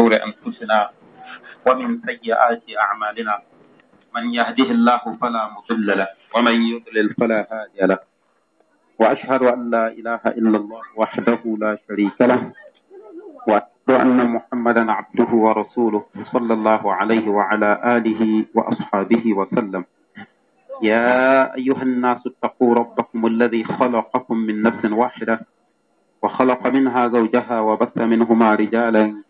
شرور أنفسنا ومن سيئات أعمالنا من يهده الله فلا مضل له ومن يضلل فلا هادي له وأشهد أن لا إله إلا الله وحده لا شريك له وأشهد أن محمدا عبده ورسوله صلى الله عليه وعلى آله وأصحابه وسلم يا أيها الناس اتقوا ربكم الذي خلقكم من نفس واحدة وخلق منها زوجها وبث منهما رجالا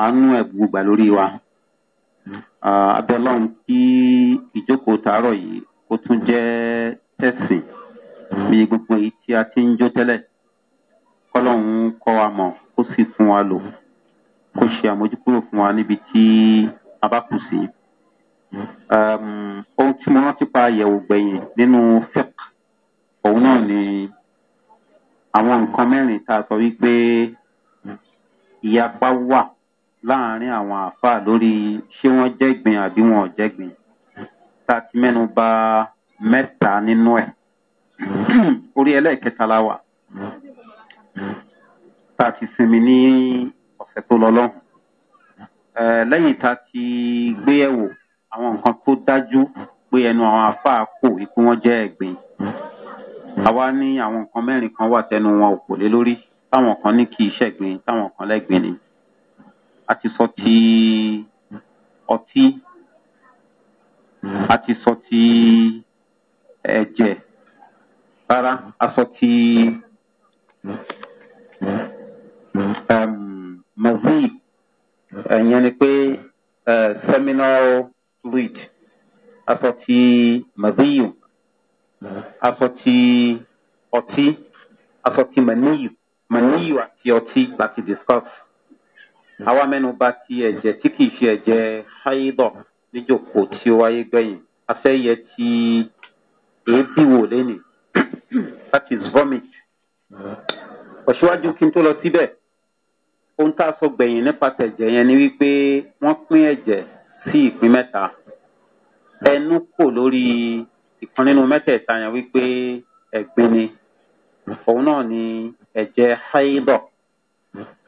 àánú ẹ̀bùn gbà lórí wa. abẹ́lọ́run kí ìjókòó tàárọ̀ yìí ó tún jẹ́ tẹ̀sìn bí gbogbo èyí tí a ti ń jó tẹ́lẹ̀ kọ́lọ́hún kọ́ wa mọ̀ ó sì fún wa lò kó ṣe àmójúkúrò fún wa níbi tí a bá kù sí. ohun tí mo rántí pa àyẹ̀wò gbẹ̀yìn nínú fẹ́k òun náà ni àwọn nǹkan mẹ́rin tá a sọ wípé ìyapa wà láàrin àwọn àáfàá lórí ṣé wọ́n jẹ́gbin àbí wọn ò jẹ́gbin tá a ti mẹ́nu ba mẹ́ta nínú ẹ̀ orí ẹlẹ́ẹ̀kẹta la wà tá a ti sinmi ní ọ̀sẹ̀ tó lọ lọ́hùn lẹ́yìn tá a ti gbé ẹ̀wò àwọn nǹkan tó dájú pé ẹnu àwọn àáfàá kò ikú wọn jẹ́ ẹ̀gbin àwa ní àwọn nǹkan mẹ́rin kan wà tẹnu wọn ò táwọn kan ní kì í ṣẹ̀gbin táwọn kan lẹ́gbin ni a ti sọ ti ọtí a ti sọ ti ẹ̀jẹ̀ rárá a ti mazi ẹ̀yẹn ni pé seminal fluid a sọ ti maziyu a sọ ti ọtí a sọ ti maniyu maniyu àti ọtí láti discuss àwa mẹ́nu bá ti ẹ̀jẹ̀ tí kìí ṣe ẹ̀jẹ̀ ṣáyédọ̀ níjòkó tí ó wáyé gbẹ̀yìn afẹ́yẹ ti èébì wò lẹ́nìí that is vomit. Uh-huh. ọ̀ṣíwájú kí n tó lọ síbẹ̀ ohun tá a sọ gbẹ̀yìn nípasẹ̀ ẹ̀jẹ̀ yẹn ni wípé wọ́n pín ẹ̀jẹ̀ sí ìpín mẹ́ta ẹnu kò lórí ìkan nínú mẹ́tẹ̀ẹ̀ta yẹn wípé ẹ̀gbin ni uh-huh. òun náà ni ẹ̀jẹ̀ ṣáyédọ̀.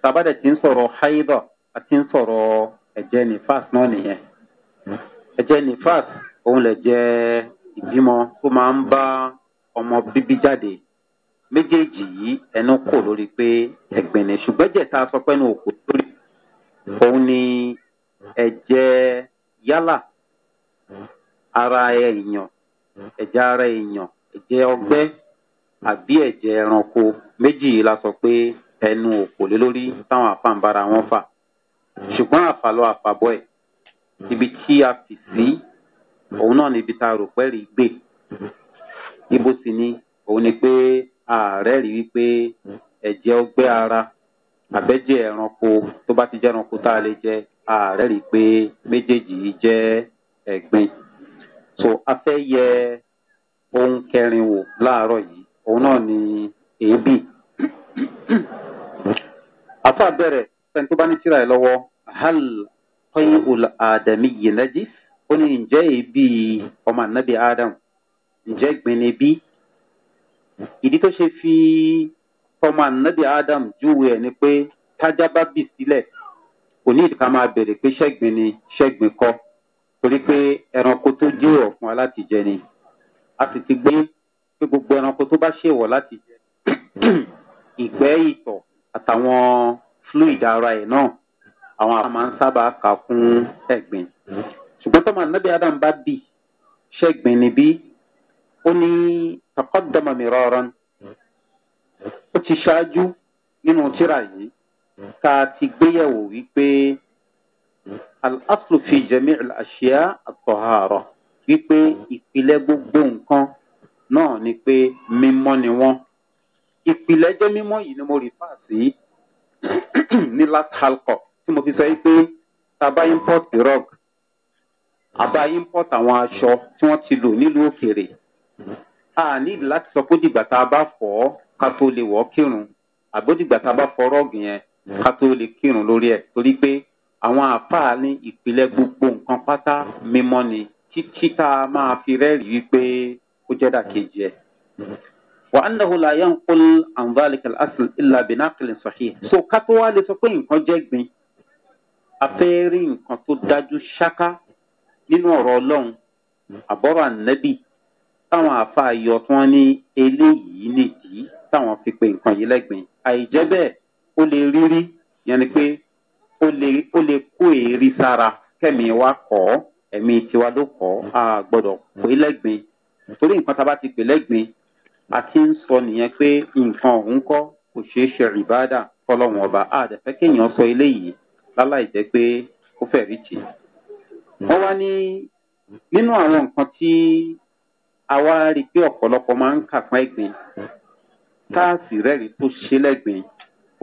saba da tin soro haido a tin soro eje ni nọ n'ihe ni eje ni fast le je ibimo ko ma n ba omo bibi mejeji yi enuko lori pe egbin ni sugbon je ta so pe nu oko oun ni eje yala ara eyan eje ara eyan eje ogbe àbí ẹ̀jẹ̀ ẹranko méjì la sọ pé ẹnu òkò lé lórí táwọn àfàǹbára wọn fà ṣùgbọ́n àfàlọ́ àfàbọ́ ẹ̀ ibi tí a fì sí òun náà níbi tá a rò pẹ́ẹ́rì gbé ibo sì ni òun ni pé ààrẹ rí wípé ẹ̀jẹ̀ ọgbẹ́ ara àbẹ́jẹ́ ẹranko tó bá ti jẹ́ ẹranko tá a lè jẹ ààrẹ rí pé méjèèjì yìí jẹ́ ẹ̀gbin so a fẹ́ yẹ ohun kẹrin wò láàárọ̀ yìí òun náà ni èébì afa bẹ̀rẹ̀ fẹ́ni tó bá ní tíra ẹ̀ lọ́wọ́ hal tọ́yìn ul àdàmì yìí nẹ́jì ó ní ǹjẹ́ èébì ọmọ ànábì adam ǹjẹ́ gbin ni bí ìdí tó ṣe fi ọmọ ànábì adam júwe ẹ̀ ni pé tájá bá bì sílẹ̀ kò ní ìdíkà máa bèrè pé ṣẹ́gbin ni ṣẹ́gbin kọ́ torí pé ẹranko tó jẹ́ ọ̀ fún wa láti jẹ ni a sì ti gbé pé gbogbo ẹranko tó bá ṣèwọ̀ láti jẹ ìgbẹ́ ìtọ̀ àtàwọn fluid ara ẹ̀ náà àwọn àwọn máa ń sábà kà fún ẹ̀gbìn ṣùgbọ́n tọ́mọ anábì adam bá bì ṣẹ́gbìn níbí ó ní takọ́dọ̀mọ̀ mìíràn ó ti ṣáájú nínú tíra yìí tá ti gbéyẹ̀wò wípé al jẹ̀mí àṣìá àtọ̀hárọ̀ wípé ìpìlẹ̀ gbogbo nǹkan náà ni pé mímọ́ ni wọ́n ìpìlẹ̀ jẹ́ mímọ́ yìí ni mo rìfà sí ní last halkọ̀ tí mo fi sọ pé taba import drug àbá import àwọn aṣọ tí wọ́n ti lò nílùú òkèèrè a nílò láti sọ pé dìgbà tá a bá fọ́ ká tó lè wọ́ kírun àgbódìgbà tá a bá fọ́ rọ́ọ̀gì yẹn ká tó lè kírun lórí ẹ̀ torí pé àwọn àfáà ní ìpìlẹ̀ gbogbo nǹkan pátá mímọ́ ni títí tá a máa fi rẹ́rìí wípé ó jẹ́dà kejì ẹ̀. وأنه لا ينقل عن ذلك الأصل إلا بناقل صحيح so kátó wá lè sọ pé nǹkan jẹ́ gbin afẹ́rí nǹkan tó dájú ṣáká nínú ọ̀rọ̀ ọlọ́run àbọ̀rọ̀ ànẹ́bì táwọn àáfàá yọ tí wọ́n ní eléyìí nìdí táwọn fi pe nǹkan yìí lẹ́gbìn àìjẹ́ bẹ́ẹ̀ ó lè rírí yẹn ni pé ó lè kó èrí sára kẹ́mi wa kọ́ ẹ̀mí tiwa ló kọ́ a gbọ́dọ̀ pé lẹ́gbìn torí nǹkan tá a bá ti pè lẹ́gbìn a ti ń sọ nìyẹn pé nǹkan ọ̀hún kọ́ kò ṣeé ṣe rìbáàdà fọlọ́wọn ọba àdẹ̀fẹ́ kéèyàn sọ eléyìí láláì jẹ́ pé ó fẹ́ rí tì. wọ́n wá ní nínú àwọn nǹkan tí àwa rí i pé ọ̀pọ̀lọpọ̀ máa ń kàpọ́n ẹ̀gbìn táàsì rẹ́rìí tó ṣe lẹ́gbìn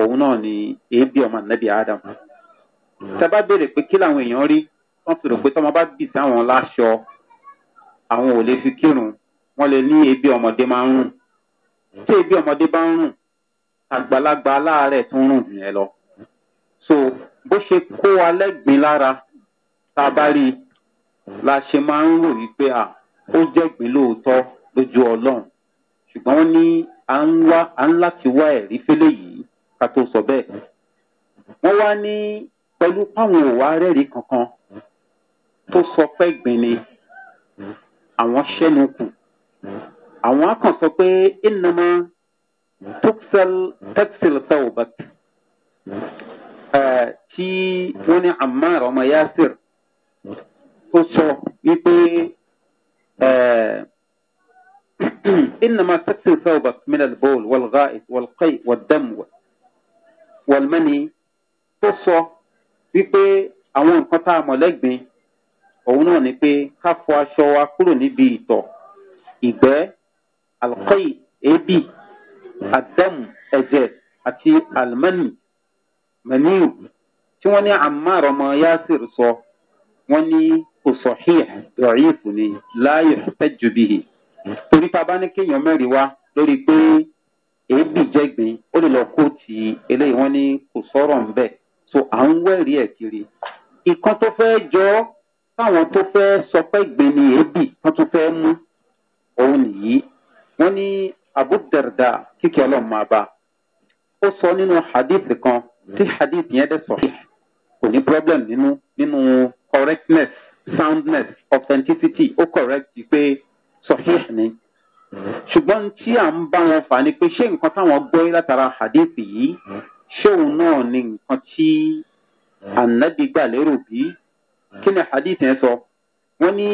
òun náà ni èébì ọmọ nẹ́bí adam. tábà béèrè pé kí làwọn èèyàn rí wọ́n ti rò pé tọ́mọ bá bì sáwọn láṣọ àwọn ò lè fi kírun wọ́n lè ní ebi ọmọdé máa ń rùn hmm. tí ebi ọmọdé bá ń rùn àgbàlagbà aláàárẹ̀ tó rùn jù yẹn lọ. so bó ṣe kó alẹ́gbin lára tá a bá rí i la ṣe máa ń rò wípé à ó jẹ́gbin lóòótọ́ lójú ọlọ́run ṣùgbọ́n wọ́n ní à ń láti wá ẹ̀rí fẹ́lẹ́ yìí ká tó sọ bẹ́ẹ̀. wọ́n wá ní pẹ̀lú páwọn òwà rẹ́rìí kankan tó sọ pé ni hmm. àwọn ṣẹ́nu kù àwọn akàn sọ pé ìnana tuxel texel saubat tí wọ́n ní ammar ọmọ yasir ó sọ wípé إنما تكسر ثوبك من البول والغائط والقيء والدم والمني tó sọ wípé àwọn nǹkan tá a mọ̀ lẹ́gbẹ̀ẹ́ òun náà ni pé ká fọ aṣọ wa kúrò níbi ìtọ̀ ìgbẹ́ alkoi èébì adamu ẹ̀jẹ̀ àti almani maniu tí wọ́n ní ammar ọmọ yasir sọ wọ́n ní kò sọ̀híì dọ̀ọ́yìfù ni láàyè tẹ́jú bìhì torí tá a bá ní kéèyàn mẹ́rin wá lórí pé èébì jẹ́gbin ó lè lọ kó ti eléyìí wọ́n ní kò sọ̀rọ̀ ń so à ń wẹ̀rí ẹ̀ kiri ìkan tó fẹ́ jọ táwọn tó fẹ́ sọ gbin ni èébì wọ́n tún fẹ́ mú òun nìyí wọn ní abudarda kíkẹ́ ọlọ́run máa bá ó sọ nínú hadith kan tí hadith yẹn dẹ̀ sọ kò ní problem nínú nínú correctness soundness authenticity ó correct pé sọ̀híh ni ṣùgbọ́n tí à ń bá wọn fà ni pé ṣé nǹkan táwọn gbọ́ látara hadith yìí ṣé òun náà ni nǹkan tí ànábì gbà lérò bí kí ni hadith yẹn sọ. So? wọn ní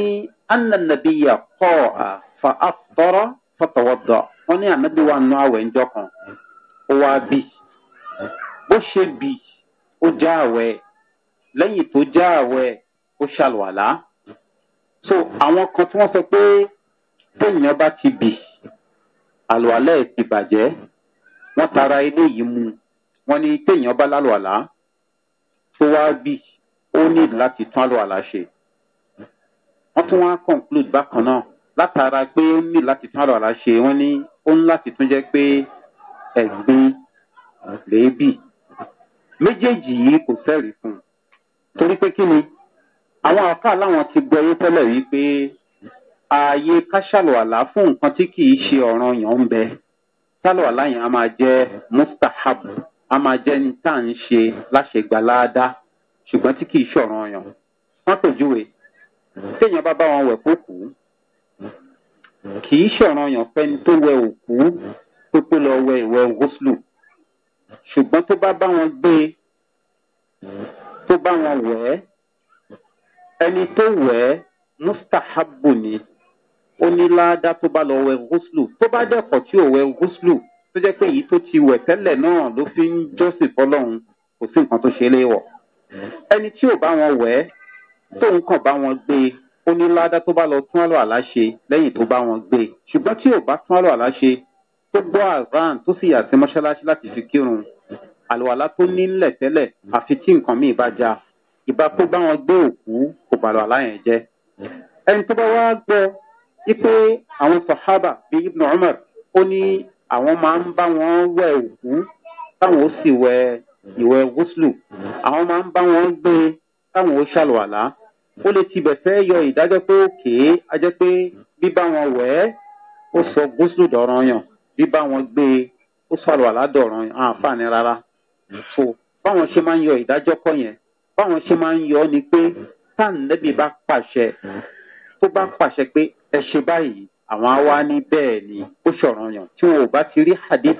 ananabiya kọ́ a fa afọ́rọ́ fọ́tọ̀wọ́dọ̀ wọn ní anabi wa nù awẹ́ njọ́ kan ó wá bì bó ṣe bì ó já àwẹ́ lẹ́yìn tó já àwẹ́ ó ṣàlùwàlá so àwọn kan tí wọ́n sọ pé téèyàn bá ti bì àlùwàlá ẹ̀ ti bàjẹ́ wọ́n tara eléyìí mu wọ́n ní téèyàn bá lálùwàlá tó wá bì ó ní láti tún àlùwàlá ṣe wọ́n tún wá conclude bákan náà látara pé ó ní láti tún àlọ́ra ṣe wọ́n ní ó ní láti tún jẹ́ pé ẹ̀gbin lèébì méjèèjì yìí kò sẹ́rìí fún un torí pé kí ni àwọn àáfàá láwọn ti gbọ́ ayé tẹ́lẹ̀ rí pé ààyè káṣàlò àlá fún nǹkan tí kì í ṣe ọ̀ràn yàn ń bẹ ṣàlò àlá yẹn a máa jẹ́ mustahab a máa jẹ́ ní tá à ń ṣe láṣẹgbàláadá ṣùgbọ́n tí kì í ṣe ọ̀ràn yàn wọ́n pèjúwe téèyàn bá bá wọn wẹ̀ kó kú kì í ṣọ̀ràn yàn fẹ́ni tó wẹ òkú pé kó lọ wẹ ìwẹ̀ gúúsùlù ṣùgbọ́n tó bá bá wọn gbé tó bá wọn wẹ̀ ẹ́ ẹni tó wẹ̀ ẹ́ mustahabu ni ó ní ládàá tó bá lọ wẹ gúúsùlù tó bá dẹ̀kọ̀ tí ò wẹ gúúsùlù tó jẹ́ pé èyí tó ti wẹ̀ tẹ́lẹ̀ náà ló fi ń jọ́sìn fọlọ́run kò sí nǹkan tó ṣe é léwọ̀ ẹni tí ò bá wọn wẹ̀ ẹ́ tóun kàn bá wọn gbé e ó ní ládá tó bá lọ tún àlọ́ àlá ṣe lẹ́yìn tó bá wọn gbé e ṣùgbọ́n tí ò bá tún àlọ́ àlá ṣe tó gbọ́ àrán tó sì yà sí mọ́ṣáláṣí láti fi kírun àlùwàlá tó nílẹ̀ tẹ́lẹ̀ àfi tí nǹkan míì bá ja ìbá tó bá wọn gbé òkú kò bàlọ́ àlá yẹn jẹ́. ẹni tó bá wá gbọ́ wípé àwọn sọ̀hábà bíi ibn umar ó ní àwọn máa ń bá wọn wẹ̀ òkú táwọn ó sì wẹ ìwẹ̀ gúúsùlù àwọn máa ń bá wọn gbé e káwọn ó ṣàlùwàlá ó lè tibẹ̀ fẹ́ yọ ìdájọ́ pé òkè á jẹ́ pé bíbá wọn wẹ̀ ẹ́ ó sọ gúúsù dọ̀ràn yàn bíbá wọn gbé e ó ṣàlùwàlá dọ̀ràn yàn àǹfààní rárá so báwọn ṣe máa ń yọ ìdájọ́ kọ́ yẹn báwọn ṣe máa ń yọ ni pé táǹdẹ́bì bá pàṣẹ tó bá pàṣẹ pé ẹ ṣe báyìí àwọn á wá ní bẹ́ẹ̀ ni ó ṣọ̀ràn yàn tí wọn ò bá ti rí hadith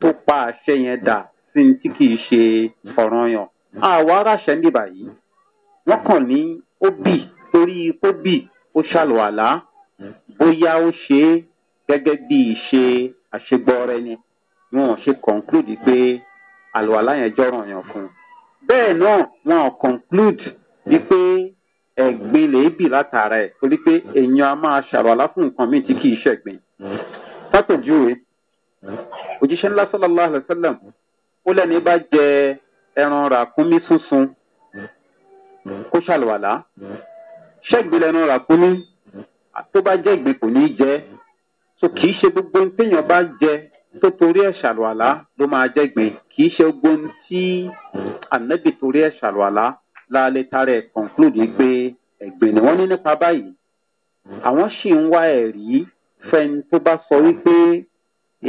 tó pa àṣẹ yẹn dà sí ní tí kì í ṣe ọ̀ràn yàn àwa aráṣẹ ní báyìí wọn kàn ní ó bì torí ó bì ó ṣàlùwàlá bóyá ó ṣe é gẹ́gẹ́ bí ìṣe àṣegbọrẹ ni wọn ò ṣe conclude pé àlùwàlá yẹn jọ̀ràn yàn fún un bẹ́ẹ̀ náà wọn ò conclude wípé ẹ̀gbin lè bì látara ẹ̀ torí pé èèyàn a máa ṣàlùwàlá fún nǹkan míì tí kìí ṣẹ̀gbin sátòjúwe òjíṣẹ́ ńlá sọ́lá aláàlú sẹ́lẹ̀m ó lẹ́ni bá jẹ ẹran ràkúnmí sísun mm. Mm. kó ṣàlùwàlá mm. ṣẹ́gbẹ́ lẹ́nu ràkúnmí tó bá jẹ́ ìgbín kò ní í jẹ́ so kì í ṣe gbogbo ohun téèyàn bá jẹ tó torí ẹ̀ ṣàlùwàlá ló máa jẹ́ gbìn kì í ṣe gbogbo ohun tí ànábì torí ẹ̀ ṣàlùwàlá láàlẹ́ tara ẹ̀ conclude pé ni wọ́n ní nípa báyìí àwọn sì ń wá ẹ̀rí fẹ́ni tó bá sọ wípé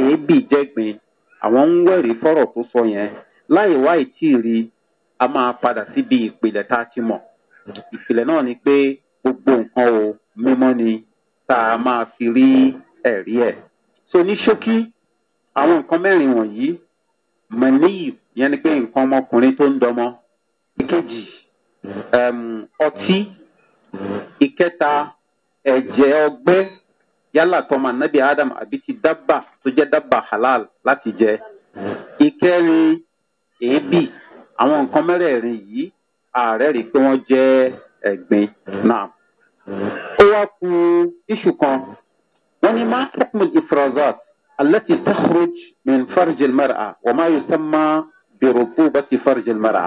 èébì jẹ́gbìn àwọn ń wẹ̀rí fọ̀rọ̀ tó sọ yẹn láì wá ìtì rí a máa padà síbi ìpìlẹ̀ tá a ti mọ̀ ìpìlẹ̀ náà ni pé gbogbo nǹkan o mímọ́ ni tá a máa fi rí ẹ̀rí ẹ̀ so ní ṣókí àwọn nǹkan mẹ́rin wọ̀nyí mọ̀níyì yẹn ni pé nǹkan ọmọkùnrin tó ń dọmọ ìkejì ọtí ìkẹta ẹ̀jẹ̀ ọgbẹ́ yálà tọmọ anabi adam àbí ti dábà tó jẹ́ dábà halal láti jẹ ìkẹrin èébì àwọn nǹkan mẹ́rẹ̀ẹ̀rin yìí ààrẹ rí i pé wọ́n jẹ́ ẹ̀gbin náà. ó wá ku iṣu kan wọ́n ní máa tọ́kùn ìfúrazọ́t alẹ́tì tẹ́kùrúj min farjil mẹ́ra wọ́n máa yọ sẹ́mà bèròbó bá ti farjil mẹ́ra.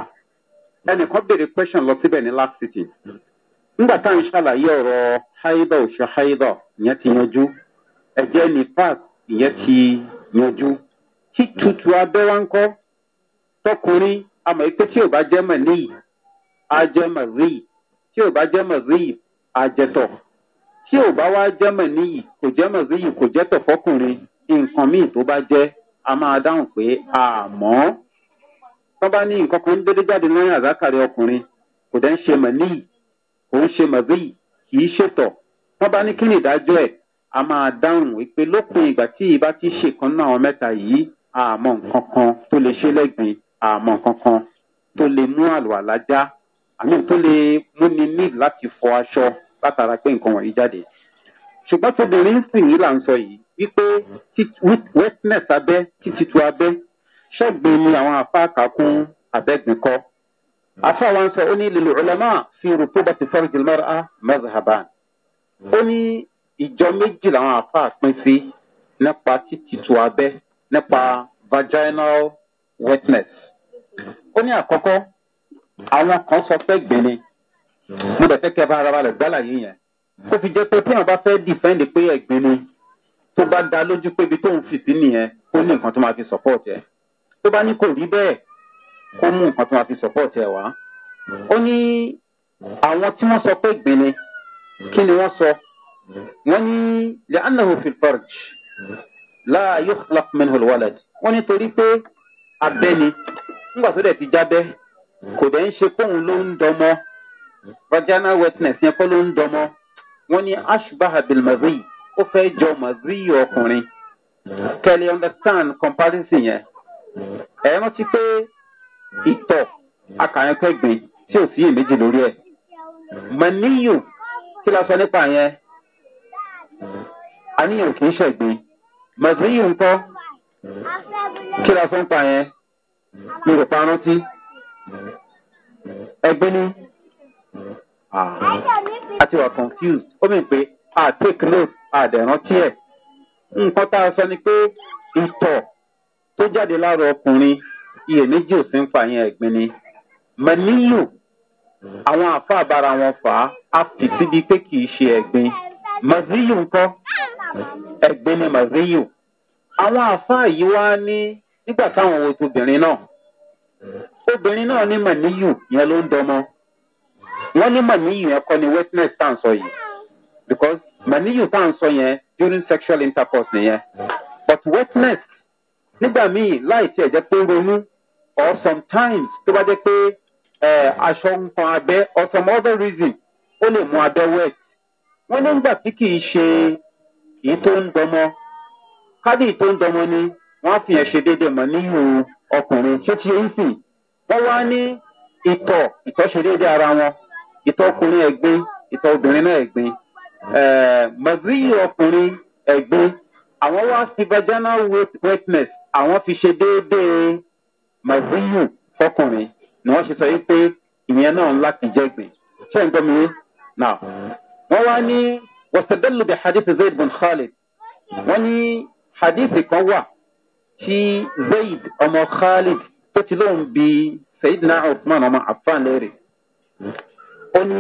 ẹnìkan béèrè question lọ síbẹ̀ ní last city. nígbà táwọn ṣàlàyé ọ̀rọ̀ haidọ̀ òṣù haidọ̀ ìyẹn ti yanjú ẹ̀jẹ̀ ní pass ìyẹn ti yanjú. títútù abẹ́wá tọkùnrin àmọ̀ pé tí ò bá jẹ́ mọ̀ níyì á jẹ́ mọ̀ ríì tí ò bá jẹ́ mọ̀ ríì á jẹ́ tọ̀ tí ò bá wá jẹ́ mọ̀ níyì kò jẹ́ mọ̀ ríì kò jẹ́ tọ̀ fọkùnrin nǹkan míì tó bá jẹ́ a máa dáhùn pé àmọ́ tó bá ní nǹkan kan dédé jáde lọ́yìn àzákàrí ọkùnrin kò dẹ́ ń ṣe mọ̀ níyì kò ń ṣe mọ̀ ríì kì í ṣètọ̀ tó bá ní kí ni ìdájọ́ ẹ̀ a máa dáhùn wípé lópin ìgbà tí ìbá ti ṣèkan náà mẹ́ta yìí àmọ́ nǹkan kan tó lè ṣe lẹ́gbẹ̀ẹ́ àmọ́ kankan tó lè mú àlùwàlá já àmì tó lè múni ní láti fọ aṣọ látara pé nǹkan wọ̀nyí jáde ṣùgbọ́n tóbìnrin sì yìí là ń sọ yìí wípé wetness abẹ́ títítu abẹ́ ṣẹ́gbin ni àwọn afá kàkún abẹ́gbin kọ́ afá wa ń sọ ó ní lílo ọlọ́mọ fi rúpó bá ti fọ́rọ̀ jùlọ mọ́ra mazhaban ó ní ìjọ méjì làwọn afá pín sí nípa títítu abẹ́ nípa vaginal wetness ó ní àkọ́kọ́ àwọn kan sọ pé gbẹ̀ni mo dẹ̀ fẹ́ kẹ́ bá ara balẹ̀ gbálà yìí yẹn ó fi jẹ́ pé tí wọn bá fẹ́ dìfẹ́ǹdì pé ẹ̀gbin ni tó bá da lójú pé ibi tóun fìdí nìyẹn ó ní nǹkan tó máa fi sọ̀pọ̀tì ẹ̀ tó bá ní kò rí bẹ́ẹ̀ kó mú nǹkan tó máa fi sọ̀pọ̀tì ẹ̀ wá. ó ní àwọn tí wọ́n sọ pé gbin kí ni wọ́n sọ wọ́n ní lè anahu filfarj láàyè lakmin hulwalad wọ́n ní torí pé abẹ́ni nígbà tó dẹ̀ ti jábẹ́ kò dẹ̀ ń ṣe póun ló ń dọmọ vaginal wetness yẹn kọ́ ló ń dọmọ wọ́n ní ashbaha bilmazi ó fẹ́ jọ mazi ọkùnrin kẹ́lẹ́ understand comparison yẹn ẹ̀ rántí pé ìtọ̀ akàyànkẹ́gbìn tí ò sí èméjì lórí ẹ̀ mọ̀níyù kí la sọ nípa yẹn àníyàn kì í ṣẹ̀gbìn mọ̀níyù ńkọ́ kí la sọ nípa yẹn mi rò pa rántí ẹgbẹ́ ní àti wà confused ó mì pé a take note a dẹ̀ rántí ẹ̀ nǹkan tá a sọ ni pé ìtọ̀ tó jáde lára ọkùnrin iyèméjì ò sí ń fa yẹn ẹ̀gbin ni mọ nílò àwọn àfa àbára wọn fà á á fi síbi pé kì í ṣe ẹ̀gbin màzíyù ńkọ ẹ̀gbin ni màzíyù àwọn àfa yìí wá ní nígbà táwọn wo obìnrin náà obìnrin náà ní màníyù yẹn ló ń dọmọ wọn ní màníyù yẹn kọ́ ni wetness tá à ń sọ yìí because màníyù tá à ń sọ yẹn during sexual intercourse nìyẹn but wetness nígbà míì láì tiẹ̀ jẹ́ pé ronú or sometimes tó bá jẹ́ pé aṣọ ń kan or some other reason ó lè mú abẹ́ wet wọ́n nígbà tí kì í ṣe èyí tó ń dọmọ kádì tó ń dọmọ ni wọ́n fi yẹn ṣe déédéé mọ̀ nínú ọkùnrin tó ti ń sìn. wọ́n wá ní ìtọ̀ ìtọ̀ ṣe déédéé ara wọn ìtọ̀ ọkùnrin ẹ̀gbin ìtọ̀ obìnrin náà ẹ̀gbin. mọ̀gíyì ọkùnrin ẹ̀gbin àwọn wá sí vaginal wetness àwọn fi ṣe déédéé mọ̀gíyì fọkùnrin ni wọ́n ṣe sọ yìí pé ìyẹn náà ńlá kìí jẹ́gbin. ṣé ń gbọ́ mi náà wọ́n wá ní wọ́n ṣẹ̀dẹ́lù bẹ̀ hadith zayd bin khalid wọ́n ní hadith kan wà tí zayd ọmọ khalid tó ti lóun bi sayidina uthman ọmọ afan lérè ó ní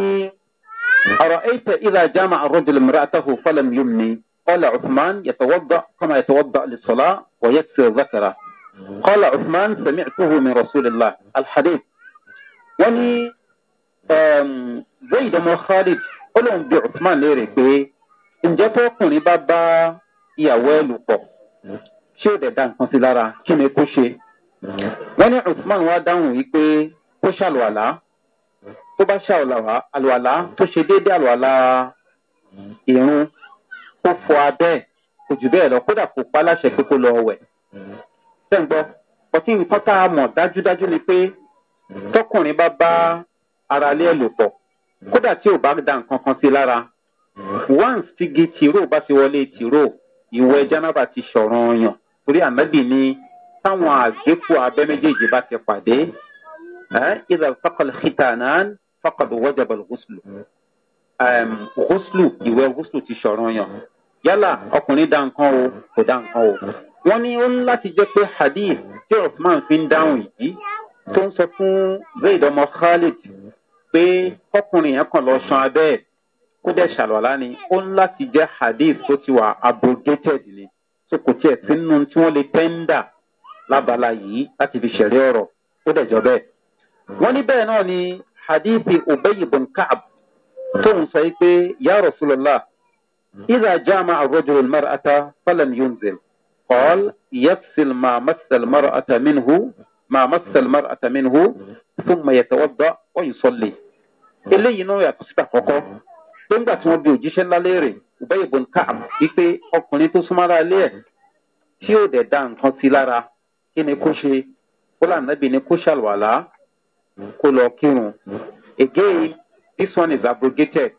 ọ̀rọ̀ ẹ̀yìtà ìlà jama àròjìlẹ̀ mìíràn àtàkù fọlẹ̀m yóò ní ọ̀là uthman yàtọ̀wọ́gbà kọ́mà yàtọ̀wọ́gbà lẹ́sọ̀lá wọ̀yẹ́ sẹ̀ zakara kọ́là uthman sẹ̀mìtuhu mi rasulillah alhadid wọ́n ní ehm, zayd ọmọ khalid ó lóun bi uthman lérè pé ǹjẹ́ tó ọkùnrin bá bá ìyàwó ẹ̀ lù pọ̀ ṣé èdè dá nǹkan sí lára kí ni kó ṣe. wọ́n ní usman wá dáhùn yìí pé kó ṣàlùwàlá tó bá ṣàlùwàlá tó ṣe déédéé àlùwàlá irun kó fọ abẹ́ kò jù bẹ́ẹ̀ lọ kódà kò pa láṣẹ pé kó lọ wẹ̀. sẹ́ǹgbọ́ ọtí nǹkan tá a mọ̀ dájúdájú ni pé tọkùnrin bá bá ara lé ẹ̀ lò pọ̀ kódà tí ò bá da nǹkan kan sí lára once tí gi tìró bá ti wọlé tìró ìwẹ̀ jánábà ti ṣọ̀ràn ọyàn torí ànábì ni táwọn àgbékù abẹ méjèèjì bá ti pàdé ìdá fakal khitanan fakal wajabal guslu guslu ìwé guslu ti sọ̀rọ̀ yàn yálà ọkùnrin dá nǹkan o kò dá nǹkan o wọn ní ó ń láti jẹ pé hadith tí usman fi ń dáhùn yìí tó ń sọ fún zayd ọmọ khalid pé kọkùnrin yẹn kàn lọ san abẹ kó dẹ ṣàlọlá ni ó ń láti jẹ hadith tó ti wà abrogated ni tí kò tiẹ̀ sínú tí wọ́n lè tẹ́ńdà lábala yìí láti fi ṣẹ̀rí ọ̀rọ̀ ó dẹ̀jọ́ bẹ́ẹ̀. wọ́n ní bẹ́ẹ̀ náà ni hadithi ubayi bin kaab tóun sọ pé ya rasulallah idà jama arrojul mar'ata falan yunzil qol yafsil ma masal mar'ata minhu ma masal mar'ata minhu thumma yatawadda wa yusalli. eléyìí náà yàtọ̀ síta kọ́kọ́ tó ń gbà tí wọ́n bí òjíṣẹ́ ńlá léèrè ìbẹ́ ìbò ń káàmù wípé ọkùnrin tó súnmọ́ra ilé ẹ̀ tí ò dẹ̀ da nǹkan sí lára kí ni kó ṣe kó lànàbì ni kó ṣàlùwàlá kó lọ kírun. again this one is abrogated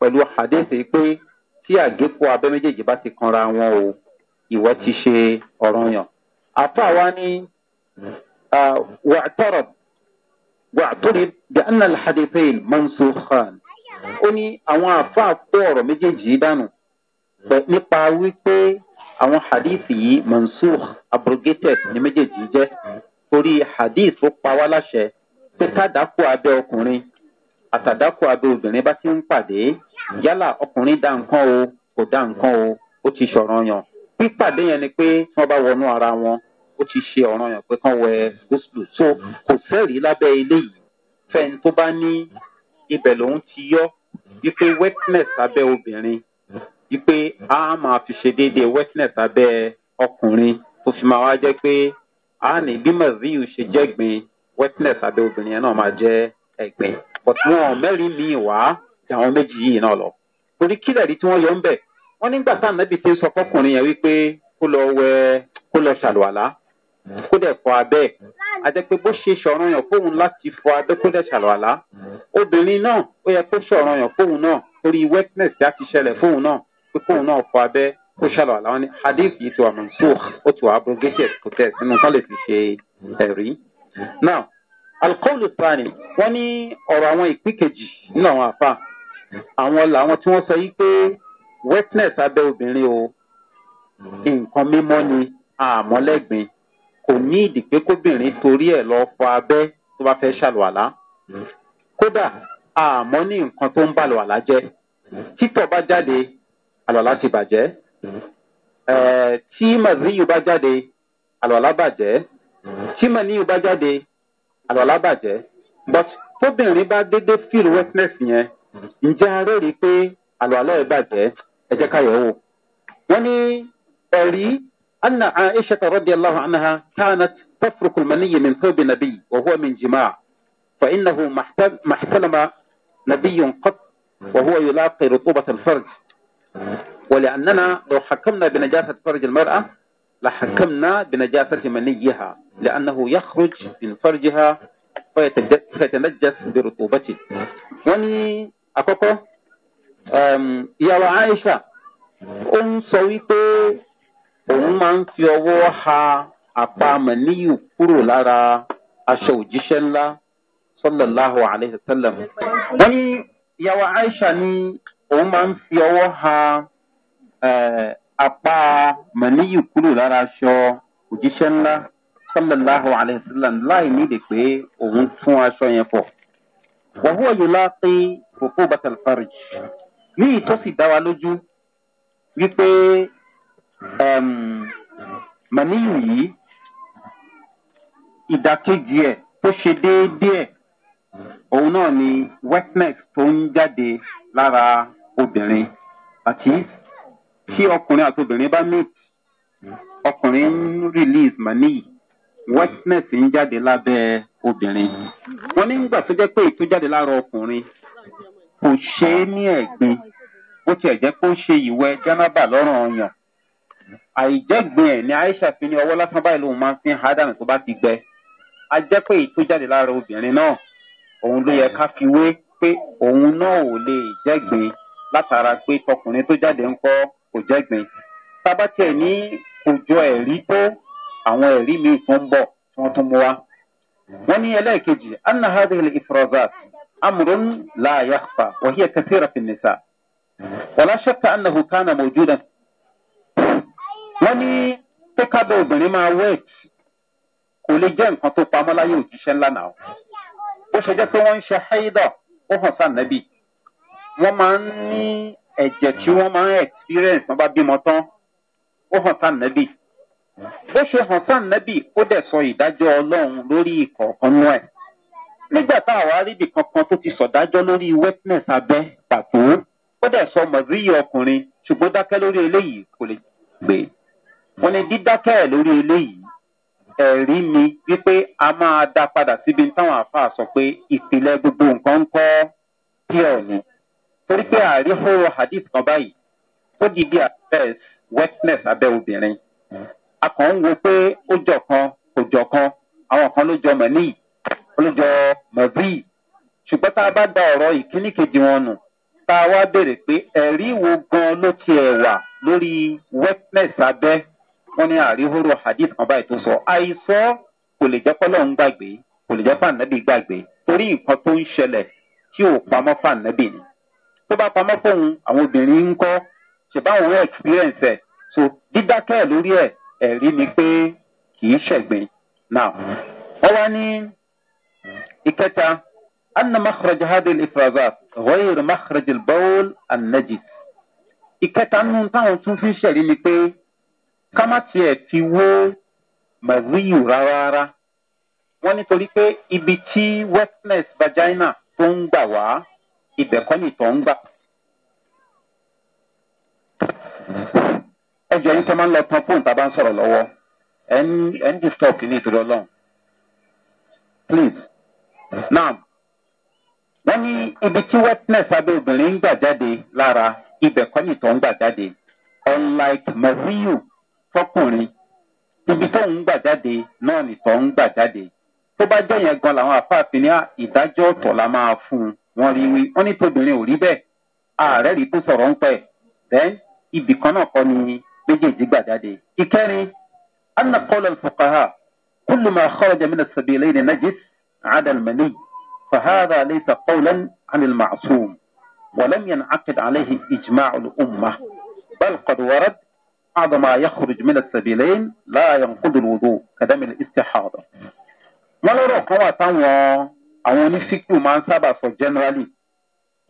pẹ̀lú àdéhùn pé tí àgékù abẹ́ méjèèjì bá ti kanra wọn o ìwọ́ ti ṣe ọ̀ràn yàn. àfa wa ni wàá tọrọ wàá tóri bí anna alhadithain Khan ó ní àwọn àáfàá kó ọ̀rọ̀ méjèèjì yìí dànù nípa wípé àwọn hadith yìí mansour abrogated ní méjèèjì jẹ́ torí hadith ó pa wá láṣẹ pé kádàkù abẹ́ ọkùnrin àtàdàkù abẹ́ obìnrin bá ti ń pàdé yálà ọkùnrin dá nǹkan o kò dá nǹkan o ó ti ṣọ̀ràn yàn pípàdé yẹn ni pé tí wọ́n bá wọnú ara wọn ó ti ṣe ọ̀ràn yàn pé kán wẹ gúúsùlù so kò sẹ́rìí lábẹ́ ilé yìí fẹ́ni tó bá ní ibẹ̀ lòun ti yọ wípé wetness abẹ́ obìnrin wípé a máa fi ṣe déédéé wetness abẹ́ ọkùnrin tó fi máa wá jẹ́ pé a ní bí maziu ṣe jẹ́gbin wetness abẹ́ obìnrin yẹn náà máa jẹ́ ẹ̀gbin but wọn mẹ́rin míì wá ti àwọn méjì yìí náà lọ. torí kílẹ̀ rí tí wọ́n yọ ń bẹ̀ wọ́n nígbà tá ànábì ti ń sọ fọkùnrin yẹn wípé kó lọ wẹ kó lọ ṣàlùwàlá kó dẹ̀ fọ abẹ́ àti pé bó ṣe ṣọ̀ràn yàn fóun láti fọ abẹ́ kó dẹ̀ ṣàlọ́àlá obìnrin náà ó yẹ kó ṣọ̀ràn yàn fóun náà torí wetness á ti ṣẹlẹ̀ fóun náà pé fóun náà fọ abẹ́ kó ṣàlọ́àlá wọn ni hadith yìí ti wà mansour ó ti wà abrogated kò tẹ̀ sínú kán lè fi ṣe ẹ̀rí. now alukóòlù tani wọn ní ọ̀rọ̀ àwọn ìpín kejì nínú àwọn àfa àwọn làwọn tí wọ́n sọ yìí pé wetness abẹ́ obìnrin o nǹkan mímọ́ ni àmọ́lẹ́gbìn kò ní ìdí pé kóbìnrin torí ẹ̀ lọ fọ abẹ́ tó bá fẹ́ ṣàlùwàlá. kódà àmọ́ ní nǹkan tó ń bá àlùwàlá jẹ́ títọ̀ bá jáde àlùwàlá ti bàjẹ́ tí màzíyù bá jáde àlùwàlá bàjẹ́ tí màníyù bá jáde àlùwàlá bàjẹ́ but tóbìnrin bá dédé feel wetness yẹn ǹjẹ́ a rẹ́rìí pé àlùwàlá ẹ̀ bàjẹ́ ẹ jẹ́ ká yẹ̀ wò. wọ́n ní ẹ̀rí أن عائشة رضي الله عنها كانت تفرك المني من ثوب نبي وهو من جماع فإنه ما احتلم نبي قط وهو يلاقي رطوبة الفرج ولأننا لو حكمنا بنجاسة فرج المرأة لحكمنا بنجاسة منيها لأنه يخرج من فرجها فيتنجس برطوبته وني يعني أكوكو يا عائشة أم سويتو òun máa ń fi ọwọ́ ha àpá màníyù kúrò lára aṣọ òjíṣẹ́ ńlá sọlọ́láhu alayhi sallam. wọ́n ní ìyàwó aisha ní òun máa ń fi ọwọ́ ha eh, apá màníyù kúrò lára aṣọ òjíṣẹ́ ńlá sọlọ́láhu alayhi láì nídìí pé òun fún aṣọ yẹn pọ̀. wọ́n hùwà yóò láti kókó bàtàlfàrì ní ìtọ́sí dá lójú wípé. Mani yìí ìdàkejì ẹ̀ tó ṣe déédéé ẹ̀ òun náà ni wetness tó ń jáde lára obìnrin àti tí ọkùnrin àti obìnrin bá meet ọkùnrin ń release màníyù wetness ń jáde lábẹ́ obìnrin wọ́n ní gbà tó jẹ́ pé ètò jáde lára ọkùnrin kò ṣe é ní ẹ̀gbin bó tiẹ̀ jẹ́ pé ó ṣe ìwẹ́ jánábà lọ́rùn ọyàn àìjẹ́gbin ẹ̀ ni aisha fi ní ọwọ́ lásán báyìí lòun máa ń fi ń hádàn tó bá ti gbẹ a jẹ́ pé èyí tó jáde lára obìnrin náà òun ló yẹ ká fi wé pé òun náà ò lè jẹ́gbin látara pé tọkùnrin tó jáde ń kọ́ kò jẹ́gbin tábà tiẹ̀ ní kò jọ ẹ̀rí tó àwọn ẹ̀rí míì tó ń bọ̀ tí wọ́n tún mú wa. wọ́n ní ẹlẹ́ẹ̀kejì anna hadhihi ifrozat amrun la yakhfa wa hiya kathira annahu kana mawjudan wọ́n ní pé kábẹ́ obìnrin máa wet kò lè jẹ́ nǹkan tó pamọ́ láyé òjíṣẹ́ ńlá náà ó ṣe jẹ́ pé wọ́n ń ṣe haidọ̀ ó hàn sáà nẹ́bì máa ń ní ẹ̀jẹ̀ tí wọ́n máa ń experience wọ́n bá bímọ tán ó hàn sáà nẹ́bì bó ṣe hàn sáà nẹ́bì ó dẹ̀ sọ ìdájọ́ ọlọ́run lórí ìkọ̀ọ̀kan nú ẹ̀ nígbà tá àwa ríbi kankan tó ti sọ̀dájọ́ lórí wetness abẹ́ pàtó ó dẹ̀ sọ mọ̀ríyì ọkùnrin ṣùgbọ́n dákẹ́ lórí eléyìí kò lè gbé wọn ni dídákẹ́ lórí eléyìí ẹ̀rí mi wípé a máa dá padà síbi táwọn àáfàá sọ pé ìpìlẹ̀ gbogbo nǹkan ń kọ́ díẹ̀ ni torí pé àríhóró hadith kan báyìí ó dìbí abẹ́ wetness abẹ́ obìnrin a kàn ń wo pé ó jọ kan kò jọ kan àwọn kan ló jọ mẹ́lì ló jọ mọ̀bí ṣùgbọ́n tá a bá da ọ̀rọ̀ ìkíní kejì wọn nù tá a wá béèrè pé ẹ̀rí wo gan ló tiẹ̀ wà lórí wetness abẹ́ wọn ní àríhóró hadith kan báyìí tó sọ àìsọ kò lè jẹ́ pọ́lọ́ ń gbàgbé kò lè jẹ́ fànàbì gbàgbé torí nǹkan tó ń ṣẹlẹ̀ tí ò pamọ́ fànàbì ni tó bá pamọ́ fóun àwọn obìnrin ń kọ́ ṣèbáwọn owó experience ẹ̀ so dídákẹ́ ẹ̀ lórí ẹ̀ ẹ̀rí ni pé kì í ṣẹ̀gbìn náà wọ́n wá ní ìkẹta anna makhraj hadil ifrazat ghayr makhraj al bawl najis ìkẹta nínú táwọn tún fi ṣẹ̀rí ni pé ká má tiẹ̀ ti wó mẹ̀ríyù rárá wọ́n nítorí pé ibi tí wetness vagina tó ń gbà wá ibẹ̀ kọ́ nìtọ́ ń gbà. ẹ jẹ́ yín tó máa ń lọ tán fóun tá bá ń sọ̀rọ̀ lọ́wọ́ ẹ ń disturb ní ìtòrí ọlọ́run please now wọ́n ní ibi tí wetness abẹ́ obìnrin ń gbà jáde lára ibẹ̀ kọ́ nìtọ́ ń gbà jáde unlike mẹ̀ríyù fọkùnrin ibi tóun gbà jáde náà nìtọ́ ń gbà jáde tó bá jẹ́ yẹn gan làwọn àfáàfin ní ìdájọ́ ọ̀tọ̀ la máa fún un wọn rí wí wọn ní tóbìnrin ò rí bẹ́ẹ̀ ààrẹ rí tó sọ̀rọ̀ ń pẹ́ bẹ́ẹ̀ ibì kan náà kọ́ ni méjèèjì gbà jáde. ìkẹrin anna kọ́lọ̀ fọkàhà kúlù máa kọ́lọ̀ jẹ́ mílẹ̀ sọ̀bì ilé ní najis adalmani fahadà lẹ́sà kọ́lọ̀ anil màṣúm wàlẹ́mìyàn akid aláhi ìjìmá olùkùnmá bal kọ̀dùwárad بعد ما يخرج من السبيلين لا ينقض الوضوء كدم الاستحاضة wọ́n lọ́rọ̀ kan wà táwọn àwọn onífíkù máa ń sábà sọ generally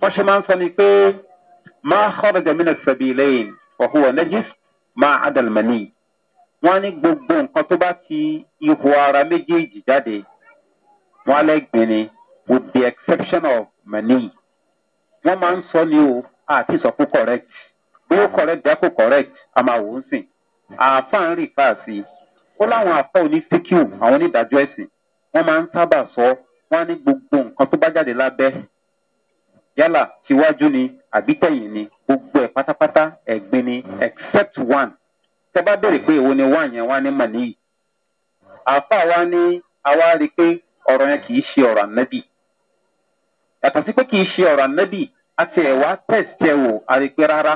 wọ́n ṣe máa ń sọ ni pé máa kọ́rọ̀jà mí lẹ́sẹ̀bìlẹ́yìn ọ̀húwọ̀ nẹ́gis máa adàlmẹ́ni wọ́n ní gbogbo nǹkan tó bá ti ihò ara méjèèjì jáde wọ́n á lẹ́gbìn ni with the exception of mẹ́ni wọ́n máa ń sọ ni o àti ìsọ̀kú correct bóyá correct bóyá kò correct a máa wò ó sìn àáfàá ń rìn fáàsì ó láwọn àfọ onífíkìù àwọn onídàájọ ẹsìn wọn máa ń sábà sọ wọn á ní gbogbo nǹkan tó bá jáde lábẹ yálà tiwájú ni àbítẹyìn ni gbogbo ẹ pátápátá ẹgbin ni except one tẹ bá béèrè pé èwo ni one yẹn wá ní màníyì àáfàá wa ní àwa rí i pé ọ̀rọ̀ yẹn kì í ṣe ọ̀rọ̀ ànábì yàtọ̀ sí pé kì í ṣe ọ̀rọ̀ ànábì àti ẹ̀wà tẹ̀sí ẹ̀wò àrígbé rárá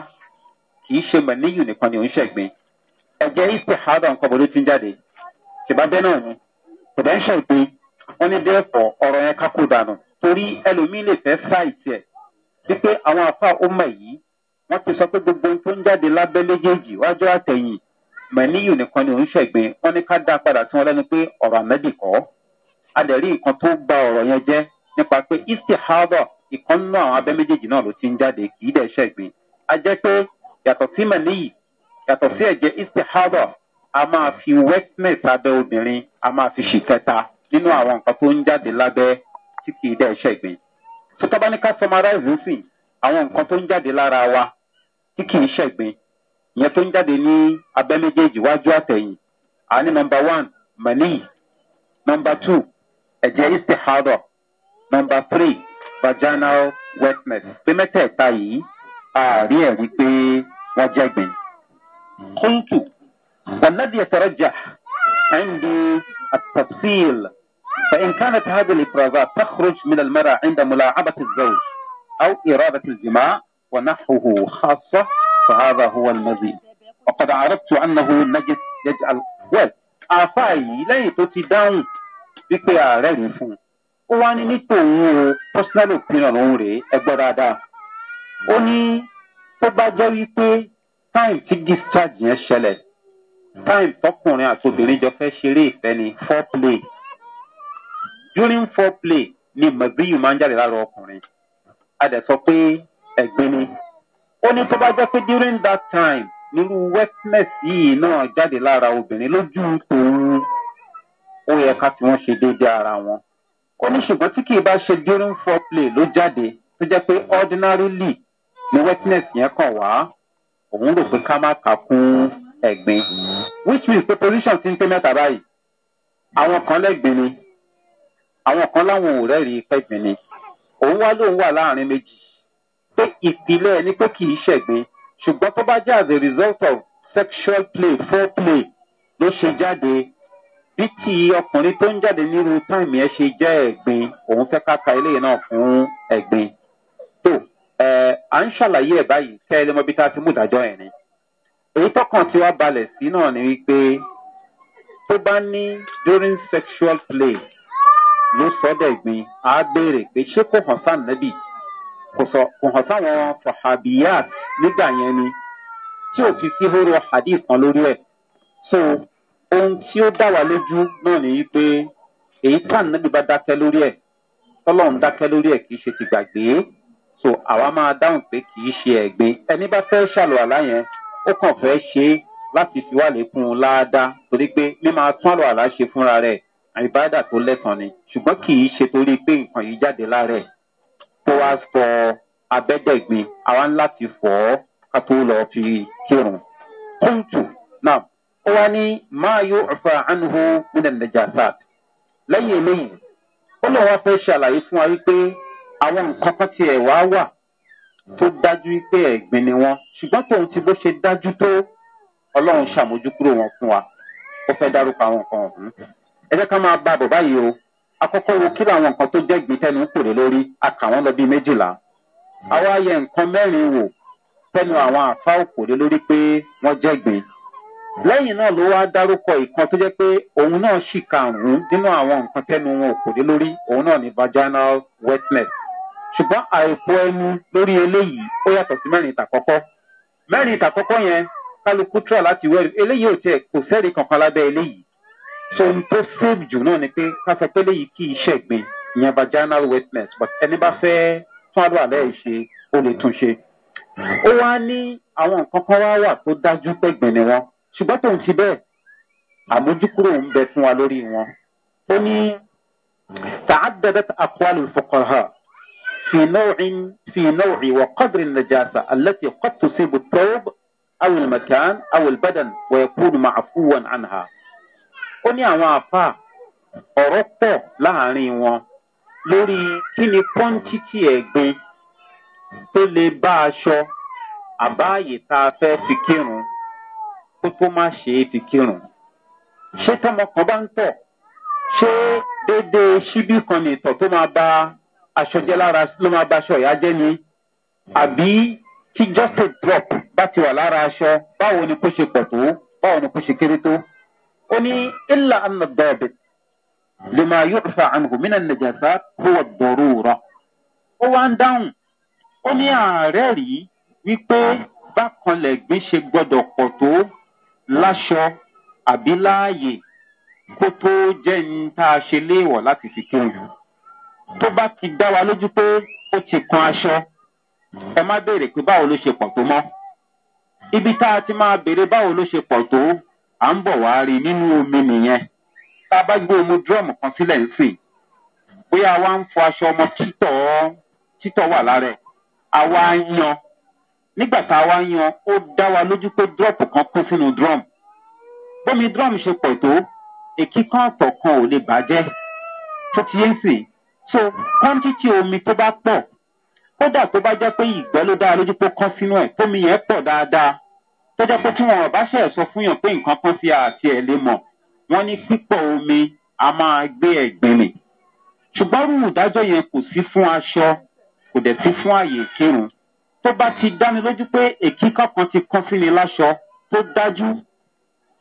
kì í ṣe mẹ̀níyù nìkan ni ò ń ṣẹ̀gbin ẹ̀jẹ̀ istihada nǹkan bó ló ti ń jáde ṣèbábẹ́ náà ni kò dẹ́ ń ṣẹ̀gbin wọ́n ní dẹ́ẹ̀fọ̀ ọ̀rọ̀ yẹn kákó dànù torí ẹlòmíín lè fẹ́ fáìtì ẹ̀ wípé àwọn àfa ọmọ yìí wọ́n ti sọ pé gbogbo ohun tó ń jáde lábẹ́ léjèèjì wájú àtẹ̀yìn mẹ̀níyù nìkan ni ò ń ṣẹ̀gbin wọ́n ní ká dá padà tí wọ́n lẹ́nu pé ọ̀rọ̀ àmẹ́dì kọ́ a dẹ̀ rí nǹkan tó gba ọ̀rọ̀ yẹn jẹ́ nípa pé istihada ìkan náà àwọn abẹ́ méjèèjì náà ló ti ń jáde kì í dẹ̀ ṣẹ̀gbin a yàtọ̀ sí mẹ́nìyì yàtọ̀ sí ẹ̀jẹ̀ istihadọ̀ a máa fi wetness abẹ́ obìnrin a máa fi ṣì kẹta nínú àwọn nǹkan tó ń jáde lábẹ́ tí kì í dẹ́ ṣẹ̀gbìn. tó tọ́ba ní ká summarize ń sìn àwọn nǹkan tó ń jáde lára wa tí kì í ṣẹ̀gbìn ìyẹn tó ń jáde ní abẹ́ méjèèjì wájú àtẹ̀yìn a ní nọmba one mẹ́nìyì nọmba two ẹ̀jẹ̀ istihadọ̀ nọmba three vaginal wetness pé mẹ́tẹ̀ẹ̀ta yìí àárí ẹ̀rí pé. وجبن قلت والذي يترجح عندي التفصيل فإن كانت هذه الإفرازات تخرج من المرأة عند ملاعبة الزوج أو إرادة الجماع ونحوه خاصة فهذا هو المزيد وقد عرفت أنه نجد يجعل well àfáàyí lẹ́yìn tó ti dáhùn wípé ààrẹ rí fún un ó wá ní ní o personal opinion òun rèé ẹgbọ́ dáadáa ó ní tó bá jẹ́ wípé time tí discharge yẹn ṣẹlẹ̀ time tọkùnrin àti obìnrin jọ fẹ́ ṣeré ìfẹ́ ni foreplay during foreplay ni mọ̀bíyù máa ń jáde lára ọkùnrin a dẹ̀ sọ pé ẹ̀gbin ni ó ní tó bá jẹ́ pé during that time nírú wetness yìí náà jáde lára obìnrin lójú tòun ó yẹ ká tí wọ́n ṣe déédéé ara wọn ó ní ṣùgbọ́n tí kì í bá ṣe during foreplay ló jáde tó jẹ́ pé ordinarily ni wetness yẹn kàn wá òun rò pé ká má kà kún ẹ̀gbin which means pé position ti ń pé mẹ́ta báyìí àwọn kan lẹ́gbin ni àwọn kan láwọn ò rẹ́rìí pẹ́gbin ni òun wá lóun wà láàrin méjì pé ìpìlẹ̀ ẹni pé kì í ṣẹ̀gbin ṣùgbọ́n tó bá jẹ́ as a result of sexual play foreplay ló ṣe jáde bí ti ọkùnrin tó ń jáde nírú táìmì ẹ ṣe jẹ́ ẹ̀gbin òun fẹ́ ká ka eléyìí náà fún ẹ̀gbin à ń ṣàlàyé ẹ̀ báyìí kẹ́ ẹ lè mọ bí tá a ti mú ìdájọ́ yẹn ni èyí tọkàn tí wàá balẹ̀ sí náà ni wípé tó bá ní during sexual play ló sọ́dọ̀ ìgbín á béèrè pé ṣé kò hàn sáà nẹ́bì kò hàn sáwọn sahabiyat nígbà yẹn ni tí ò fi sí hóró hadith kan lórí ẹ̀ so ohun tí ó dá wa lójú náà ni wípé èyí tá nẹ́bì bá dákẹ́ lórí ẹ̀ tọ́lọ́run dákẹ́ lórí ẹ̀ kì í ṣe ti gbàgbé so àwa máa dáhùn pé kì í ṣe ẹ̀gbin ẹni bá fẹ́ ṣàlùwàlá yẹn ó kàn fẹ́ ṣe é láti fi wà lékún un torí pé mímọ atún àlùwàlá ṣe fúnra rẹ̀ àyíbáàdà tó lẹ́sàn ni ṣùgbọ́n kì í ṣe torí pé nǹkan yìí jáde lára ẹ̀ kó wá fọ abẹ́dẹ̀gbin àwa ń láti fọ̀ ọ́ ká tó lọ fi kírun. kóńtù náà ó wá ní máa yóò ọ̀fà ànúhó nílẹ̀ nàìjà sáà lẹ́yìn eléyìí ó lọ́wọ́ fẹ́ ṣàlàyé fún wa wípé àwọn nǹkan kan tiẹ̀ wá wà tó dájú pé ẹ̀gbin ni wọn ṣùgbọ́n tòun ti bó ṣe dájú tó ọlọ́run ṣàmójúkúrò wọn fún wa ó fẹ́ dárúkọ àwọn nǹkan ọ̀hún ẹ jẹ́ ká máa bá a bọ̀ báyìí o akọ́kọ́ wo kí làwọn nǹkan tó jẹ́ gbin tẹnu ń kòrè lórí akà wọ́n lọ bíi méjìlá àwa yẹ nǹkan mẹ́rin wò tẹnu àwọn àfa òkòrè lórí pé wọ́n jẹ́ gbin lẹ́yìn náà ló wá dárúkọ ìkan tó jẹ́ pé òun náà ṣì karùn-ún nínú àwọn nǹkan tẹnu wọn òkòrè lórí òun náà ní vaginal wetness ṣùgbọ́n àìpo ẹnu lórí eléyìí ó yàtọ̀ sí mẹ́rin ìtàkọ́kọ́ mẹ́rin ìtàkọ́kọ́ yẹn kálukú tíra láti wẹ́rù eléyìí ò tiẹ̀ kò sẹ́rì kankan lábẹ́ eléyìí so ohun tó save jù náà ni pé ká sọ pé eléyìí kì í ṣẹ̀gbìn ìyẹn vaginal wetness but ẹni bá fẹ́ tún àdó àlẹ́ ẹ̀ ṣe ó lè tún ṣe. ó wá ní àwọn nǹkan kan wá wà tó dájú pẹ̀gbìn ni wọn ṣùgbọ́n tóun ti bẹ́ẹ̀ àmójúkúrò ń bẹ fún wa lórí wọn. ó ní tààdẹ́dẹ́ àkọ́àlù fọkànhàn في نوع في نوع وقدر النجاسة التي قد تصيب الثوب أو المكان أو البدن ويكون معفوا عنها أني ní àwọn àfa ọ̀rọ̀ pọ̀ láàrin wọn lórí kí ni pọ́ńtítì ẹ̀gbin tó lè bá aṣọ àbáàyè tá a fẹ́ fi kírun kó tó má ṣe é fi kírun. ṣé tọmọ bá ń tọ̀ ṣé déédéé ṣíbí kan ní tó máa bá aṣọjẹ́ lára ló máa bá aṣọ ìyá jẹ́ ni àbí kí just a drop bá ti wà lára aṣọ báwo ni kó ṣe pọ̀ tó báwo ni kó ṣe kéré tó. ó ní ilà anna dọ́ọ̀bì lè máa yóò fa àǹgò mí náà nàjàsá kó wà dọ̀rọ̀ rọ̀. ó wá ń dáhùn ó ní ààrẹ rí wípé bákan lẹ̀gbẹ́ ṣe gbọ́dọ̀ pọ̀ tó láṣọ àbí láàyè kó tó jẹ́ ní tá a ṣe léèwọ̀ láti fi kírun tó bá ti dá wa lójú pé ó ti kan aṣọ ẹ má béèrè pé báwo ló ṣe pọ̀ tó mọ́ ibi tá a ti máa béèrè báwo ló ṣe pọ̀ tó à ń bọ̀ wá rí nínú omi nìyẹn tá a bá gbé omi drum kan sílẹ̀ ń sìn bóyá wa ń fọ aṣọ ọmọ títọ̀ títọ̀ wà lára ẹ̀ àwa yan nígbà tá a wá yan ó dá wa lójú pé drop kan kún sínú drum bómi drum ṣe pọ̀ tó èkí kan ọ̀tọ̀ kan ò lè bàjẹ́ tó ti yé ń sìn so quantity omi tó bá pọ̀ kódà tó bá jẹ́ pé ìgbẹ́ ló dára lójú pé kán sínú ẹ̀ tómi yẹn pọ̀ dáadáa tó jẹ́ pé tí wọn bá ṣẹ̀ sọ fún yàn pé nǹkan kan sí àti ẹ̀ lè mọ̀ wọ́n ní pípọ̀ omi a máa gbé ẹ̀gbin nì ṣùgbọ́n rú ìdájọ́ yẹn kò sí fún aṣọ kò dẹ̀ sí fún àyè kírun tó bá ti dáni lójú pé èkí kankan ti kán sí ni láṣọ tó dájú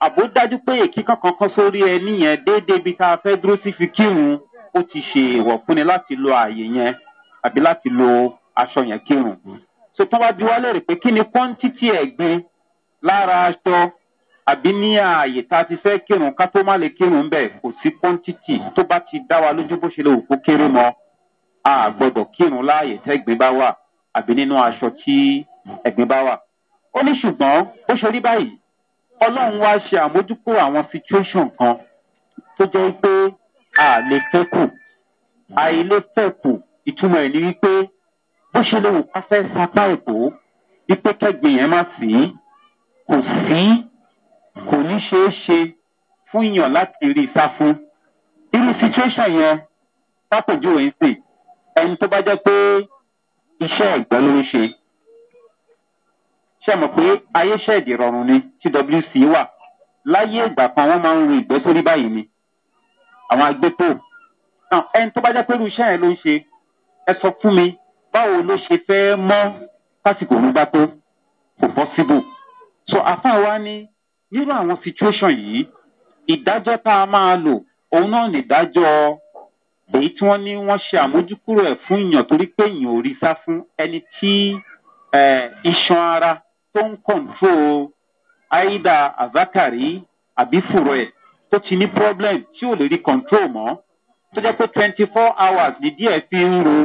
àbó dájú pé èkí kankan kán sórí ẹ níyẹn déédéé ibi tá a fẹ́ dúró sí fi kírun ó ti ṣe èèwọ̀ fúnni láti lo ààyè yẹn àbí láti lo aṣọ yẹn kírun. so tó bá bí wá lérè pé kí ni quantity ẹ̀gbin lára aṣọ àbí ní ààyè tá a ti fẹ́ kírun ká tó má lè kírun bẹ́ẹ̀ kò sí quantity tó bá ti dá wa lójú bó ṣe lè wò kó kéré mọ́ a gbọ́dọ̀ kírun láàyè tẹ́gbin bá wà àbí nínú aṣọ tí ẹ̀gbin bá wà. ó ní ṣùgbọ́n bó ṣe rí báyìí ọlọ́run wá ṣe àmójúkúrò àwọn situation kan tó jẹ́ pé àlè tẹ́kù àìlè hmm. tẹ́kù ìtumọ̀ ẹ̀ ni wípé bó ṣe lè wù ká fẹ́ sapá èkó wípé kẹ́gbìn yẹn má sí kò sí kò ní ṣeé ṣe fún yàn láti rí sá irú situation yẹn sápòjú òun sì ẹni tó bá jẹ́ pé iṣẹ́ ẹ̀gbọ́n ló ń ṣe ṣe mọ̀ pé ayéṣẹ́ẹ̀dì rọrùn ni twc wà láyé ìgbà kan wọ́n máa ń ru ìgbẹ́ sórí báyìí ni àwọn agbépo náà ẹni tó bá jẹ́ pé irú iṣẹ́ yẹn ló ń ṣe ẹ sọ fún mi báwo ló ṣe fẹ́ mọ́ lásìkò òun bá tó kò possible so àfáà wa ní nírú àwọn situation yìí ìdájọ́ tá a máa lò òun náà nìdájọ́ èyí tí wọ́n ní wọ́n ṣe àmójúkúrò ẹ̀ fún èèyàn torí pé èèyàn ò rí sá fún ẹni tí iṣan ara tó ń kọ̀ǹtró àìdá àzákàrí àbí fùrọ̀ ẹ̀ ó ti ní problem tí ò lè rí control mọ́ tó jẹ́ pé twenty four hours ní díẹ̀ fi ń ro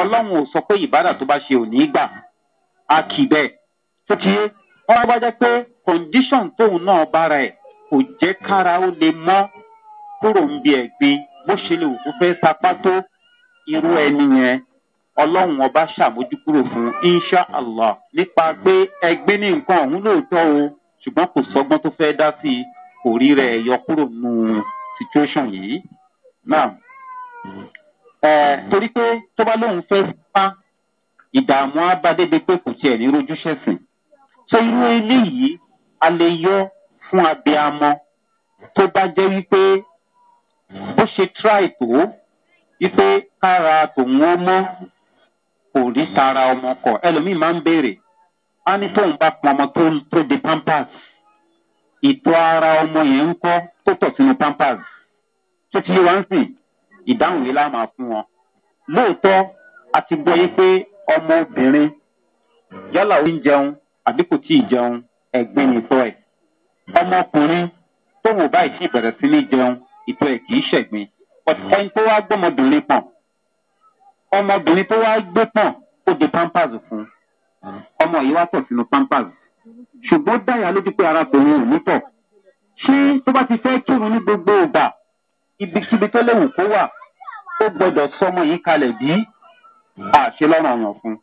ọlọ́run ò sọ pé ìbádà tó bá ṣe ò ní gbà á tó ti yé wọ́n bá jẹ́ pé condition tóun náà bára ẹ̀ kò jẹ́ kára ó lè mọ́ kúrò ń ẹ̀gbin bó ṣe lè òkú fẹ́ sapá tó irú ẹni yẹn ọlọ́run ọba ṣàmójúkúrò fún insha allah nípa pé ẹgbẹ́ ní nǹkan o ṣùgbọ́n kò sọgbọ́n tó fẹ́ dá kò rí rẹ̀ yọ kúrò nù situation yìí náà ẹ torí pé tó bá lóun fẹ́ pa ìdààmú abádébé pé kò tiẹ̀ ní rojúṣẹ́ sìn tó irú eléyìí a lè yọ fún abiyamọ tó bá jẹ́ wípé bó ṣe try tó wípé kára tòun ó mọ́ kò rí tara ọmọ kọ ẹlòmíì máa ń ìtọ́ ara ọmọ yẹn ń kọ́ tó tọ̀ sínú pampers tó ti yé wa ń sìn ìdáhùn yìí láàmà fún wọn. lóòótọ́ a ti gbọ́ yé pé ọmọ obìnrin yálà ó ń jẹun àbí kò tí ì jẹun ẹ̀gbin nìtọ́ ẹ̀. ọmọkùnrin tóun ò báyìí sí ìbẹ̀rẹ̀ sí ní jẹun ìtọ́ ẹ̀ kì í ṣẹ̀gbin. ẹni tó wá gbọ́mọbìnrin pọ̀n ọmọbìnrin tó wá gbé pọ̀n ó de pampers fún ọmọ yìí wá tọ̀ sínú pampers ṣùgbọ́n dáyà lójú pé arákùnrin ò nítọ̀ ṣé tó bá ti fẹ́ kírun ní gbogbo ìgbà ibikíbi tó léwu kó wà ó gbọdọ̀ sọmọ yìí kalẹ̀ bí àṣẹ lọ́rùn ọ̀yàn fún un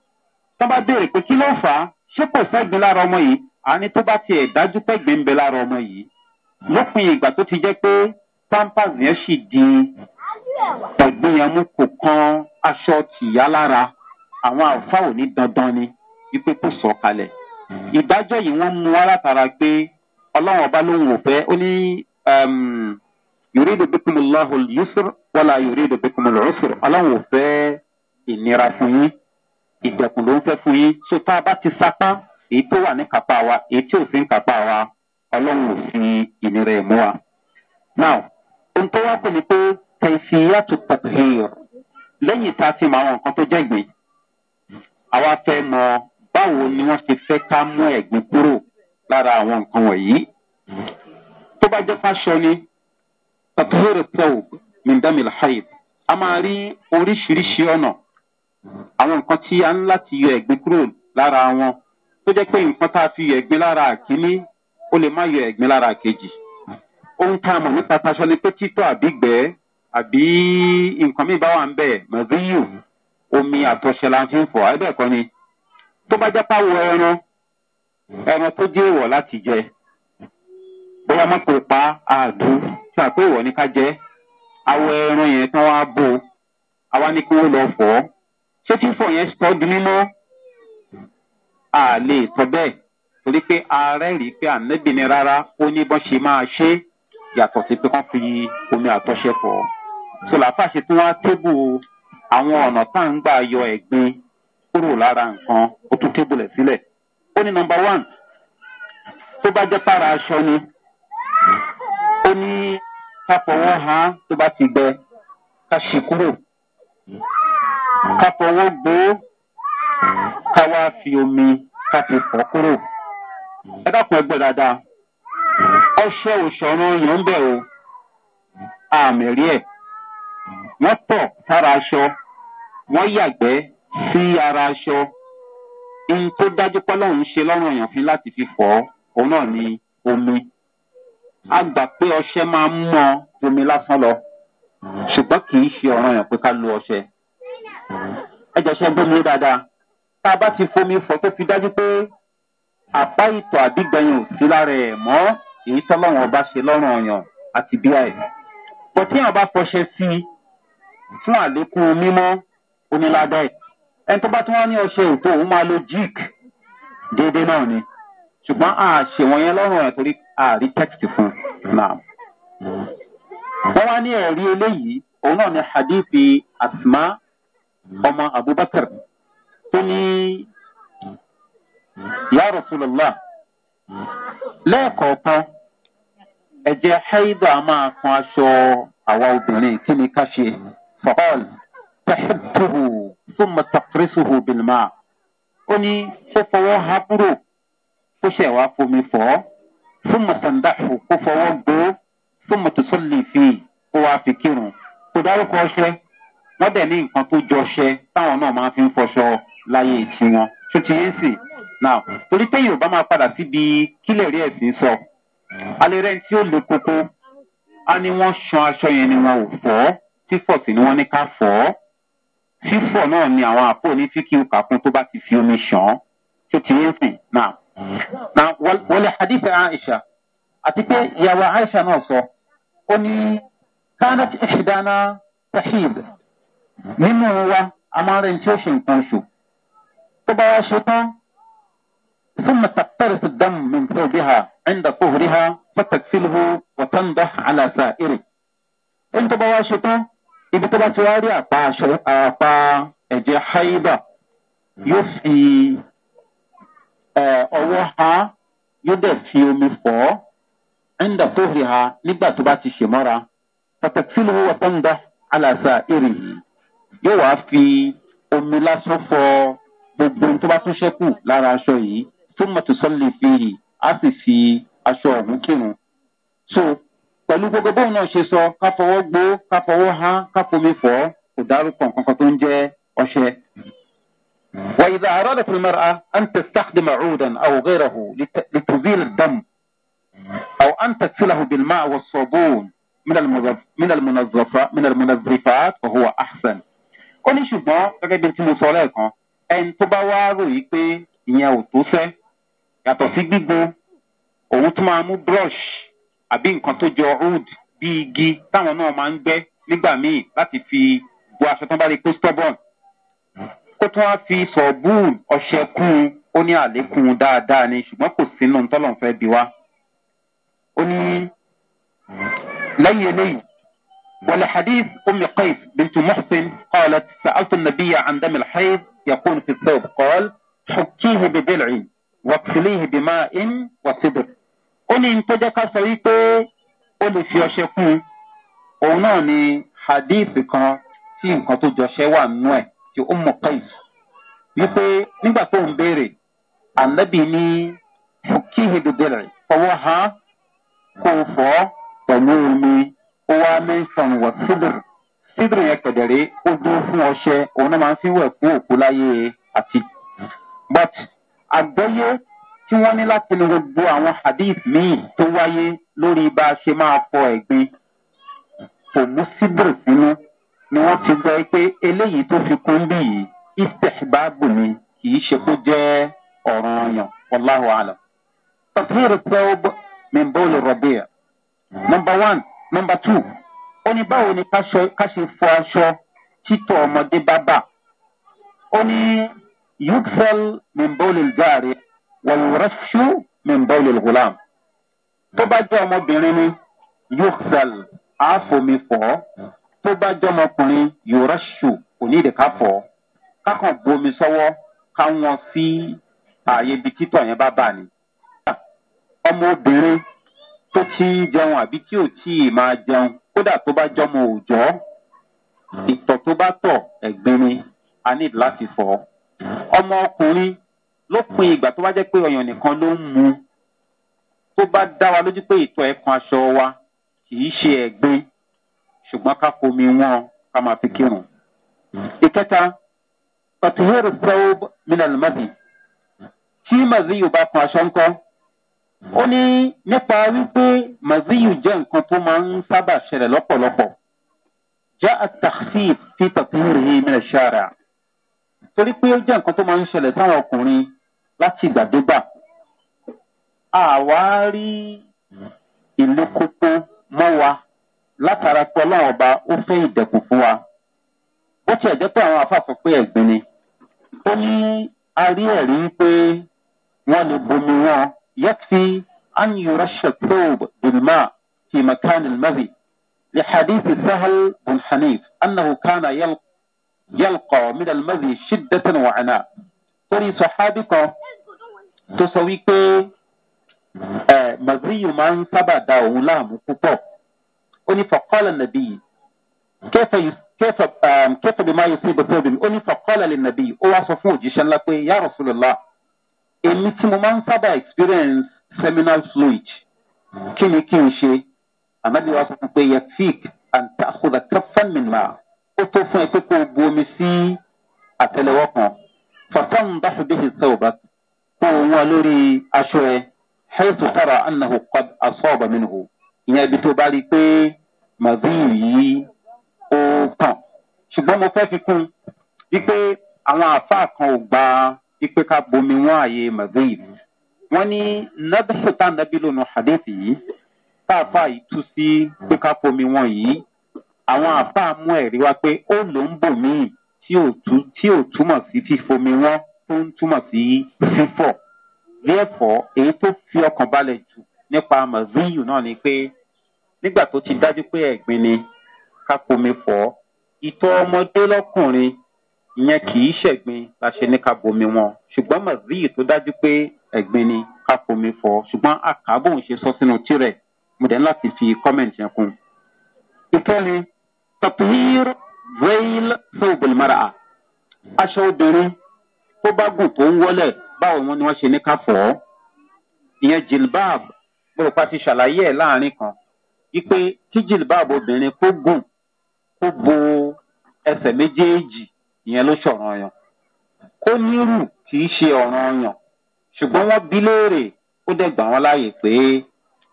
tó bá béèrè pé kí ló fà á ṣé kò fẹ́gbin lára ọmọ yìí àní tó bá tiẹ̀ dájú pẹ́gbin ń bẹ lára ọmọ yìí lópin ìgbà tó ti jẹ́ pé pampers yẹn sì di ẹ̀gbin yẹn mú kò kan aṣọ tìyá lára àwọn àǹfà ò ní dandan ni wípé kò sọ kalẹ̀ ìdájọ́ yìí wọ́n mú alátara pé ọlọ́run ọba lóhùn òfẹ́ ó ní yorùbá ìdòbíkùnmù lọ́hùn yusuf wọ́lá yorùbá ìdòbíkùnmù lọ́sùr ọlọ́run òfẹ́ ìnira fún yín ìdẹ̀kùn ló ń fẹ́ fún yín so tá a bá ti sapá èyí tó wà ní kápá wa èyí tí ò sí ń kápá wa ọlọ́run ò fi ìnira ẹ̀ mú wa. now ohun tó wá kò ní pé kẹ̀síyà tó pàtàkì lẹ́yìn tá a ti mọ àwọn nǹkan tó jẹ́ ìgbìn àwa fẹ́ mọ báwo ni wọ́n ṣe fẹ́ ká mú ẹ̀gbin kúrò lára àwọn nǹkan wọ̀nyí. tó bá jẹ́ fáṣọ ni tatuhere tẹ́wò mindamil haid a máa rí oríṣiríṣi ọ̀nà àwọn nǹkan tí a ń láti yọ ẹ̀gbin kúrò lára wọn tó jẹ́ pé nǹkan tá a fi yọ ẹ̀gbin lára àkíní ó lè má yọ ẹ̀gbin lára àkejì. ohun tá a mọ̀ nípa fáṣọ ni pé títọ́ àbí gbẹ́ àbí nǹkan míì bá wà ń bẹ̀ mọ̀víyù omi àtọ̀ṣẹ́ la fi ń fọ̀ ẹ́ bẹ́ẹ̀ kọ́ ni tó bá jápá wọ ẹran ẹran tó jẹ́ ìwọ̀ láti jẹ bóyá má pè pa àdú tí a pé ìwọ̀ ní ká jẹ́ awọ ẹran yẹn tán wá bò àwa ní kí wọ́n lọ fọ́ ṣé fífọ̀ yẹn sọ di mímọ́ lè sọ bẹ́ẹ̀ torí pé ààrẹ rí i pé ànábì ni rárá ó ní bọ́n ṣe máa ṣe yàtọ̀ sí pé kán fi omi àtọ́ṣe fọ̀ ṣọlá fàṣetún wá tébù àwọn ọ̀nà tá à ń gbà yọ ẹ̀gbin kúrò lára nǹkan ó tún tébùlẹ̀ sílẹ̀ ó ní nọmba one tó bá jẹ́ para aṣọ ni ó ní ká fọwọ́ ha tó bá ti gbẹ ká ṣì kúrò ká fọwọ́ gbó ká wá fi omi ká ti fọ́ kúrò ẹ dákun ẹgbẹ́ dáadáa ọṣẹ òṣọ̀rọ̀ yàn ń bẹ̀ o àmì rí ẹ̀ wọ́n tọ̀ sára aṣọ wọ́n yàgbẹ́ sí ara aṣọ ihun tó dájú pọ́lọ́run ṣe lọ́rùn èèyàn fún láti fi fọ́ òun náà ni omi a gbà pé ọṣẹ máa ń mọ omi lásán lọ ṣùgbọ́n kì í ṣe ọ̀ràn èèyàn pé ká lo ọṣẹ ẹ jẹ́ ṣe ń gbómi dáadáa tá a bá ti fomi fọ tó fi dájú pé àbá ìtọ̀ àbígbẹ̀yìn ò sí lára ẹ̀ mọ́ èyí tọ́lọ́run ọba ṣe lọ́rùn ọ̀yàn àti bíà ẹ̀ pọ̀ tí àwọn bá fọṣẹ sí i fún àlékún mímọ́ omi ládàá ẹ̀ ẹni tó bá tún wá ní ọṣẹ ètò òun máa lo jig déédéé náà ni ṣùgbọ́n a ṣe wọ́n yẹn lọ́rùn ẹ̀ torí a rí text fún náà. wọ́n wá ní ẹ̀rí eléyìí òun náà ni hadithi asma ọmọ abubakar tó ní yàrá rasulillah lẹ́ẹ̀kọ̀ọ̀kan ẹ̀jẹ̀ haida máa kan aṣọ àwa obìnrin kí ni ká ṣe fọ́ọ̀lù tẹ̀hẹ́tùhù fún mọ̀tàfẹ́sùhù bìlmà ó ní kó fọwọ́ ha kúrò kó ṣe wá fomi fọ́ fún mọ̀tàndàfù kó fọwọ́ gbó fún mọ̀tòsọ́lì fi kó wá fi kírun kó dárúkọ ọṣẹ wọ́n dẹ̀ ní nǹkan tó jọ ṣẹ táwọn náà máa fi ń fọṣọ láyé ìtì wọn tó ti yé sí náà torí pé yorùbá máa padà síbi kílẹ̀ rí ẹ̀sìn sọ alẹ́ rẹ̀ tí ó le koko a ní wọ́n san aṣọ yẹn ni wọn ò fọ́ tí fọ̀sì ni wọ́n ní ká fọ́ fífọ̀ náà ni àwọn àpò ní fíkìú kàkún tó bá ti fi omi ṣàn án tó ti ń sìn náà. na wọlé hadith aisha àti pé ìyàwó aisha náà sọ ó ní kánat ìṣìdáná tahid nínú wa a máa ń tí ó ṣe nǹkan oṣù tó bá wá ṣe tán ثم تقترف الدم من ثوبها عند طهرها فتكفله وتنضح على سائره. انت بواشطه ibi tó bá ti wá rí àpá aṣọ àpá ẹ̀jẹ̀ haiba yóò fi ọwọ́ ha yóò dẹ̀ fi omi fọ́ ẹ̀ńdà tó rí ha nígbà tó bá ti ṣe mọ́ra pàtàkìlú wọ́tọ́ndà alàṣà èrè yóò wá fi omi lásán fọ gbogbo tó bá tún ṣẹ́kù lára aṣọ yìí tó mọ̀tò sọ́lé fi yìí á sì fi aṣọ ọ̀hún kírun. so pẹ̀lú gbogbo bóun náà ṣe sọ ká fọwọ́ gbó ká fọwọ́ há ká fomi fọ́ kò dárúkọ nǹkan kan tó ń jẹ́ ọṣẹ. وإذا أرادت المرأة أن تستخدم عودا أو غيره لتزيل الدم أو أن تغسله بالماء والصابون من من المنظفات من المنظفات فهو أحسن. ó ní ṣùgbọ́n gẹ́gẹ́ bí tí mo sọ lẹ́ẹ̀kan ẹni tó bá wá rò yí pé ìyẹn ò tó fẹ́ yàtọ̀ sí gbígbó òun tún máa mú brush àbí nǹkan tó jọ old bí igi táwọn náà máa ń gbẹ́ nígbà míì láti fi bu aṣọ tán bá lè kó stubborn kó tó wá fi sọ̀bùn ọ̀ṣẹ́ kún ó ní àlékún dáadáa ni ṣùgbọ́n kò sínú tọ́lọ̀ ń fẹ́ bí wá. ó ní lẹ́yìn eléyìí wọlé hadith omi qais bintu muhsin qaala sa'altu nabiya an dami al-hayd yakun fi sawb qaal xukkihi bidilci waqtilihi bima'in wa sidr. ó ní ní tó jẹ́ ká sọ wípé ó lè fi ọṣẹ kún un òun náà ni hadith kan tí nǹkan tó jọṣẹ wà nínú ẹ̀ tí ó mọ̀ pẹ́yì wípé nígbà tó ń béèrè ànábì ní kí hebebere fọwọ́ hàn kó o fọ́ pẹ̀lú omi ó wá mẹ́sàn-án wọ̀ sídìrì yẹn kẹ̀dẹ̀rẹ́ ó dúró fún ọṣẹ òun náà máa ń fi wẹ̀ kú òkú láyé àti but àgbẹ̀yẹ tí wọ́n ní láti nu gbogbo àwọn hadith míì tó wáyé lórí bá a ṣe máa fọ ẹ̀gbin kò mú síbìrì sínú ni wọ́n ti gbọ́ pé eléyìí tó fi kún bí yìí ìtẹ̀síbáàbò ni kì í ṣe kó jẹ́ ọ̀ràn ọ̀yàn wàláhùn àlọ́. tọ́sírì pẹ́ẹ́b mẹ́mbọ́ọ̀lù rọ̀bìà nọmba one nọmba two ó ní báwo ni ká ṣe fọ aṣọ títọ̀ ọmọdé bá bà ó ní yúkfẹ́l mẹ́mbọ́ọ̀lù gáàrí wàlúrẹ́sù mẹ́ńbọ́ọ̀lù ìlgùlám. tó bá jẹ́ ọmọbìnrin ni yóòfẹ́l àáfòmí fọ́ tó bá jẹ́ ọmọkùnrin yóòrẹ́sù òní ìdíkà fọ́ kákan bomi sọ́wọ́ káwọn sí ààyè ibi títọ̀ yẹn bá bà ní. ọmọbìnrin tó ti jẹun àbí tí ò tí ì máa jẹun kódà tó bá jọmọ òòjọ́ ìtọ̀ tó bá tọ̀ ẹ̀gbin a ní láti fọ́ ọmọkùnrin lópin ìgbà tó bá jẹ́ pé ọyàn nìkan ló ń mu tó bá dá wa lójú pé ìtọ̀ ẹ̀kan aṣọ wa kì í ṣe ẹ̀gbin ṣùgbọ́n ká fomi wọn ká máa fi kírun. ìkẹta pàtùwẹ́rù sẹ́wọ́b mìnàlùmọ́sì tí màzíyù bá kan aṣọ ńkọ́ ó ní nípa wípé màzíyù jẹ́ nǹkan tó máa ń sábà ṣẹlẹ̀ lọ́pọ̀lọpọ̀ já àtàkìf fi pàtùwẹ́rù yìí mìnàṣára torí pé ó jẹ́ nǹkan tó máa ń ṣẹlẹ̀ sáwọn ọkùnrin láti ìgbàdégbà àwa rí ìlú kókó mọ́ wa látara pé ọlọ́run ọba ó fẹ́ ìdẹ̀kùn fún wa ó ti jẹ́ pé àwọn afáfọ́ pé ẹ̀gbin ni ó ní a rí ẹ̀rí pé wọ́n lè bomi wọn yẹ́tí anyurasha probe dùnmá fi makan al-mazi لحديث سهل بن حنيف أنه كان يلقى من المذي شدة وعناء torí sọ̀hábì kan tó sọ wípé maziyu máa ń sábà da òun láàmú púpọ̀ ó ní fọ̀kọ́lẹ̀ nàbí kẹfà bí máa yẹ sí ibùsọ̀ bí ó ní fọ̀kọ́lẹ̀ lè nàbí ó wá sọ fún òjíṣẹ́ ńlá pé yá rasulillah èmi tí mo máa ń sábà experience seminal fluid kí ni kí n ṣe àmàdí wa sọ fún pé yẹ fíìk àǹtà àkùdà kẹfà mìíràn ó tó fún ẹ pé kó o bu omi sí àtẹlẹwọ kan fọ̀tán bá fi bíhi sọ̀bà kó wọn lórí aṣọ ẹ hẹ́ẹ̀tù sára anahu kọ́d asọ́ọ̀bà mìíràn ìyẹn ibi tó bá rí i pé màdìí yìí ó tàn ṣùgbọ́n mo fẹ́ fi kún wípé àwọn àfáà kan ò gba wípé ká bomi wọn àyè màdìí wọn ní nàbẹ́sọ̀tà nàbílónú hadith yìí táàfà yìí tú sí pé ká bomi wọn yìí àwọn àfáà mú ẹ̀rí wá pé ó ló ń bò míì tí ò tún tí ò túmọ̀ sí fífomi wọ́n tó ń túmọ̀ sí fífọ̀. therefore èyí tó fi ọkàn balẹ̀ jù nípa maziyu náà ni pé nígbà tó ti dájú pé ẹ̀gbin ni ká pomi fọ́ ìtọ́ ọmọdé lọ́kùnrin ìyẹn kì í ṣẹ̀gbin la ṣe ní ká bomi wọn ṣùgbọ́n maziyu tó dájú pé ẹ̀gbin ni ká pomi fọ́ ṣùgbọ́n àkàbòun ṣe sọ sínú tirẹ̀ mo dẹ̀ ń láti fi kọ́mẹ̀ntì yẹn kún. ìkẹrin tàpíìrì wéyìl sóògùn mara aṣọ obìnrin tó bá gùn tó ń wọlẹ̀ báwo ni wọ́n ṣe ní ká fọ̀ ọ́ ìyẹn jilbab gbọ́dọ̀ pa ti ṣàlàyé ẹ̀ láàrin kan wípé kí jilbab obìnrin kó gùn kó bo ẹsẹ̀ méjèèjì ìyẹn ló ṣọ̀ràn ọyàn kó nírù kì í ṣe ọ̀ràn ọyàn ṣùgbọ́n wọ́n bí léèrè ó dẹ̀ gbà wọ́n láàyè pé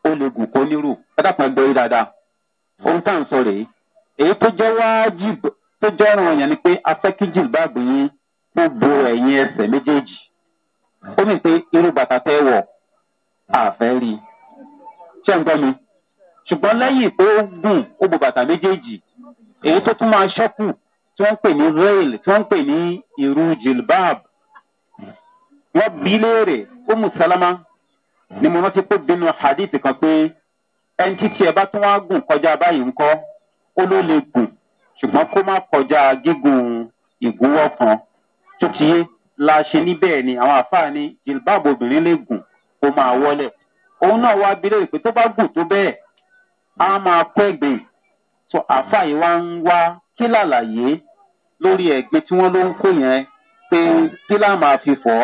ó lè gùn kó nírù ẹ dápẹ́ gbọ́ dáadáa ohun tá à ń sọ rèé èyí tó jẹ́ wájib tó jẹ́ ọ̀ràn èèyàn ni pé afẹ́kíjìl báàgbé yín kó bo ẹ̀yìn ẹsẹ̀ méjèèjì ó mì pé irú bàtà tẹ́ wọ̀ àfẹ́ rí i ṣé ń gbọ́ mi ṣùgbọ́n lẹ́yìn tó gùn ó bo bàtà méjèèjì èyí tó tún máa ṣọ́kù tí wọ́n ń pè ní rail tí wọ́n ń pè ní irú jilbab wọ́n bí léèrè umu salama ni mo rántí pé bínú hadith kan pé ẹni títí ẹ bá tún wá gùn kọjá báyìí ńkọ́ ó ló lè gùn ṣùgbọ́n kó má kọjá gígùn ìgúnwọ́ kan tó ti yé la ṣe níbẹ̀ ni àwọn àfáà ní jìlbáàbò obìnrin lè gùn kó máa wọlẹ̀ òun náà wá bí lóye pé tó bá gùn tó bẹ́ẹ̀ á máa kọ́ ẹ̀gbìn tó àfáà yìí wá ń wá kí làlàyé lórí ẹ̀gbin tí wọ́n ló ń kó yẹn pé kí láà máa fi fọ́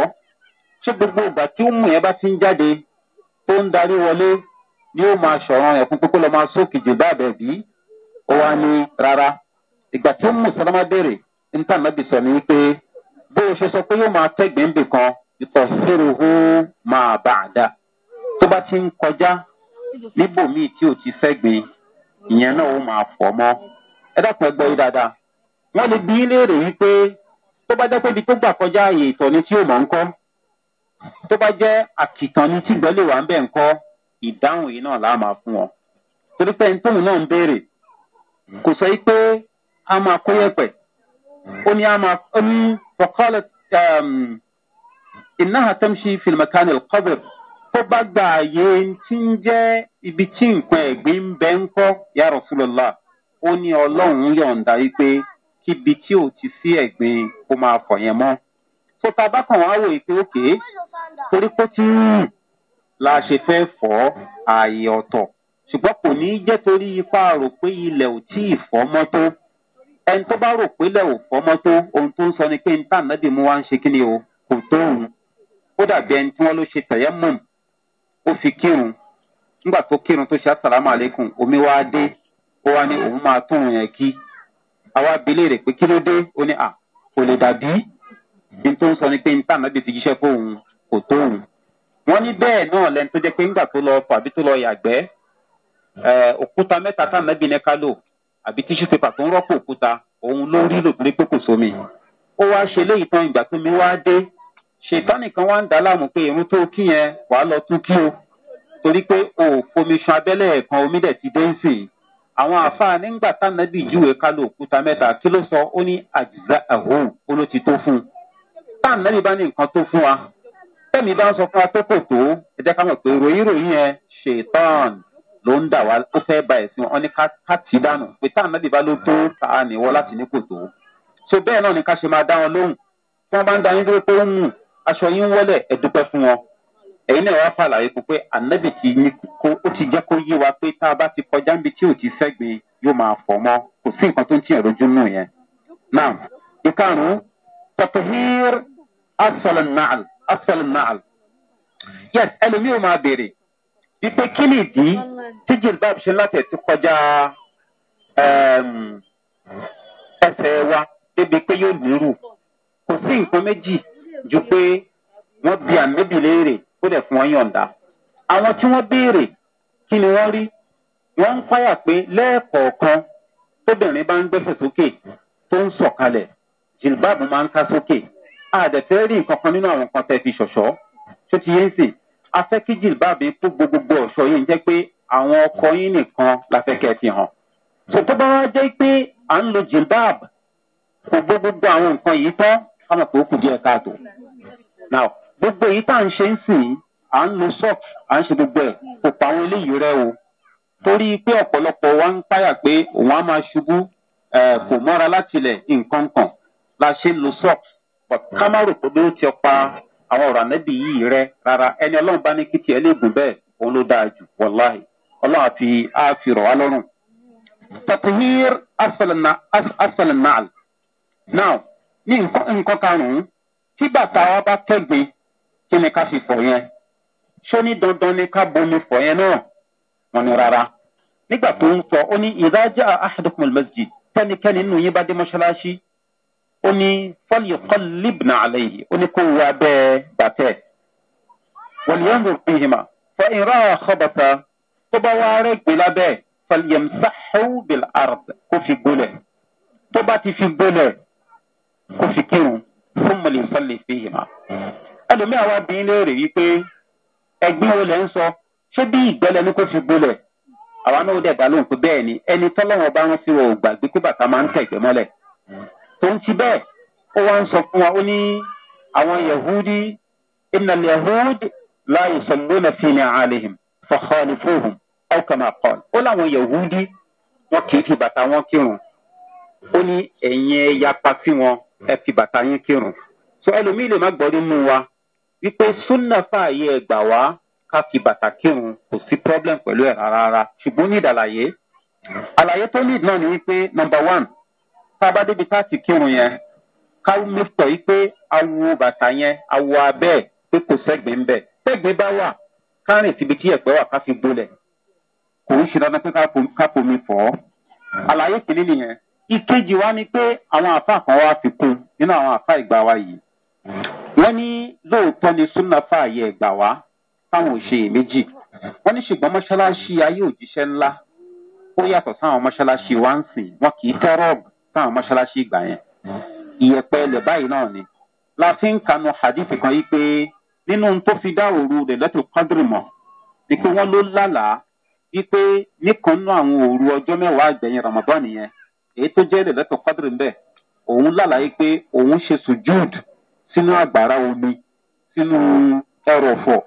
ṣé gbogbo ìgbà tí ó mú yẹn bá ti ń jáde tó ń darí wọlé ni ó máa ṣọ̀ràn ẹ̀kún pípé lọ́ máa sókè jìlbáàbẹ̀ bíi ó wá ní rárá ìgbà tí mú sàlámà béèrè níta nàbì sọ ni pé bó o ṣe sọ pé yóò máa ń kan ìtọ̀ siri máa bà á dà tó ti ń kọjá níbòmíì tí ò ti fẹ́gbin ìyẹn náà ó máa fọ̀ mọ́ ẹ dákun ẹ gbọ́ dáadáa lè bí léèrè tó bá ibi tó gbà kọjá ààyè tí mọ̀ ń kọ́ tó bá jẹ́ àkìtàn ni tí wà ń bẹ̀ ń kọ́ ìdáhùn kò sọ pé a máa kó yẹpẹ ó ní a máa ó ní fọkọlẹ ìnáhà tẹ́mṣí fìlìmẹ̀kánì kọ́bẹ̀ tó bá gba àyè tí ń jẹ́ ibi tí nǹkan ẹ̀gbin ń ń kọ yàrá òfúlọ́lá ó ní ọlọ́run yọ̀ǹda wípé kíbi tí ò ti sí ẹ̀gbin kó máa fọ̀ yẹn mọ́. tó ta bá kàn wá wò pé la ṣe fẹ́ fọ́ ààyè ṣùgbọ́n kò ní í jẹ́ torí ipa rò pé ilẹ̀ ò tí ì fọ́mọ́ tó ẹni tó bá rò pé ilẹ̀ ohun tó ń sọ ni pé níta nàbì mú wá ń ṣe o kò tó òun ó dàbí ẹni tí wọ́n ló ṣe tẹ̀yẹ́ fi kírun nígbà tó kírun tó ṣe àsàlámù àlékún omi wá dé ó wá ní òun máa òun yẹn kí àwa abilé pé kí ló dé ó ní à kò lè dàbí tó ń sọ ni pé kò wọ́n ní bẹ́ẹ̀ náà tó jẹ́ òkúta mẹ́ta tá ànábì ní ká lò àbí tíṣù pépà tó ń rọ́pò òkúta òun ló rí lò pé kò sómi ó wá ṣe léyìí tán ìgbà tó mi wá dé ṣètánì kan wá ń dá láàmú pé irun tó kí yẹn wàá lọ tún kí o torí pé o ò fomi sun abẹ́lẹ̀ ẹ̀kan omi dẹ̀ ti dé ń sìn àwọn àfáà nígbà tánàbì júwe ká lo òkúta mẹ́ta kí ló sọ ó ní àjùzá ẹ̀hóhùn ó ló ti tó fún un tánàbì bá ní bá ń ló ń dà wá ó fẹ́ ba ẹ̀sìn wọn ní ká tì í dànù pé táwọn náà bá ló tó ta á nìwọ láti ní kò tó. so bẹ́ẹ̀ náà ni ká ṣe máa dá wọn lóhùn tí wọ́n bá ń da yín dúró pé ó ń mú aṣọ yín wọlé ẹ̀dúpẹ́ fún wọn. ẹ̀yin náà wá fàlàyé fún pé ànábì ti ní kó ó ti jẹ́ kó yé wa pé tá a bá ti kọjá níbi tí ò ti fẹ́gbin yóò máa fọ̀ mọ́ kò sí nǹkan tó ń tiẹ̀ rojú nù yẹn. yes ẹlòmíì ó máa wípé kí ni ìdí tí jilbab ṣe látẹ̀ ti kọjá ẹsẹ̀ wa débi pé yóò nírú kò sí nǹkan méjì ju pé wọ́n bi àmébì léèrè ó dẹ̀ fún wọn yọ̀ǹda àwọn tí wọ́n béèrè kí ni wọ́n rí wọ́n ń fáyà pé lẹ́ẹ̀kọ̀ọ̀kan tóbìnrin bá ń gbẹ́sẹ̀ sókè tó ń sọ̀kalẹ̀ jilbab máa ń ká sókè àdẹ̀fẹ́ rí nínú àwọn kan tẹ́ fi ṣọ̀ṣọ́ ṣó ti yé ń sìn afẹ́kíjì báàbí tó gbogbogbò ọ̀ṣọ́ yìí ń jẹ́ pé àwọn ọkọ yín nìkan la fẹ́ hàn. so tó bá wá jẹ́ pé à ń lo jilbab kò gbogbogbò àwọn nǹkan yìí tán ká mọ̀ kù díẹ̀ káàtó. now gbogbo èyí tá à ń ṣe ń sìn yìí à ń lo socks à ń ṣe gbogbo ẹ̀ kò pa àwọn eléyìí rẹ o torí pé ọ̀pọ̀lọpọ̀ wa ń páyà pé òun á máa ṣubú kò mọ́ra látilẹ̀ nǹkan kan la ṣe ń lo socks ká má rò àwọn ọ̀rọ̀ ànábì yìí rẹ rárá ẹni ọlọ́run bá ní kí tiẹ̀ lè gùn bẹ́ẹ̀ òun ló dáa jù wàláhì ọlọ́run àfi àfi rọ̀ wá lọ́rùn. tatihir asalanal now ní nǹkan karùn-ún tí bàtà wa bá kẹ́gbin kí ni ká fi fọ̀ yẹn ṣó ní dandan ni ká bomi fọ̀ yẹn náà wọn ni rárá nígbà tó ń sọ ó ní ìdájà ahadumul masjid tẹnikẹ́ni nínú yín bá dé mọ́ṣáláṣí ó ní fọ́lì kọ́lìbìnà àlẹ́ yìí ó ní kó wọ abẹ́ bàtẹ́ wọ́n yẹn ló fi hìmà fọ ìrọ̀ àkọ́bàtà tó bá wá rẹ́gbẹ̀ lábẹ́ fọlìyàn sáhùn bìlà àrùn kó fi gbólẹ̀ tó bá ti fi gbólẹ̀ kó fi kírun fún mọ̀lẹ́ fọlì fi hìmà. ẹlòmíà wa bí léèrè wípé ẹgbẹ́ wo lẹ́ ń sọ ṣé bí ìgbẹ́lẹ̀ ni kó fi gbólẹ̀ àwa náà dẹ̀ dá lóhùn pé bẹ́ẹ̀ ni ẹni tọ́lọ́wọ́n bá rán sí wọn ò gbàgbé pé bàtà máa ń tẹ̀gbẹ́ mọ́lẹ̀ tó ń ti bẹ́ẹ̀ ó wá ń sọ fún wa ó ní àwọn yahudi iná yahudi láàyè sọlọ́nà fi ní àlehìm fọ̀hánì fóhùn ọ̀kàmà kọ́ ó láwọn yahudi wọn kì í fi bàtà wọn kírun ó ní ẹ̀yin ẹ̀yà pa sí wọn ẹ fi bàtà yín kírun so ẹlòmíì lè má gbọ́ nínú wa wípé súnà fààyè ẹgbà wá ká fi bàtà kírun kò sí problem pẹ̀lú ẹ̀ rárá ṣùgbọ́n ní ìdàlàyé àlàyé tó ní náà ni wípé number one tá a bá débi tá a ti kírun yẹn ká mẹ́fọ̀ yìí pé awo bàtà yẹn awo abẹ́ pé kò sẹ́gbẹ̀ẹ́ ń bẹ̀ sẹ́gbẹ̀ẹ́ bá wà kárìn síbi tí ẹ̀pẹ́ wà ká fi gbolẹ̀ kò ń ṣe pé ká fomi fọ̀ àlàyé kìíní nìyẹn ìkejì wa ni pé àwọn àfa kan fi kún nínú àwọn àfa ìgbà wa yìí wọ́n ní lóòótọ́ ni súnà ẹ̀gbà táwọn wọ́n ní ṣùgbọ́n mọ́ṣáláṣí ayé òjíṣẹ́ ńlá ó yàtọ̀ sáwọn wa ń wọn kì í táwọn mọ́ṣáláṣí ìgbà yẹn ìyẹ̀pẹ̀ ilẹ̀ báyìí náà ni la fi ń kanu hadith kan yìí pé nínú tó fi dá òru rẹ̀ lẹ́tọ̀ kádìrì mọ̀ ni pé wọ́n ló lálàá wípé nìkan nú àwọn òru ọjọ́ mẹ́wàá àgbẹ̀yìn ramadan yẹn èyí tó jẹ́ ilẹ̀ lẹ́tọ̀ kádìrì bẹ́ẹ̀ òun lálàá yìí pé òun ṣe sùjúùd sínú àgbàrá omi sínú ẹrọ̀fọ̀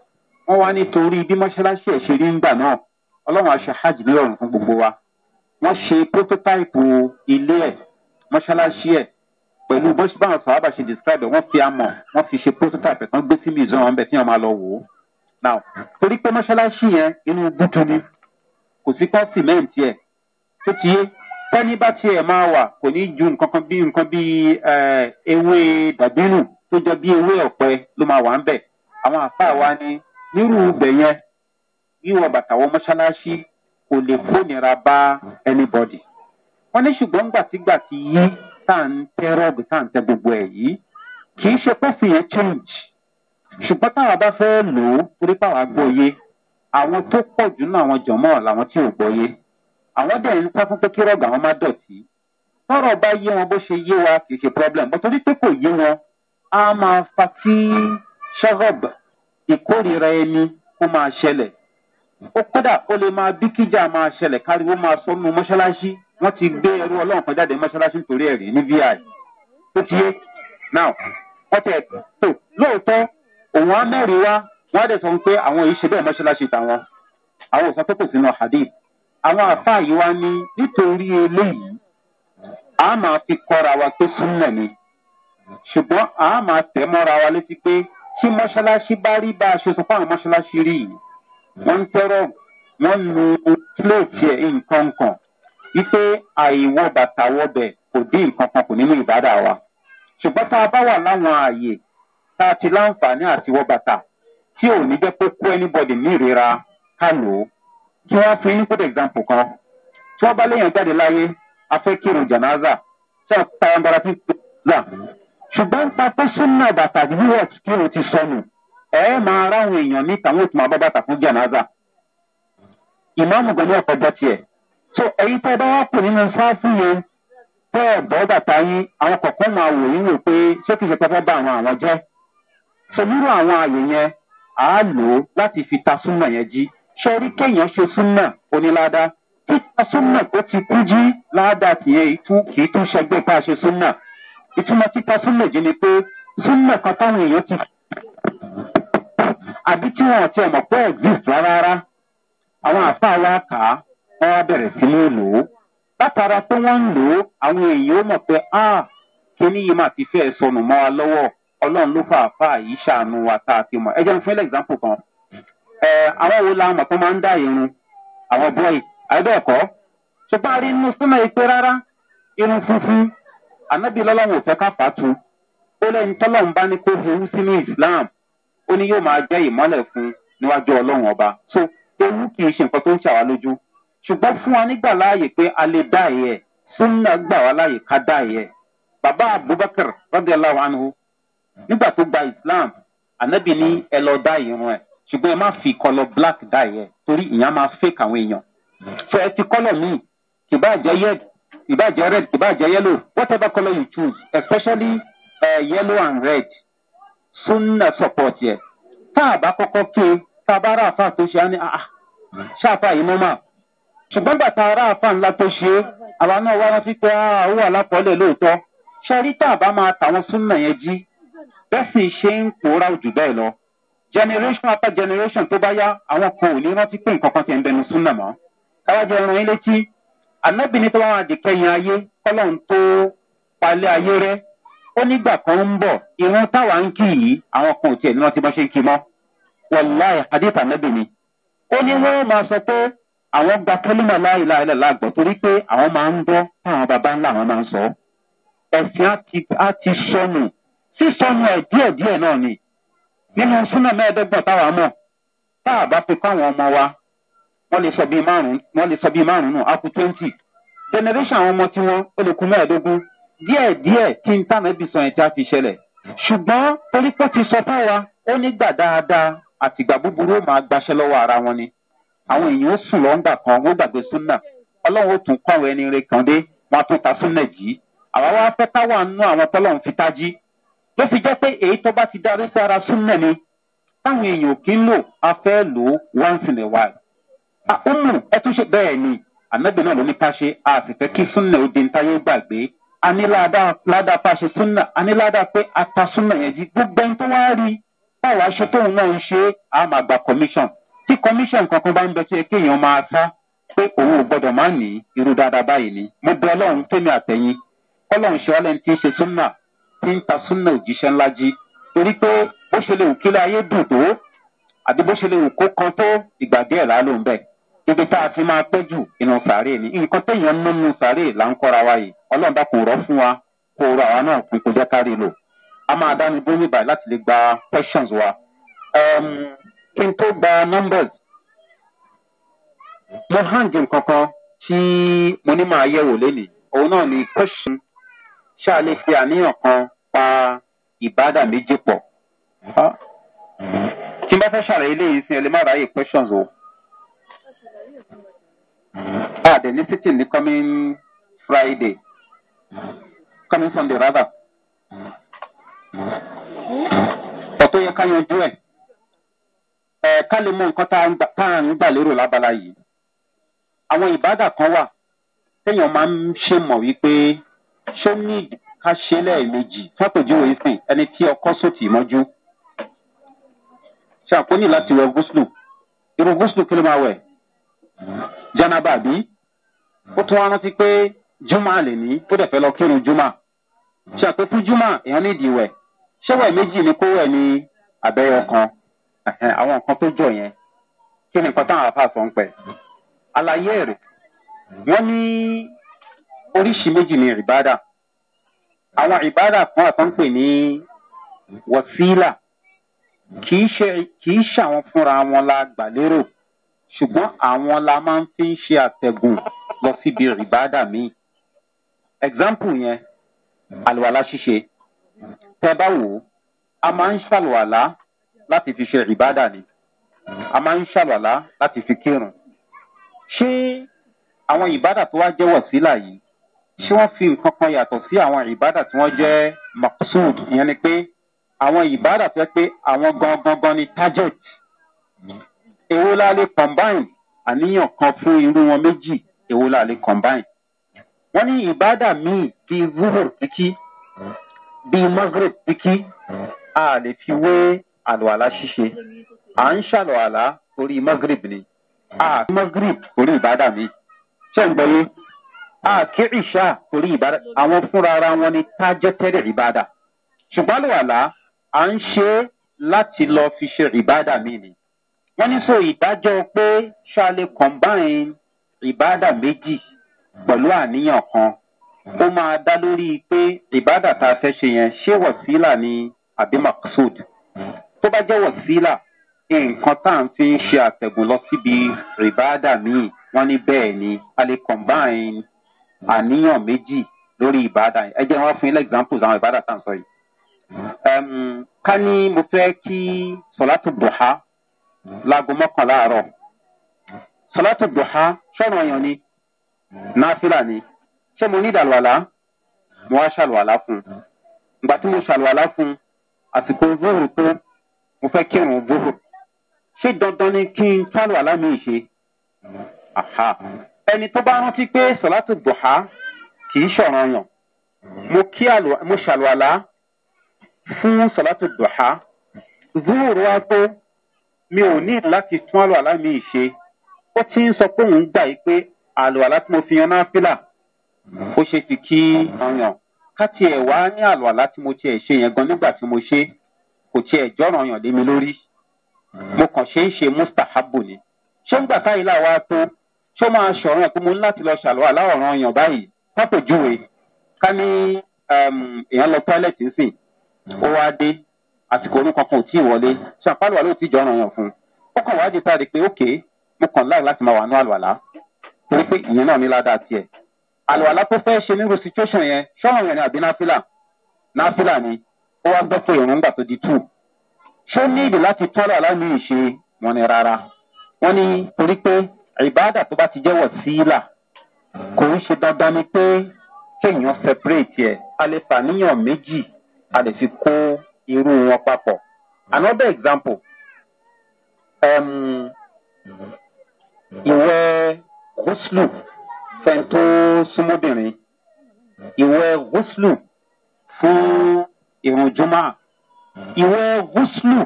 wọ́n wá nítorí bí mọ́ṣáláṣí ẹ̀ ṣe rí ńgbà náà ọlọ́run aṣọ hajj nírọ̀rùn fún gbogbo wa wọ́n ṣe prototype ilé ẹ̀ mọ́ṣáláṣí ẹ̀ pẹ̀lú bọ́sí báwọn sọ̀rọ̀ ṣe describe wọ́n fi amọ̀ wọ́n fi ṣe prototype kan gbé sí museum wọn bẹ̀ tí wọ́n máa lọ wò ó. now torí pé mọ́ṣáláṣí yẹn inú bútu ni kò sí pọ́ sìmẹ́ǹtì ẹ̀ tó ti yé tẹ́ni bá tiẹ̀ máa wà kò ní ju nǹkan kan bí nǹkan bí ewé dàbínú tó jọ bí ewé ọ̀pẹ ló máa wà ń bẹ̀ àwọn àfáà wa ni nírú ibẹ̀ yẹn wíwọ bàtà wọ mọ́ṣáláṣí kò lè kó nira bá anybody wọn ní ṣùgbọ́n gbàtígbà ti yí tá à ń tẹ rọ́ọ̀bù tá à ń tẹ gbogbo ẹ̀ yìí kì í ṣe pẹ́sì yẹn change ṣùgbọ́n táwa bá fẹ́ lò ó torí pàwọ́ agbóye àwọn tó pọ̀ jù náà àwọn jọ̀mọ́ làwọn tí ò gbọ́yé àwọn dẹ̀ ń sá fún pé kí rọ́ọ̀bù àwọn má dọ̀tí tọ́rọ̀ bá yé wọn bó ṣe yé wa kì í ṣe problem bó torí pé kò yé wọn á máa fa kí ṣọ́rọ̀bù ìkórìíra ẹni kó máa ṣẹlẹ̀ ó kódà ó lè máa bí kíjà máa ṣẹlẹ̀ káriwo máa sọnù mọ́ṣáláṣí wọ́n ti gbé ẹrú ọlọ́run kan jáde mọ́ṣáláṣí torí ẹ̀rí ní vi tó ti yé now wọ́n tẹ̀ tó lóòótọ́ òun á mẹ́rin wá wọ́n á dẹ̀ sọ pé àwọn yìí ṣe bẹ́ẹ̀ mọ́ṣáláṣí tàwọn àwọn ò sọ pé kò sínú hadith àwọn àfáà yìí wá ní nítorí eléyìí a máa fi kọ́ra wa pé súnmọ̀ ni ṣùgbọ́n a máa tẹ̀ mọ́ra wa létí pé tí mọ́ṣáláṣí bá rí bá a ṣe sọ fáwọn mọ́ṣáláṣí rí yìí wọ́n ń tẹ́rọ̀ wọ́n nu kílóòtì ẹ̀ nǹkan kan wípé àìwọ bàtà wọbẹ̀ kò dín nǹkan kan kù nínú ìbádà wa ṣùgbọ́n tá a bá wà láwọn ààyè tá a ti láǹfààní àti wọ bàtà tí ò ní jẹ́ pé kó anybody ní ká lò ó kí example kan tí wọ́n bá léèyàn jáde láyé afẹ́ kírun jànáza tí wọ́n pa ẹnbara tí gbà ṣùgbọ́n pa pẹ́sọ́nà bàtà ti sọnù ẹ̀ máa ráwọn èèyàn níta so ẹ̀yin tẹ́ ẹ bá wá kù nínú sáfù yẹn tẹ́ ẹ bọ́ bàtà yín àwọn kọ̀ọ̀kan máa wò yín wò pé ṣé kìí ṣe pẹ́ fẹ́ bá àwọn àwọn jẹ́ so nírú àwọn ààyè yẹn à á lò ó láti fi ta súnmọ̀ yẹn jí ṣe rí kéèyàn ṣe súnmọ̀ onílàdá títa súnmọ̀ tó ti kú jí láàdá tìyẹn kìí tún ṣẹgbẹ́ bá a ṣe súnmọ̀ ìtumọ̀ títa súnmọ̀ jí ni pé súnmọ̀ kan táwọn èèyàn ti àbí tí wọn ò tiẹ̀ mọ̀ pé exist rárá àwọn àfa wa kà á wọn á bẹ̀rẹ̀ sí ní lò ó látara pé wọ́n ń lò ó àwọn èèyàn ó mọ̀ pé ah kíní yìí máa ti fẹ́ sọnù mọ́ wa lọ́wọ́ ló fà fà yìí ṣàánú wa tá a ti mọ̀ ẹ example kan àwọn wo la mọ̀ tó máa ń dá irun àwọn bọ́ì àìbẹ́ẹ̀kọ́ ṣùgbọ́n a rí inú súnmọ́ rárá irun funfun ànábì lọlọrun ò fẹ́ ká fà á tu sínú islam ó ní yóò máa jẹ́ ìmọ́lẹ̀ fún níwájú so ewu kì ṣùgbọ́n fún wa nígbà láàyè pé a lè dá ẹ̀yẹ súnà gbà wá láàyè ká dá ẹ̀yẹ. bàbá abubakar rọ́díọ̀láwà anhu nígbà tó gba islam anabi ní ẹ lọ dá irun ẹ ṣùgbọ́n ẹ má fi kọlọ black dá ẹ̀yẹ torí ìyá máa fake àwọn èèyàn. so ẹ ti kọ́lọ̀ míì kì bá jẹ́ red kì bá jẹ́ red kì bá jẹ́ yellow whatever color you choose especially uh, yellow and red súnà support yẹ. tá a bá kọ́kọ́ ké tá a bá àfa tó á ní ah, ah, àá yìí mọ́ máa ṣùgbọ́n gbàtà ará àfa ńlá tó ṣe é àwa náà wá rántí pé ah, ó wà lápọ̀ọ́lẹ̀ lóòótọ́ ṣẹ́rí tá a bá máa tàwọn súnmọ̀ yẹn jí bẹ́ẹ̀ sì ṣe ń pòórá jù bẹ́ẹ̀ lọ generation after generation tó bá yá àwọn kan ò ní rántí pé nǹkan kan ti ń bẹnu súnmọ̀ mọ́ káwájú ẹran yín létí ànábì ní tó bá wọn àdìkẹyìn ayé kọ́lọ́n tó palẹ̀ ayé rẹ́ ó nígbà kan ń bọ̀ ìrún táwa ń kì yìí àwọn kan ò tiẹ̀ ní rántí bọ́ ṣe ń kí mọ́ wọ́n adé àwọn gba kẹ́límà láìla ilẹ̀ láàgbọ̀ torí pé àwọn máa ń gbọ́ táwọn baba ńlá àwọn máa ń sọ ẹ̀sìn á ti sọnù sísọnù ẹ̀ díẹ̀díẹ̀ náà ni nínú súnà mẹ́ẹ̀ẹ́dẹ́gbọ̀n táwa mọ̀ tá a bá fi kọ́ àwọn ọmọ wa wọ́n lè sọ bíi márùn-ún wọ́n lè sọ bíi márùn-ún náà á kú twenty generation àwọn ọmọ tiwọn ó lè kú mẹ́ẹ̀ẹ́dógún díẹ̀díẹ̀ tí n tànà ibi sọ yẹn tí a fi ṣẹlẹ̀ ṣùgbọ́n torí pé ó ti sọ fún wa ó nígbà dáadáa àtìgbà búburú ó máa gbaṣẹ́ lọ́wọ́ ara wọn ni àwọn èèyàn ó sùn lọ́ngbà kan wọ́n gbàgbé súnà ọlọ́run ó tún kọ́ àwọn ẹni rẹ kàn dé wọn á tún ta súnà jì í àwa wá fẹ́ ká wà nínú àwọn tọ́lọ́run fi tá jí ló fi jẹ́ pé èyí tó bá ti darí sí ara súnà ni táwọn èèyàn ò kí ń lò a fẹ́ lò ó once in a while. A umu ẹ tún ṣe bẹ́ẹ̀ ni ànábì náà ló ní ká ṣe a sì fẹ́ kí súnà ó di ní táyé gbàgbé a ní ládàá pa ṣe súnà a ní ládàá pé a ta súnà yẹn jí gbogbo ẹni tó wá rí báwa ṣe tóun náà ń ṣe é a máa gba commission tí commission kankan bá ń bẹ tó yẹ kéèyàn máa sá pé òun ò gbọdọ̀ má ní irú dáadáa báyìí ni mo bẹ ọlọ́run tèmi àtẹ̀yìn kọ́lọ́run ṣe ọlẹ́ni tí ń ṣe súnà tí ń ta súnà òjíṣẹ́ ńlá jí torí pé bó ṣe lè wù kílẹ̀ ayé dùn tó àbí bó ṣe lè wù kó kan tó ìgbà díẹ̀ là á ń bẹ̀ ibi tá a ti máa pẹ́ jù inú sàárè ni nǹkan téèyàn ń nínú sàárè là ń kọ́ra wa yìí ọlọ́run bá kò rọ́ fún wa kò rọ àwa náà pé kò jẹ́ kárí lò a máa dánu dúró níbàyí láti lè gba questions wa kí n tó numbers mo hang nkankan tí mo ní máa yẹ̀wò lénìí òun náà ni question ṣáà lè fi àníyàn kan pa ìbádà méjì pọ̀ tí n bá fẹ́ ṣàlàyé léyìí sí ẹ lè má ráyè questions o àdè ní sitting ní coming friday coming sunday rather ọ̀tọ̀ yẹ ká yanjú ẹ̀ ẹ eh, ká lè mọ nǹkan tá à ń gbà lérò lábala yìí àwọn ìbádà kan wà téèyàn máa ń ṣe mọ̀ wípé ṣó ní ká ṣe lẹ́ẹ̀mejì fàpèjúwe sìn ẹni tí ọkọ sòtì mọ́jú ṣe àpónì láti wẹ gúúsùlù irú gúúsùlù kí ló máa wẹ̀ janaba bí ó tún wá rántí pé juma lè ní tó dẹ̀ fẹ́ lọ kírun juma ṣe àpé fún juma èèyàn nídìí wẹ̀ ṣé wẹ̀ méjì ni kó wẹ̀ ní abẹ́yọ kan àwọn nǹkan tó jọ yẹn kí ni nǹkan táwọn àfáà sọ ń pẹ àlàyé èrè wọn ní oríṣi méjì ní ìbádà àwọn ìbádà kan àtọ́npè ní wọ̀síìlà kìí ṣe àwọn fúnra wọn la gbà lérò ṣùgbọ́n àwọn la máa ń fi ṣe àtẹ̀gùn lọ síbi ìbádà míì example yẹn àlùwàlá ṣíṣe tẹ bá a máa ń ṣàlùwàlá láti fi ṣe ìbádà ni a máa ń ṣàlàlá láti fi kírun ṣé àwọn ìbádà tó wá jẹ́ wọ̀sílà yìí ṣé wọ́n fi nǹkan kan yàtọ̀ sí àwọn ìbádà tí wọ́n jẹ́ maksud ìyẹn ni pé àwọn ìbádà tó yẹ pé àwọn gangan ni target èwo la combine àníyàn kan fún irú wọn méjì èwo la combine wọ́n ní ìbádà míì bíi zuhur kíkí bíi maghreb kíkí a lè fi wé àlùwàlá ṣíṣe à ń ṣàlùwàlá torí magrib ni a kí magrib torí ìbádà mi ṣe ń gbọ́yé a kí ìṣá torí ìbádà àwọn fúnra ara wọn ni tá jẹ́ tẹ́lẹ̀ ìbádà ṣùgbọ́n àlùwàlá à ń ṣe láti lọ fi ṣe ìbádà mi ni wọ́n ní so ìdájọ́ pé ṣá lè combine méjì pẹ̀lú àníyàn kan ó máa dá lórí pé ìbádà tá a fẹ́ ṣe yẹn ṣé wọ̀sílà ni àbí maksud tó bá jẹ́ wọ̀sílà nǹkan tá à ń fi ń ṣe àtẹ̀gùn lọ síbi rìbáàdà míì wọ́n ní bẹ́ẹ̀ ni a lè combine àníyàn méjì lórí ìbáàdà ẹ jẹ́ wọ́n fún yín lẹ́gbàmpùs àwọn ìbáàdà tá à ń sọ yìí. ká ní mo fẹ́ kí sọ̀látù dùhá láago mọ́kànlá àárọ̀ sọ̀látù dùhá ṣọ́nà ọ̀yàn ni náfìlà ni ṣé mo ní ìdàlùwàlá mo wá ṣàlùwàlá fún un ìgbà tí mo ṣàlùwàlá fún un àsìkò zuhur tó mo fẹ́ kírun búrò ṣé dandan ni kí n tálọ̀ alámi ìṣe ẹni tó bá rántí pé sọ̀látù dùhà kì í ṣọ̀ràn yàn mo kí mo ṣàlùwàlá fún sọ̀látù dùhà zúwòrò wa tó mi ò ní láti tún àlùwàlá mi ṣe ó ti ń sọ pé òun gbà yí pé àlùwàlá tí mo fi yan náà fílà ó ṣe ti kí ọyàn ká tiẹ̀ wá ní àlùwàlá tí mo tiẹ̀ ṣe yẹn gan nígbà tí mo ṣe é kò tiẹ̀ jọ́ràn yàn lé mi lórí hmm. mo kàn ṣe é ṣe mustahabu ni ṣé ń gbà táyì láwa tó ṣó máa ṣọ̀ràn ẹ̀ pé mo ní láti lọ ṣàlọ́ àláwọ̀ràn yàn báyìí pápẹ̀júwe ká ní èèyàn lọ tọ́lẹ̀tì nsìn hmm. ó wá dé àsìkò orun kankan ò tí ì wọlé ṣàpálùwà ló ti jọ́ràn yàn fún un ó kàn wá di táàdì pé ókè mo kàn láì láti máa wà ní àlùwàlá torí pé ìyẹn náà ní ládàá tiẹ̀ àlùwàlá tó fẹ́ ṣe nírú situation yẹn ṣọ́ràn ni àbí náfìlà náfìlà ó wá gbọ́ ìrún gbà tó di two ṣé níbi láti tọ́lá lámì ìṣe wọn ni rárá wọn ni torí pé ìbáàdà tó bá ti jẹ́wọ̀ síílà kò ń ṣe dandan ni pé kéèyàn separate ẹ̀ a lè fàníyàn méjì a lè fi kó irú wọn papọ̀ another example um, ìwẹ́ gúúsùlù fẹ́ntó súnmọ́bìnrin ìwẹ́ gúúsùlù fún ìrùn jùmọ̀ ìwọ gúúsùlù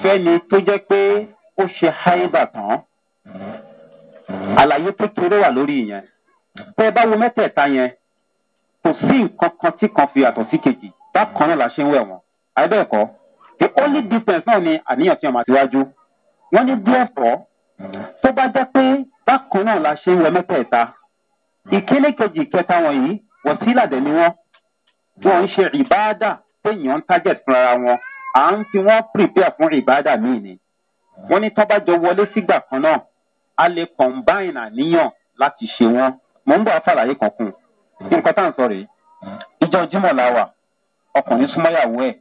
fẹ́ni tó jẹ́ pé ó ṣe háìbà tán àlàyé tó kéré wà lórí ìyẹn tẹ́ ẹ bá wo mẹ́tẹ̀ẹ̀ta yẹn kò sí nǹkan kan tí kan fi yàtọ̀ sí kejì bákan náà la ṣe ń wẹ̀ wọ́n àìbẹ́ẹ̀kọ́ the only difference náà ni àníyàn tí wọ́n máa ti wájú wọ́n ní díẹ̀ fọ́ tó bá jẹ́ pé bákan náà la ṣe ń wẹ mẹ́tẹ̀ẹ̀ta ìkíní kejì kẹta wọ̀nyí wọ̀sílà dẹ̀ ni wọ́n wọn ń ṣe ìbáàdà téèyàn ń target fúnra wọn à ń fi wọn prepare fún ìbáàdà míì ni wọn ní tọ́bàjọ wọlé sígbà kan náà a lè combine àníyàn láti ṣe wọn mò ń bọ̀ afàlàyé kan kù nǹkan tá à ń sọ rèé ìjọ jimoh la wà ọkùnrin súnmọ́yàwó ẹ̀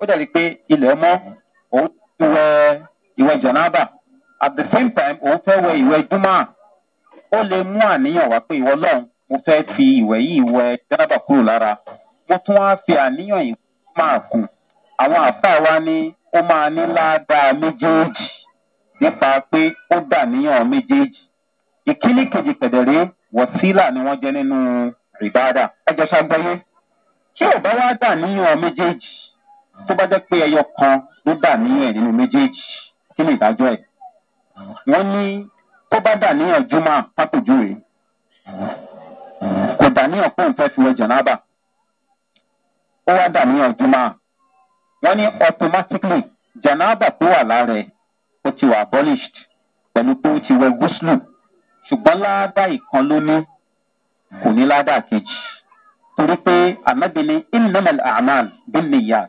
ó dàbí pé ilẹ̀ mọ́ òun ti wẹ ìwẹ̀ jọ̀nàbà at the same time òun fẹ́ wẹ ìwẹ̀ jùmọ̀ ó lè mú àníyàn wá pé ìwọ lọ́hùn mo fẹ́ fi ìwẹ̀ yìí wẹ jọ̀nàbà kúrò lára wọ́n tún wá fi àníyàn yìí máa kùn àwọn àbá wa ní ó máa ní ládàá méjèèjì nípa pé ó dà níyàn méjèèjì ìkíní kejì pẹ̀dẹ̀rẹ́ wọ̀sílà ni wọ́n jẹ́ nínú rìbáàdà ẹjọ́ ságbáyé tí ò bá wá dà níyàn méjèèjì tó bá jẹ́ pé ẹyọ kan ló dà níyàn nínú méjèèjì kí ni ìdájọ́ ẹ̀ wọ́n ní tó bá dà níyàn júmọ́ pápẹ́jùwe kò dà níyàn pé òun fẹ́ fi wọ jọ̀nàbà ó wá dà ní ọjọ́mọ́ wọ́n ní automatically janaba tó wà lára ẹ̀ ó ti wà abolished pẹ̀lú pé ó ti wẹ gúúsùlù ṣùgbọ́n ládà ìkan ló ní kò ní ládà kejì torí pé ànábìíní innamal amal bin niyat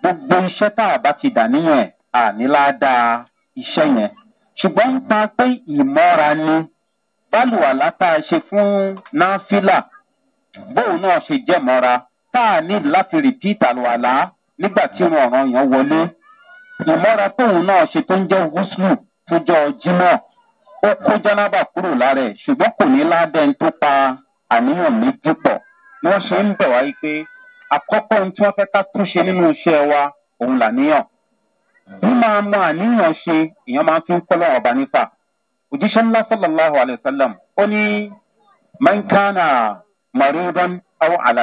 gbogbo iṣẹ́ tá a bá ti dà níyàn ẹ̀ àní ládà iṣẹ́ yẹn ṣùgbọ́n ń pa pé ìmọ́ra ni bálùwà látà ṣe fún náfìlà bóun náà ṣe jẹ́ mọ́ra tá a nílò láti repeat àlùwàlá nígbà tí irun ọ̀ràn yẹn wọlé ìmọ́ra tóun náà ṣe tó ń jẹ́ gúúsù tó jọ jimọ̀ ó kó jánábà kúrò lára ẹ̀ ṣùgbọ́n kò ní ládẹ́n tó pa àníyàn méjì pọ̀ ni wọ́n ṣe ń bẹ̀ wá yí pé àkọ́kọ́ ohun tí wọ́n fẹ́ ká túnṣe nínú iṣẹ́ wa òun làníyàn bí máa mọ àníyàn ṣe èèyàn máa fi ń kọ́ lọ́wọ́ ọba òjíṣẹ́ ńlá sallallahu alayhi wa ó ní mankana maridan aw ala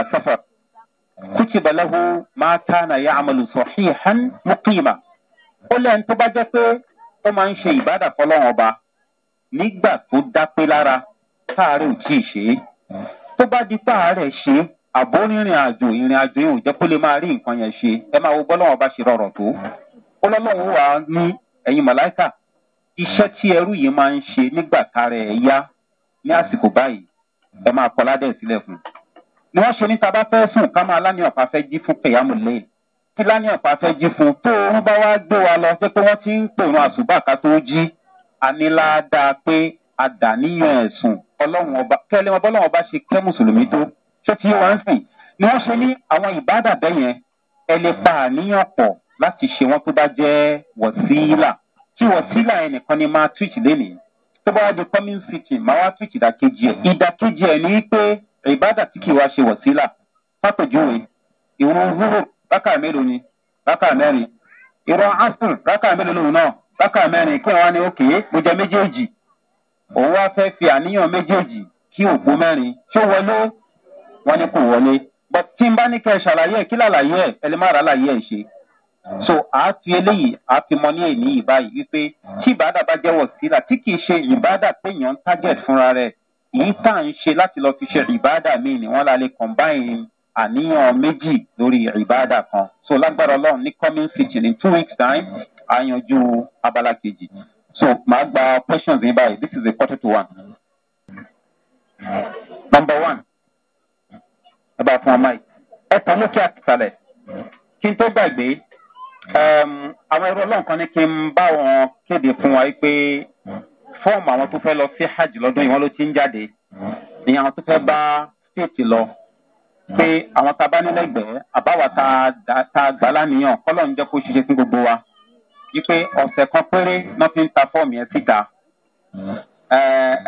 kútìbà lẹ́hu máa tánà yá àmàlù sọ̀híhán mùkìmà ó lẹ́yìn tó bá jẹ́ pé ó máa ń ṣe ìbádà fọlọ́wọ́n ọba nígbà tó dápé lára káàárẹ̀ ò tí ì ṣe é tó bá di páàárẹ̀ ṣe é àbó rìnrìn àjò ìrìn àjò yìí ò jẹ́ kó lè máa rí nǹkan yẹn ṣe ẹ máa wo bọ́lọ́wọ́n ọba ṣe rọrọ̀ tó ó lọ́lọ́run wà á ní ẹ̀yin màláìkà iṣẹ́ tí ẹrú yìí máa ń ṣe nígbà tára ẹ̀ yá ní àsìkò báyìí ẹ máa kọ́ ládẹ̀ sílẹ̀ fún un ni wọ́n ṣe ní ta bá fẹ́ sùn ká máa lánìyàn pa fẹ́ jí fún kẹ̀yàmù lé kí lánìyàn pa fẹ́ jí fún tó oorun bá wá gbé wa lọ pé wọ́n ti ń pòrun àṣùbà ká tó jí aníláàdá pé àdàníyàn ẹ̀sùn ọlọ́run ọba kẹ́lẹ́ wọn bọ́lọ́run ọba ṣe kẹ́ mùsùlùmí tó ṣé tí wọ́n ń sìn ni wọ́n ṣe ní àwọn ìbádà bẹ́yẹn ẹ lè pa àníyàn pọ̀ láti ṣe wọ́n tó bá jẹ́ wọ̀síìlà tí wọ̀síìlà yẹn nìkan ni máa túìtì lénìí tó bá wá di coming city máa wá túìtì ìdàkejì ẹ̀ ìdàkejì ẹ̀ ní pé ìbádà tí kì í wá ṣe wọ̀sílà pápẹ̀júwe ìrún zúrò rákà mélòó ni rákà mẹ́rin ìrún asùn rákà mélòó lòun náà rákà mẹ́rin kí wọ́n ní òkè mo jẹ méjèèjì òun wá fẹ́ fi àníyàn méjèèjì kí òpó mẹ́rin ṣó wọlé wọn ni kò wọlé but tí n bá ní kẹ́ ẹ ṣàlàyé ẹ̀ kí làlàyé ẹ̀ ẹ lè má ra àlàyé ẹ̀ ṣe so a fi eléyìí a fi mọ ní èyí báyìí wípé tí ìbádà bá jẹ́wọ́ sílà tí kì í ṣe ìbádà péyàn target fúnra rẹ̀ èyí tá à ń ṣe láti lọ fi ṣe ìbáàdà míì ni wọ́n lálẹ́ combine àníyàn méjì lórí ìbáàdà kan so lágbára ọlọ́run ní coming fitting in two weeks time á yanjú abala kejì so màá gba questions yín báyìí this is a quarter to one. number one ẹ bá fún ọ mic ẹ tán lókè àtìsàlẹ̀ kí n tó gbàgbé um, àwọn ẹrú ọlọ́run kan ní kí n bá wọn kéde fún wa pé fọ́ọ̀mù àwọn tó fẹ́ lọ sí hajj lọ́dún yìí wọ́n ló ti ń jáde ní àwọn tó fẹ́ bá stéètì lọ pé àwọn tá a bá nílẹ̀gbẹ́ẹ́ àbáwá tá a gbà láníyàn kọ́lọ̀ ń jẹ́ kó ṣiṣẹ́ fún gbogbo wa wípé ọ̀sẹ̀ kan péré náà fi ń ta fọ́ọ̀mù yẹn síta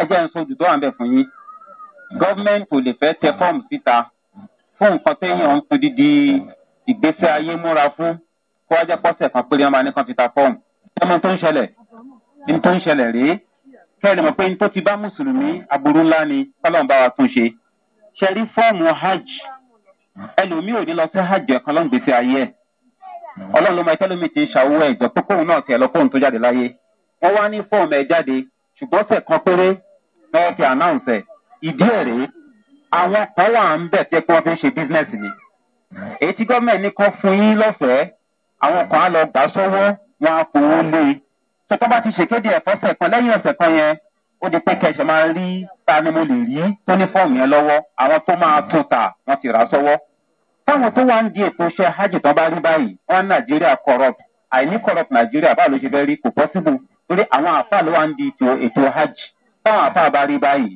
ẹ jẹ́ ń sojú tó wà ń bẹ̀ fún yín gọ́ọ̀mẹ̀ntì kò lè fẹ́ tẹ fọ́ọ̀mù síta fún nǹkan téèyàn ń tu dídí ìgbésẹ̀ ayé múra fún kó wájẹ́ pọ́sẹ̀ kan péré wọn máa ní kan fi ta fọ́ọ̀mù ẹnu kẹrin mọ̀ pé n tó ti bá mùsùlùmí aburú ńlá ni kọ́lọ́n bá wa tún ṣe ṣe rí fọ́ọ̀mù hajj ẹlòmíì ò ní lọ sí hajj ẹ̀kan ló ayé ẹ̀ ọlọ́run ló mọ ẹtẹ́lómi ti ń ẹ̀jọ̀ tó kóun náà tẹ̀ lọ tó jáde láyé wọ́n wá ní fọ́ọ̀mù ẹ̀ jáde ṣùgbọ́n kan péré ti ẹ̀ rèé àwọn kan tọ́tọ́ bá ti ṣèkéde ẹ̀fọ́ sẹ̀ kan lẹ́yìn ọ̀sẹ̀ kan yẹn ó di pé kẹsàn máa rí ta ni mo lè rí tó ní fọ́ọ̀mù yẹn lọ́wọ́ àwọn tó máa tún ta wọ́n ti rà sọ́wọ́. táwọn tó wá ń di ètò iṣẹ́ hajj tán bá rí báyìí wọ́n nàìjíríà corrupt àìní corrupt nàìjíríà báwo ló ṣe fẹ́ rí kò possible torí àwọn àfáà ló wá ń di ètò hajj táwọn àfáà bá rí báyìí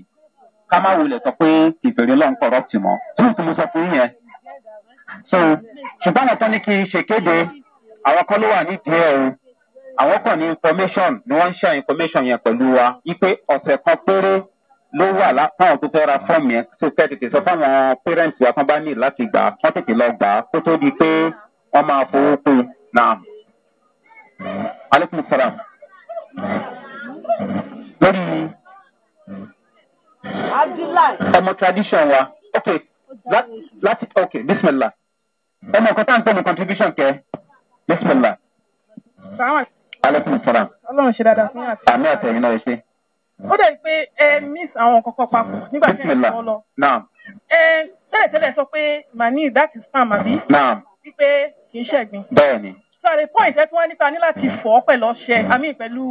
ká má wulẹ̀ sọ pé ìbèrè lọ́n corrupt mọ́ tún mo sọ fún yẹn. so ṣùgbọ́n àwọn tó ní kí ṣèkéde àwọn kan ló wà nídìí àwọn kan ní information ni wọ́n ń share information yẹn pẹ̀lú wa wípé ọ̀sẹ̀ kan péré ló wà láwọn tó fẹ́ ra fọ́ọ̀mù yẹn tó fẹ́ tètè sọ fáwọn parents wa kan bá ní láti gbà wọ́n tètè lọ gbà á kó tó di pé wọ́n máa fowó kún un náà. aleykum salaam. lórí ọmọ tradition wa ok láti ok bisimilah ọmọ nǹkan tá à ń pè ní contribution kẹ bisimilah. sàmàlì alekun sara. ọlọrun ṣe dáadáa fún yàtọ̀. àmì àtẹ̀yìn náà ṣe. ó dẹ̀ pé ẹ miss àwọn kọ̀ọ̀kan papọ̀ nígbà tí ẹ̀ sọ lọ. ẹ tẹ́lẹ̀ tẹ́lẹ̀ sọ pé mani that is farm àbí. wípé kì í ṣẹ̀gbìn. bẹ́ẹ̀ni. so at point ẹ tún wá nípa ní láti fọ́ pẹ̀lú ọṣẹ àmì pẹ̀lú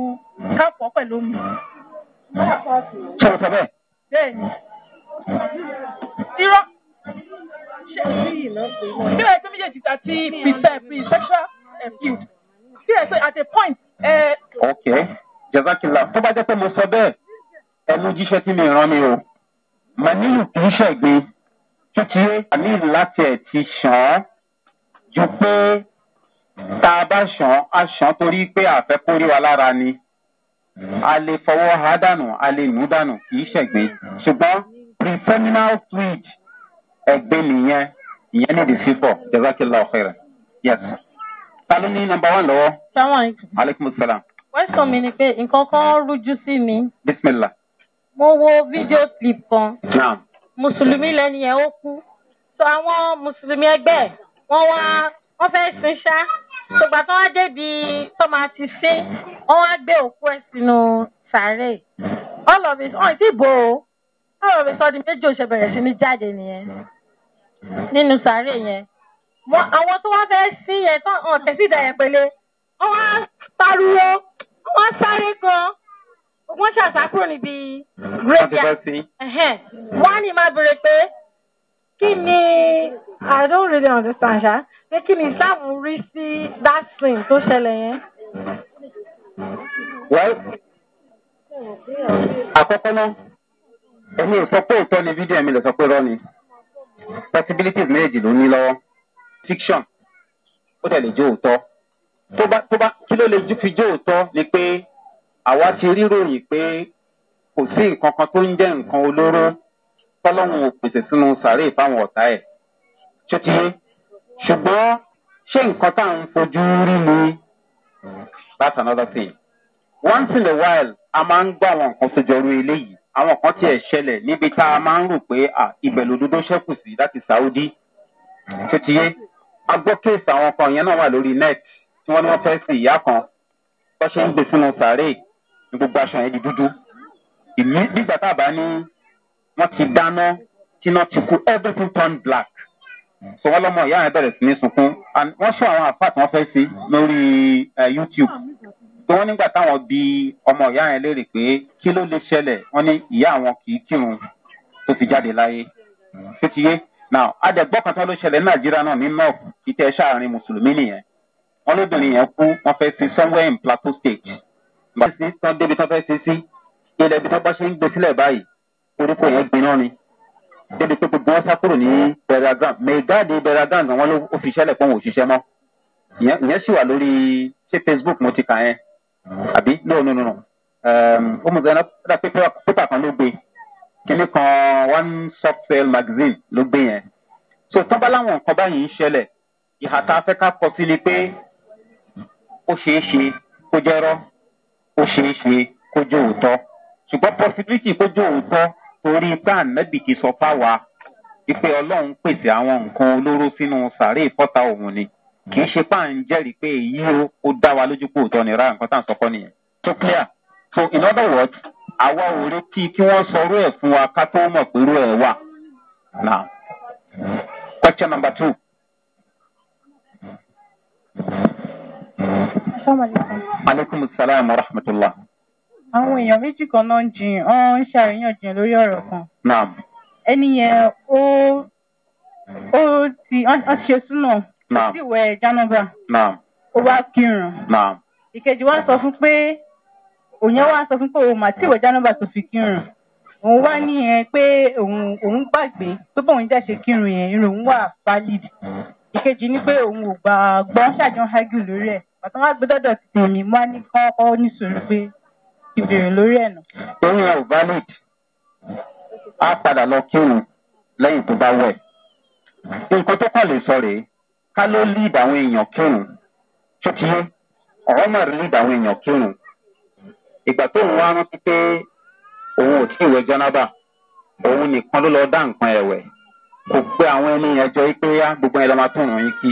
ká fọ́ pẹ̀lú omi. ṣé o sọ bẹ́ẹ̀. bẹ́ẹ̀ni. irọ́ ṣé kí ẹ tó méjèèjì àti pre-sexual eh, appeal ok jazakila tó bá jẹ́ pé mo sọ bẹ́ẹ̀ ẹnu jíṣẹ́ tí mi rán mi o maniyu kì í ṣẹ̀gbin títí àníyàn láti ẹ̀ ti ṣàn án ju pé tá a bá ṣàn án a ṣàn án torí pé àfẹ́ kórí wa lára ni a lè fọwọ́ ha dànù a lè nù dànù kì í ṣẹ̀gbin ṣùgbọ́n preterminal fluid ẹ̀gbin nìyẹn ìyẹn nìdí fífọ̀ jazakila ọ̀fẹ́ rẹ̀ yẹn ta ló ní nọmba one lọ́wọ́. sàmúlẹ̀kùn. aleykum salaam. wẹ́sàn mi ni pé nǹkan kan rújú sí mi. bisimilah. mo wo video clip kan. naam. mùsùlùmí lẹni yẹn ó kú. sọ àwọn mùsùlùmí ẹgbẹ́ wọn wá wọn fẹ́ sin ṣá. sọgbà tó wá débi tó máa ti ṣe wọn wá gbé òkú ẹ sínú sàárè. all of it ọ̀n ti bò ó. all of it sọ di méjì òṣèbẹ̀rẹ̀ sí ní jáde nìyẹn. nínú sàárè yẹn àwọn tó wá fẹ́ sí yẹn tán hàn tẹ̀sí ìdáyẹ̀ pẹ̀lẹ́ wọ́n wá pariwo wọ́n sáré gan wọ́n ṣàṣàkúrò níbi graveyard mm. wọ́n á ní máa béèrè pé kí ni i don't really understand ṣá pé kí ni islam rí sí that thing tó ṣẹlẹ̀ yẹn. well àkọ́kọ́ náà èmi ò sọ pé òótọ́ ni fídíò mi lè sọ pé rọ́ possibilities méjì ló ní lọ́wọ́ fiction ó dẹ̀ lè tó bá tó bá kí ló lè fi jó ni pé àwa ti ríròyìn pé kò sí nǹkan kan tó ń jẹ́ nǹkan olóró tọ́lọ́hún ò pèsè sínú sàárè fáwọn ọ̀tá ẹ̀ tó ṣùgbọ́n ṣé nǹkan tá à ń fojú rí ni that's another thing once in a while a máa ń gbọ́ àwọn nǹkan tó jọrú eléyìí àwọn kan tiẹ̀ ṣẹlẹ̀ níbi tá a máa ń rò pé ibẹ̀ ṣẹ́kù sí láti saudi tó ti yé a gbọ́ kéèsì àwọn kan yẹn náà wà lórí net tí wọ́n ní wọ́n fẹ́ sí ìyá kan wọ́n ṣe ń gbé sínú sàárè ní gbogbo aṣọ yẹn di dúdú ìmí nígbà tá a bá ní wọ́n ti dáná tíná ti kú everything turn black so wọ́n lọ́mọ ìyá yẹn bẹ̀rẹ̀ sí ní sunkún and wọ́n ṣọ àwọn àfáà tí wọ́n fẹ́ sí lórí eh, youtube tó wọ́n nígbà táwọn bi ọmọ ìyá yẹn léèrè pé kí ló lè ṣẹlẹ̀ wọ́n ní ìyá àwọn kì í kírun tó fi jáde láyé tó ti yé now adẹ̀gbọ́ kan tó ló ṣẹlẹ̀ ní nàìjíríà náà ní north ìtẹ̀ sàárín mùsùlùmí nìyẹn wọn lóbìnrin yẹn kú wọn fẹ́ sin somewhere in plateau state bá sin tán débi tán fẹ́ sin sí ilẹ̀ ibi tán bá ṣe ń gbé sílẹ̀ báyìí orúkọ yẹn gbiná ni débi tó gbogbo wọn sá kúrò ní beragan mẹgáàdì beragan àwọn ló fi ṣẹlẹ̀ pọ́n òṣìṣẹ́ mọ́ ìyẹn sì wà lórí ṣé facebook mo ti kà yẹn àbí no no no ó mú gan-an pépà kan ló gbé kíní kan one software magazine ló gbé yẹn so tọ́ba láwọn nǹkan báyìí ń ṣẹlẹ̀ ìhà tá a fẹ́ ká kọ sí ni pé ó ṣeé ṣe kó jẹ́rọ́ ó ṣeé ṣe kó jẹ́ òótọ́ ṣùgbọ́n possibility kó jẹ́ òótọ́ torí plan mẹ́bì ti sọ fáwa wípé ọlọ́run pèsè àwọn nǹkan olóró sínú sàárè ìfọ́ta òun ni kì í ṣe pàǹjẹ́rìí pé èyí ó dá wa lójú pé ni rárá nǹkan tá à ń sọkọ́ nìyẹn tó clear. so in other words àwa ò retí kí wọ́n sọrú ẹ̀ fún wa ká tó mọ̀ pé irú ẹ̀ wà. now question number two. aleykum salaam wa rahmatulah. àwọn èèyàn méjì kan náà ń jiyàn ọ́n ń ṣàríyànjiyàn lórí ọ̀rọ̀ kan. naam. ẹni yẹn ó ó ti ọ́n ṣe súnà. naam ó sì wẹ̀ jánábà. naam ó wá kírun. naam ìkejì wa sọ fún pé. òyìn wá sọ fún pé òun màtí ìwẹ̀já nọ́mbà tó fi kírun òun wá ní yẹn pé òun òun gbàgbé pé bóun jẹ́ ṣe kírun yẹn irun òun wà valid ìkejì ni pé òun ò gbà gbọ́ ṣàjọ hagil lórí ẹ̀ bàtà wá gbé dọ́dọ̀ ti tèmi wá ní kọ́kọ́ níṣòro pé ìbèrè lórí ẹ̀ nà. òun yẹn ò valid á padà lọ kírun lẹ́yìn tó bá wẹ̀ nǹkan tó kàn lè sọ rèé ká ló lead àwọn èèyàn kírun tó ti yé ọ̀rọ̀ mọ̀ àwọn èèyàn kírun ìgbà tóun wá rántí pé òun ò tí ìwé jọnábà òun nìkan ló lọ dá nǹkan ẹ̀wẹ̀ kò gbé àwọn ẹni yẹn jọ pé á gbogbo ẹ̀ lọ́ máa tóun yín kí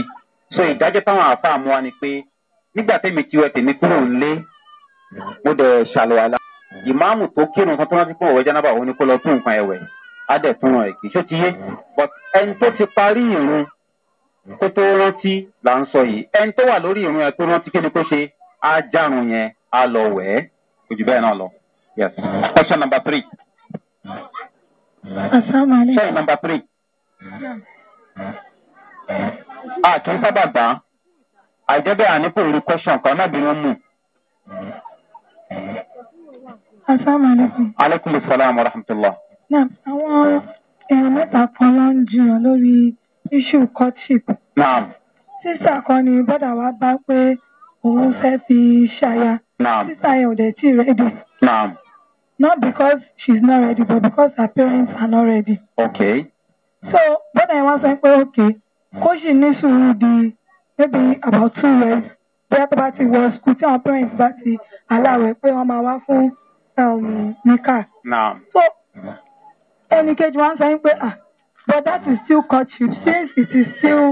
so ìdájọ́ táwọn àáfàá mú wa ni pé nígbà tẹ́mi ti wẹ̀ tèmi kúrò lé mo dẹ̀ ṣàlùwàlà ìmáàmù tó kírun kan tó rántí pé òwe jọnábà òun ni kó lọ tún nǹkan ẹ̀wẹ̀ á dẹ̀ tún ràn èkì ṣó ti yé but ẹni tó ti parí ìrun kó tó rántí là ń sọ yìí ẹni tó wà lórí ìrun yẹn tó rántí kí ni kó ṣe á járun yẹn á lọ wẹ̀ẹ́ kò jù bẹ́ẹ̀ náà lọ. yes question number three. asalaamualeykum. question number three. Ah, a kì í sábà gbà á àìjẹ́bẹ́ àníkù rí question kan náà bí wọ́n mú. asalaamualeykum. aleykum salaam wa rahmatulah. naam àwọn èèyàn mẹ́ta kan ló ń jiyàn lórí issue courtship. naam. sísà kan ni bọ́dà wa bá pé òun fẹ́ fi ṣaya. Naam. Sister yẹn ò dẹ̀ tí ready. Naam. Not because she's not ready but because her parents are not ready. Okay. So bọ́dà I was sọ well, okay kó sì ní sùúrù di maybe about two years bóyá tó bá ti wọ school àwọn parents bá ti aláwẹ̀ pé wọ́n máa wá fún um, nìkà. Naam. So ẹnì kejì wá sọ pé ah but that is still courtship since it is still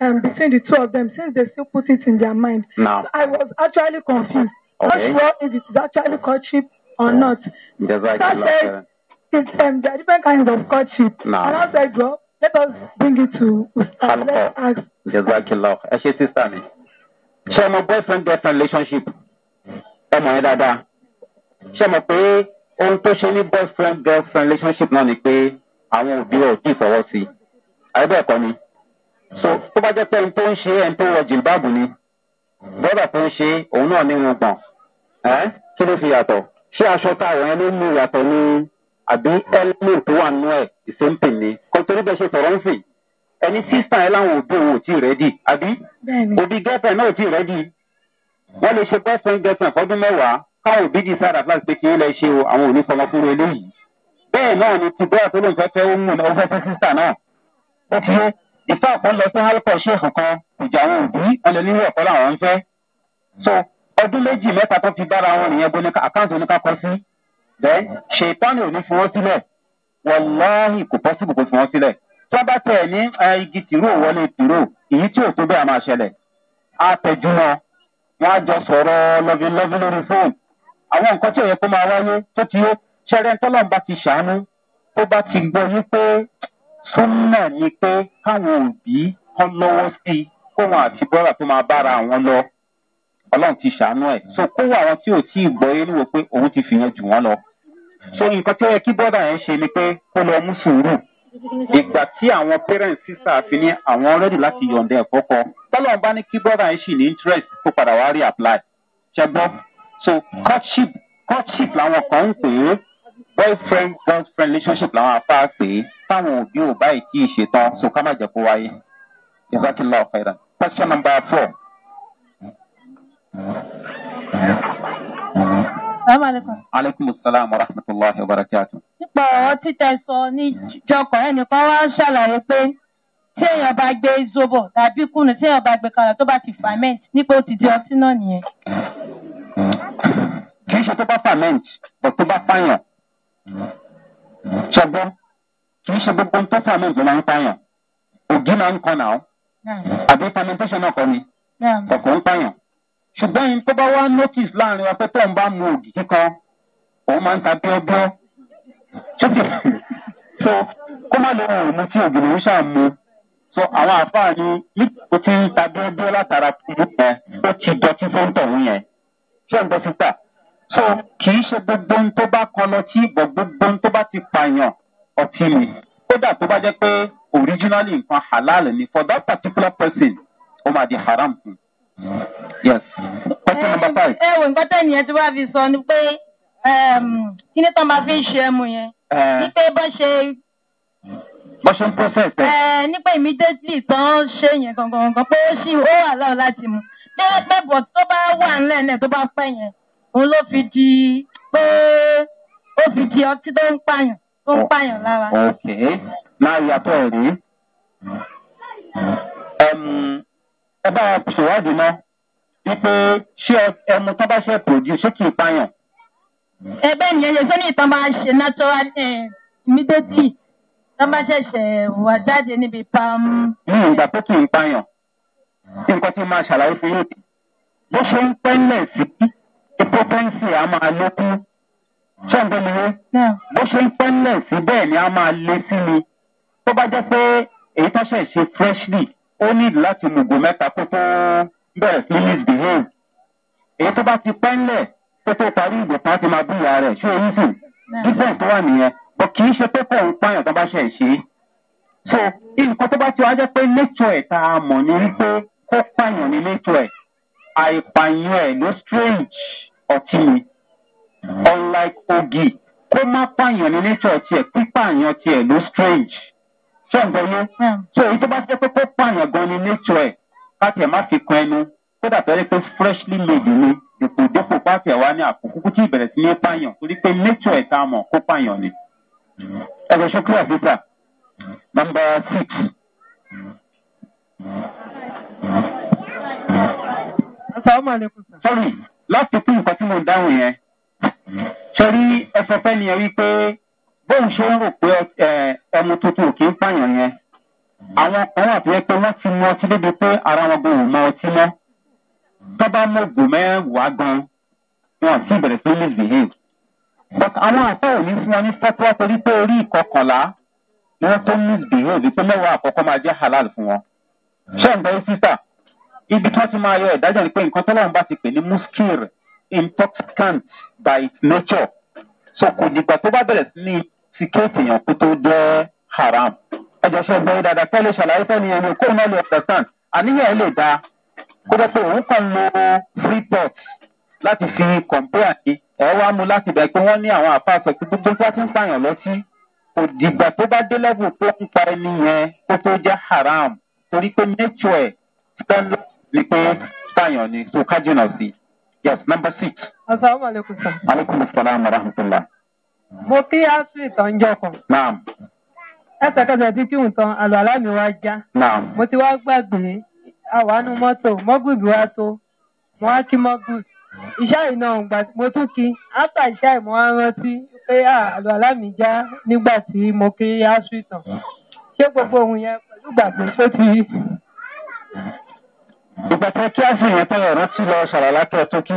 um, between the two of them since they still put it in their mind. No. so I was actually confused. Okay. Not sure if it is actually courtship or yeah. not. Just like that said, it's, um, there are different kinds of courtship. No. And I said, well, let us bring it to Ustaz. Let's ask. Jazakillah. Ẹ sister me. mi. Ṣé ọmọ boyfriend girlfriend relationship? Ẹ mọ̀ ẹ́ dáadáa. Ṣé mo pé ohun tó ṣe ní boyfriend girlfriend relationship náà ni pé àwọn òbí ẹ̀ kì í fọwọ́ sí i? Àyẹ̀bẹ̀ẹ̀kọ́ ni. So tó bá jẹ́ pé ẹni tó ń ṣe ẹni tó wọ jìlbáàbù ni. Bọ́dà tó ń ṣe òun náà ní irun gbọ̀n ẹ́ kí ló fi yàtọ̀ ṣé aṣọ tá a wọ̀ ẹ́ ló mú yàtọ̀ ní àbí element tó wà nù ẹ̀ ìsèǹpì ni kọ́ńtòrí bẹ́ẹ̀ ṣe sọ̀rọ̀ ń sìn ẹni sísà ẹ láwọn òbí òun ò tí ì rẹ́dì àbí òbí gẹ́fẹ̀ náà ò tí ì rẹ́dì wọ́n lè ṣe bẹ́sẹ̀ gẹ́fẹ̀ fọ́dún mẹ́wàá káwọn òbí di sára flag pé kí ó lẹ ṣe o àwọn ò ní sọmọ fún eléyìí bẹ́ẹ̀ náà ni ti bẹ́ẹ̀ tó ló ń fẹ́ fẹ́ ó mú ọ fẹ́ fẹ́ sísà náà ó fi ìfẹ́ àpọ̀ lọ sí hálpọ̀ ṣéèkù kan ìjà àwọn òbí ọlẹ́ni ìwọ̀kọ́ làwọn ń fẹ́ so ọdún méjì mẹ́ta tó fi bára wọn nìyẹn bó ní àkáǹtì oníkàkọ́ sí bẹ́ẹ̀ ṣètọ́nì ò ní fi wọ́n sílẹ̀ wọláhì kò pọ́sibù kò fi wọ́n sílẹ̀ tí wọ́n bá tẹ̀ ní eh, igi tìró wọlé tìró èyí tí ò tó bẹ́ẹ̀ máa ṣẹlẹ̀ àtẹ̀júmọ́ wọn á jọ sọ̀rọ̀ lọ́gìnlọ́gìn lórí fóònù àwọn nǹkan tí ò yẹ kó máa wáyé tó ti yó ṣẹ́rẹ́ tọ́lọ́n bá ti ṣàánú tó bá ti gbọ́ yí pé súnmọ̀ ni pé káwọn òbí kọ́ lọ́wọ́ sí kóhun àti bọ́rà tó máa bára àwọn lọ ọlọ́run ti ṣàánú ẹ̀ so kó wà àwọn tí ò tí ì gbọ́ yé níwò pé òun ti fìyẹn jù wọ́n lọ. so nǹkan tó yẹ kí bọ́dà yẹn ṣe ni pé kó lọ mú sùúrù ìgbà tí àwọn parents sísá fi ní àwọn rẹ́dì láti yọ̀ǹda ẹ̀kọ́ kọ tọ́lọ́run bá ní kí bọ́dà yẹn ṣì ní interest kó padà wá rí apply ṣẹgbọ́n so courtship courtship làwọn kan ń pè é boyfriend girlfriend relationship làwọn afá pè é táwọn òbí ò báyìí kí ì ṣetán so ká má jẹ́ kó wáyé. Exactly, Question number four aleykum salaam wa rahmatulahi wa barakatu. nípa ọ̀rọ̀ títẹ sọ ní ìjọkọ̀ ẹnìkan wá ṣàlàyé pé tí èèyàn bá gbé zobo tàbí kùnú tí èèyàn bá gbé kalẹ̀ tó bá ti ferment nípa ó ti di ọtí náà nìyẹn. kì í ṣe tó bá ferment bọ̀ tó bá pààyàn ṣọgbọ́n kì í ṣe gbogbo tó ferment ló máa ń pààyàn ògì máa ń kọ́ náà àbí fermentation náà kọ́ ni kọ̀kọ́ ń pààyàn ṣùgbọ́n in tó bá wá notice láàrin wa pé tó ń bá mu ògì kíkan òun máa ń ta bíọ́bíọ́ so kó má lè wọ̀ mu tí ògì lòún ṣáà mu so àwọn àfáà ni nípò tí ń ta bíọ́bíọ́ látara kúrú yẹn ó ti dọtí fóńtọ̀ òun yẹn ṣé ń gbọ́ síta so kì í ṣe gbogbo ohun tó bá kan lọ tí ìbọ̀ gbogbo ohun tó bá ti pààyàn ọtí mi kódà tó bá jẹ́ pé originally nǹkan halal ni for that particular person ó máa di haram fún un. Yes. Question number five. Ẹ wo nǹkan tẹ́ni yẹn tí wàá fi sọ ni pé um, kí ni tán máa fi ń ṣe ẹmu yẹn? Ní pé bọ́ ṣe. Bọ́ ṣe ń process ẹ. Ní pé immediately tán ṣe yẹn gangan gangan pé ó ṣì ó wà láò láti mu. Ṣé pẹ́bọ̀ tó bá wà ńlẹ̀ náà tó bá pẹ́ yẹn? Òun ló fi di pé ó fi di ọtí tó ń pààyàn tó ń pààyàn lára. Ok, máa yàtọ̀ rí. Um, ẹ bá ṣèwádìí mọ́ wípé ṣé ẹmu tó bá ṣe pòjì ṣé kì í pààyàn. ẹ bẹ́ẹ̀ ni ẹyẹ sẹ́ni ìtàn máa ń ṣe natural immediately tó bá ṣẹ̀ṣẹ̀ wà jáde níbi pam. ní ìgbà tó kì í pààyàn nǹkan tí máa ṣàlàyé fún yóò dé bó ṣe ń pẹ́lẹ̀ sí epo fẹ́ǹsì a máa lókun ṣọ́ǹdé mi wé bó ṣe ń pẹ́lẹ̀ sí bẹ́ẹ̀ ni a máa lé sí mi tó bá jẹ́ pé èyí tó ṣẹ̀ ṣe freshly ó nílò láti mùgò mẹ́ta kó tó bẹ̀rẹ̀ sí misbehave èyí tó bá ti pẹ́ ńlẹ̀ tó tó parí ìgò kan ti máa bú ìyá rẹ̀ ṣé oyún sì different tó wà nìyẹn but kì í ṣe pé kò ń pààyàn tó bá ṣe ṣe so nǹkan tó bá ti wá jẹ́ pé nature ẹ̀ tá a mọ̀ ní wípé kó pààyàn ní nature ẹ̀ àìpààyàn ẹ̀ ló strange ọtí mi mm-hmm. unlike ogi kó má pààyàn ní nature tiẹ̀ pípààyàn tiẹ̀ ló strange ṣẹ̀ǹgbọ́n yé so èyí tó bá jẹ́ pé kó pààyàn gan ni nature ẹ̀ káàtì ẹ̀ má fi kan ẹnu kódà tó yẹ pé freshly made ni dèpò dépò káàtì ẹ̀ wá ní àkókò tí ìbẹ̀rẹ̀ sí ní pààyàn torí pé nature ẹ̀ tá a mọ̀ kó pààyàn ni. ẹ̀rọ ṣókè àfíìsà nọmba six. Sorry, láti kún nǹkan tí mo dáhùn yẹn sọ́rí ẹ̀fọ́fẹ́ ni ẹ wí pé bóun ṣe ń rò pé ẹmu tuntun ò kí ń pààyàn yẹn àwọn kan wà tó yẹ pé wọ́n ti mu ọtí débi pé ara wọn gan ò mọ ọtí mọ́ tọ́ba mọ ògùn mẹ́wàá gan wọn sì bẹ̀rẹ̀ sí misbehave but àwọn àfẹ́ òní fún wọn ní fẹ́tọ́ torí pé orí ìkọkànlá ni wọ́n tó misbehave pé mẹ́wàá àkọ́kọ́ máa jẹ́ halal fún wọn. ṣé ǹ gbọ́dọ̀ sísà ibi tí wọ́n ti máa yọ ìdájọ́ ni pé nǹkan tọ́lọ́run bá ti pè ní muskir intoxicant by nature so kò dìgbà tó bá bẹ̀rẹ̀ sí ní tí kéètì yàn kú tó jẹ́ haram. ẹ jọ ṣe gbọ́ dáadáa pẹ́ lè ṣàlàyé fẹ́ni ẹni kó má lè pẹ̀tàn àníyàn ẹ lè da kó jẹ́ pé òun kàn lo free port láti fi compare ní ẹ wá mu láti bẹ̀ pé wọ́n ní àwọn àpáàsọ tí gbogbo nǹkan ti ń pààyàn lọ́tí kò dìgbà tó bá dé lẹ́bù tó ń pa ẹni yẹn kó tó jẹ́ haram torí pé nature ẹ̀ fẹ́ lọ ni pé pààyàn ni so kájìnà sí yes number six. asalaamualeykum sir. aleykum salaam wa rahmatulah mo kí ásù ìtàn jọ kan. ẹsẹ̀kẹsẹ̀ tí kí n tan àlọ́lá mi wá já. mo ti wá gbàgbé àwánú mọ́tò mọ́gùbì wa tó mo wá kí mọ́gùbì. ìṣá yìí náà gbà mo tún kí áfà ìṣá yìí mo wá rántí pé àlọ́lá mi já nígbà tí mo kí ásù ìtàn. ṣé gbogbo ohun yẹn pẹ̀lú gbàgbé tó ti rí ìgbà tí kí á sì yẹn tẹ̀yẹ̀ rántí lọ ṣàlàlá kẹ́ ẹ tó kí.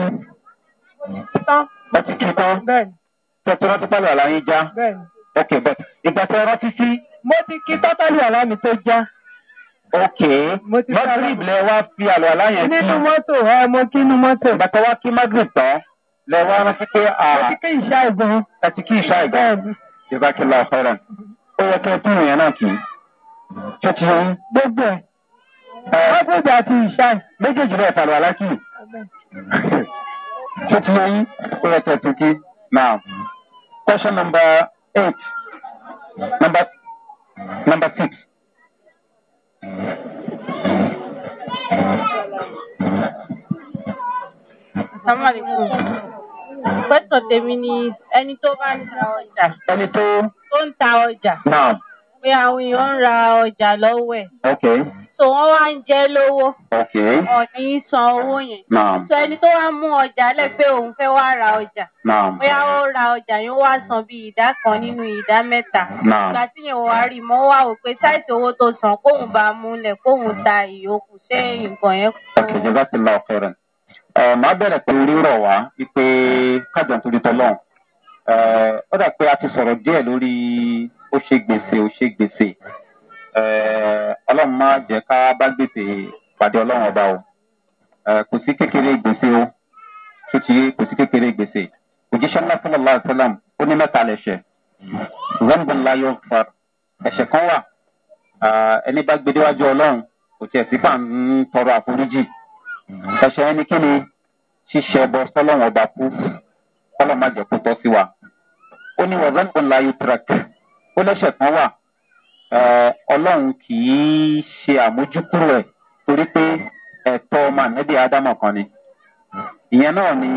bàtí kì í tán tẹ̀tẹ̀ rántí pálí àlá já. ok but ìgbà tẹ rántí sí. mo ti kí tọ́tàlì àlá mi tó já. ok magrib lẹ wá fi àlọ́ àlá yẹn kí. nínú mọ́tò ẹ mo kí inú mọ́tò. ìgbà tẹ wá kí magrib tán lẹ wá rántí pé a. mo ti kí ìṣá ìgbọ̀n. ẹ ti kí ìṣá ìgbọ̀n. ìgbà kìlọ̀ ọ̀fẹ́rẹ̀. ó yẹ kẹ́ ẹ tún ìyẹn náà kì í. ṣé ti yẹn. gbogbo ẹ̀ Ábùdù àti Ìṣáì. Méjèèjì bẹ́ẹ̀ fàlọ́ aláṣì. Ṣé Now, question number eight. Number number six. Question tèmi ni ẹni tó bá ń ọjà. Ẹni tó. Tó ń ọjà. Náà. Pé àwọn èèyàn ń ra ọjà lọ́wọ́ Okay. so wọ́n wá ń jẹ́ lówó. ọ̀nì san owó yẹn. so ẹni tó wá mú ọjà lẹ́gbẹ́ òun fẹ́ wá ra ọjà. bóyá ó ra ọjà yóò wá san bíi ìdá kan nínú ìdá mẹ́ta. ìgbà tí yẹn wàá rí mọ́ wá wò pé táìsì owó tó san kóun bá múlẹ̀ kóun ta ìyókù ṣé nǹkan yẹn kú. ọ̀sẹ̀ jẹ́ bá ti la ọ̀fẹ́ rẹ̀ màá bẹ̀rẹ̀ pé rírọ̀ wá wípé kájọ nítorí tọ́lọ́run ó dà pé a ti sọ̀rọ̀ díẹ̀ lórí ó ṣe gbèsè ó ṣe gbèsè ọlọ́run má jẹ́ ká bá gbèsè pàdé ọlọ́run ọba o kò sí kékeré gbèsè o tó ti yé kò sí kékeré gbèsè òjíṣẹ́ ńlá fún ọlọ́run sọlám ó ní mẹ́ta lẹ̀ṣẹ̀ rẹ́ńbùnlá yóò fà ẹ̀ṣẹ̀ kan wà ẹni bá gbé déwájú ọlọ́run kò tiẹ̀ sí fà ń tọrọ àforíjì ẹ̀ṣẹ̀ ẹni kí ni ṣíṣe bọ sọlọ́run ọba kú ọlọ́run má jẹ́ kó tọ́ sí wa ó ní wọ́n rẹ́ńbùnlá yóò tẹ̀rẹ̀kì ó lẹ́ṣẹ̀ ọlọ́run kì í ṣe àmójúkúrò ẹ̀ torí pé ẹ̀tọ́ ọmọ ànábì ádámọ̀ kan ni. ìyẹn náà ni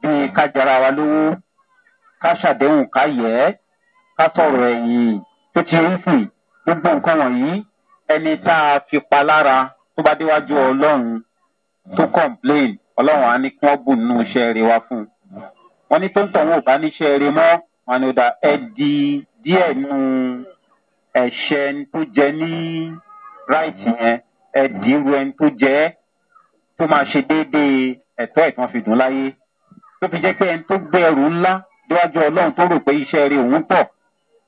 bí ká jara wa lówó ká ṣàdéhùn ká yẹ ẹ́ ká sọ̀rọ̀ ẹ̀yìn tó ti ń sìn gbogbo nǹkan wọ̀nyí ẹni tá a fi pa lára tó bá déwájú ọlọ́run tó complain ọlọ́run á ní kí wọ́n bù nínú iṣẹ́ rẹ wá fún un. wọ́n ní tó ń tọ̀wọ́n ò bá níṣẹ́ rẹ mọ́ wọn ni ó dá ẹ di díẹ̀ nù. ẹ̀ṣẹ̀ tó jẹ ní ráìtì yẹn ẹ̀dì ru ẹni tó jẹ tó máa ṣe déédéé ẹ̀tọ́ fi dùn láyé tó fi jẹ́ pé ẹni tó gbé ẹrù ńlá déwájú ọlọ́run tó rò pé iṣẹ́ rẹ̀ òun pọ̀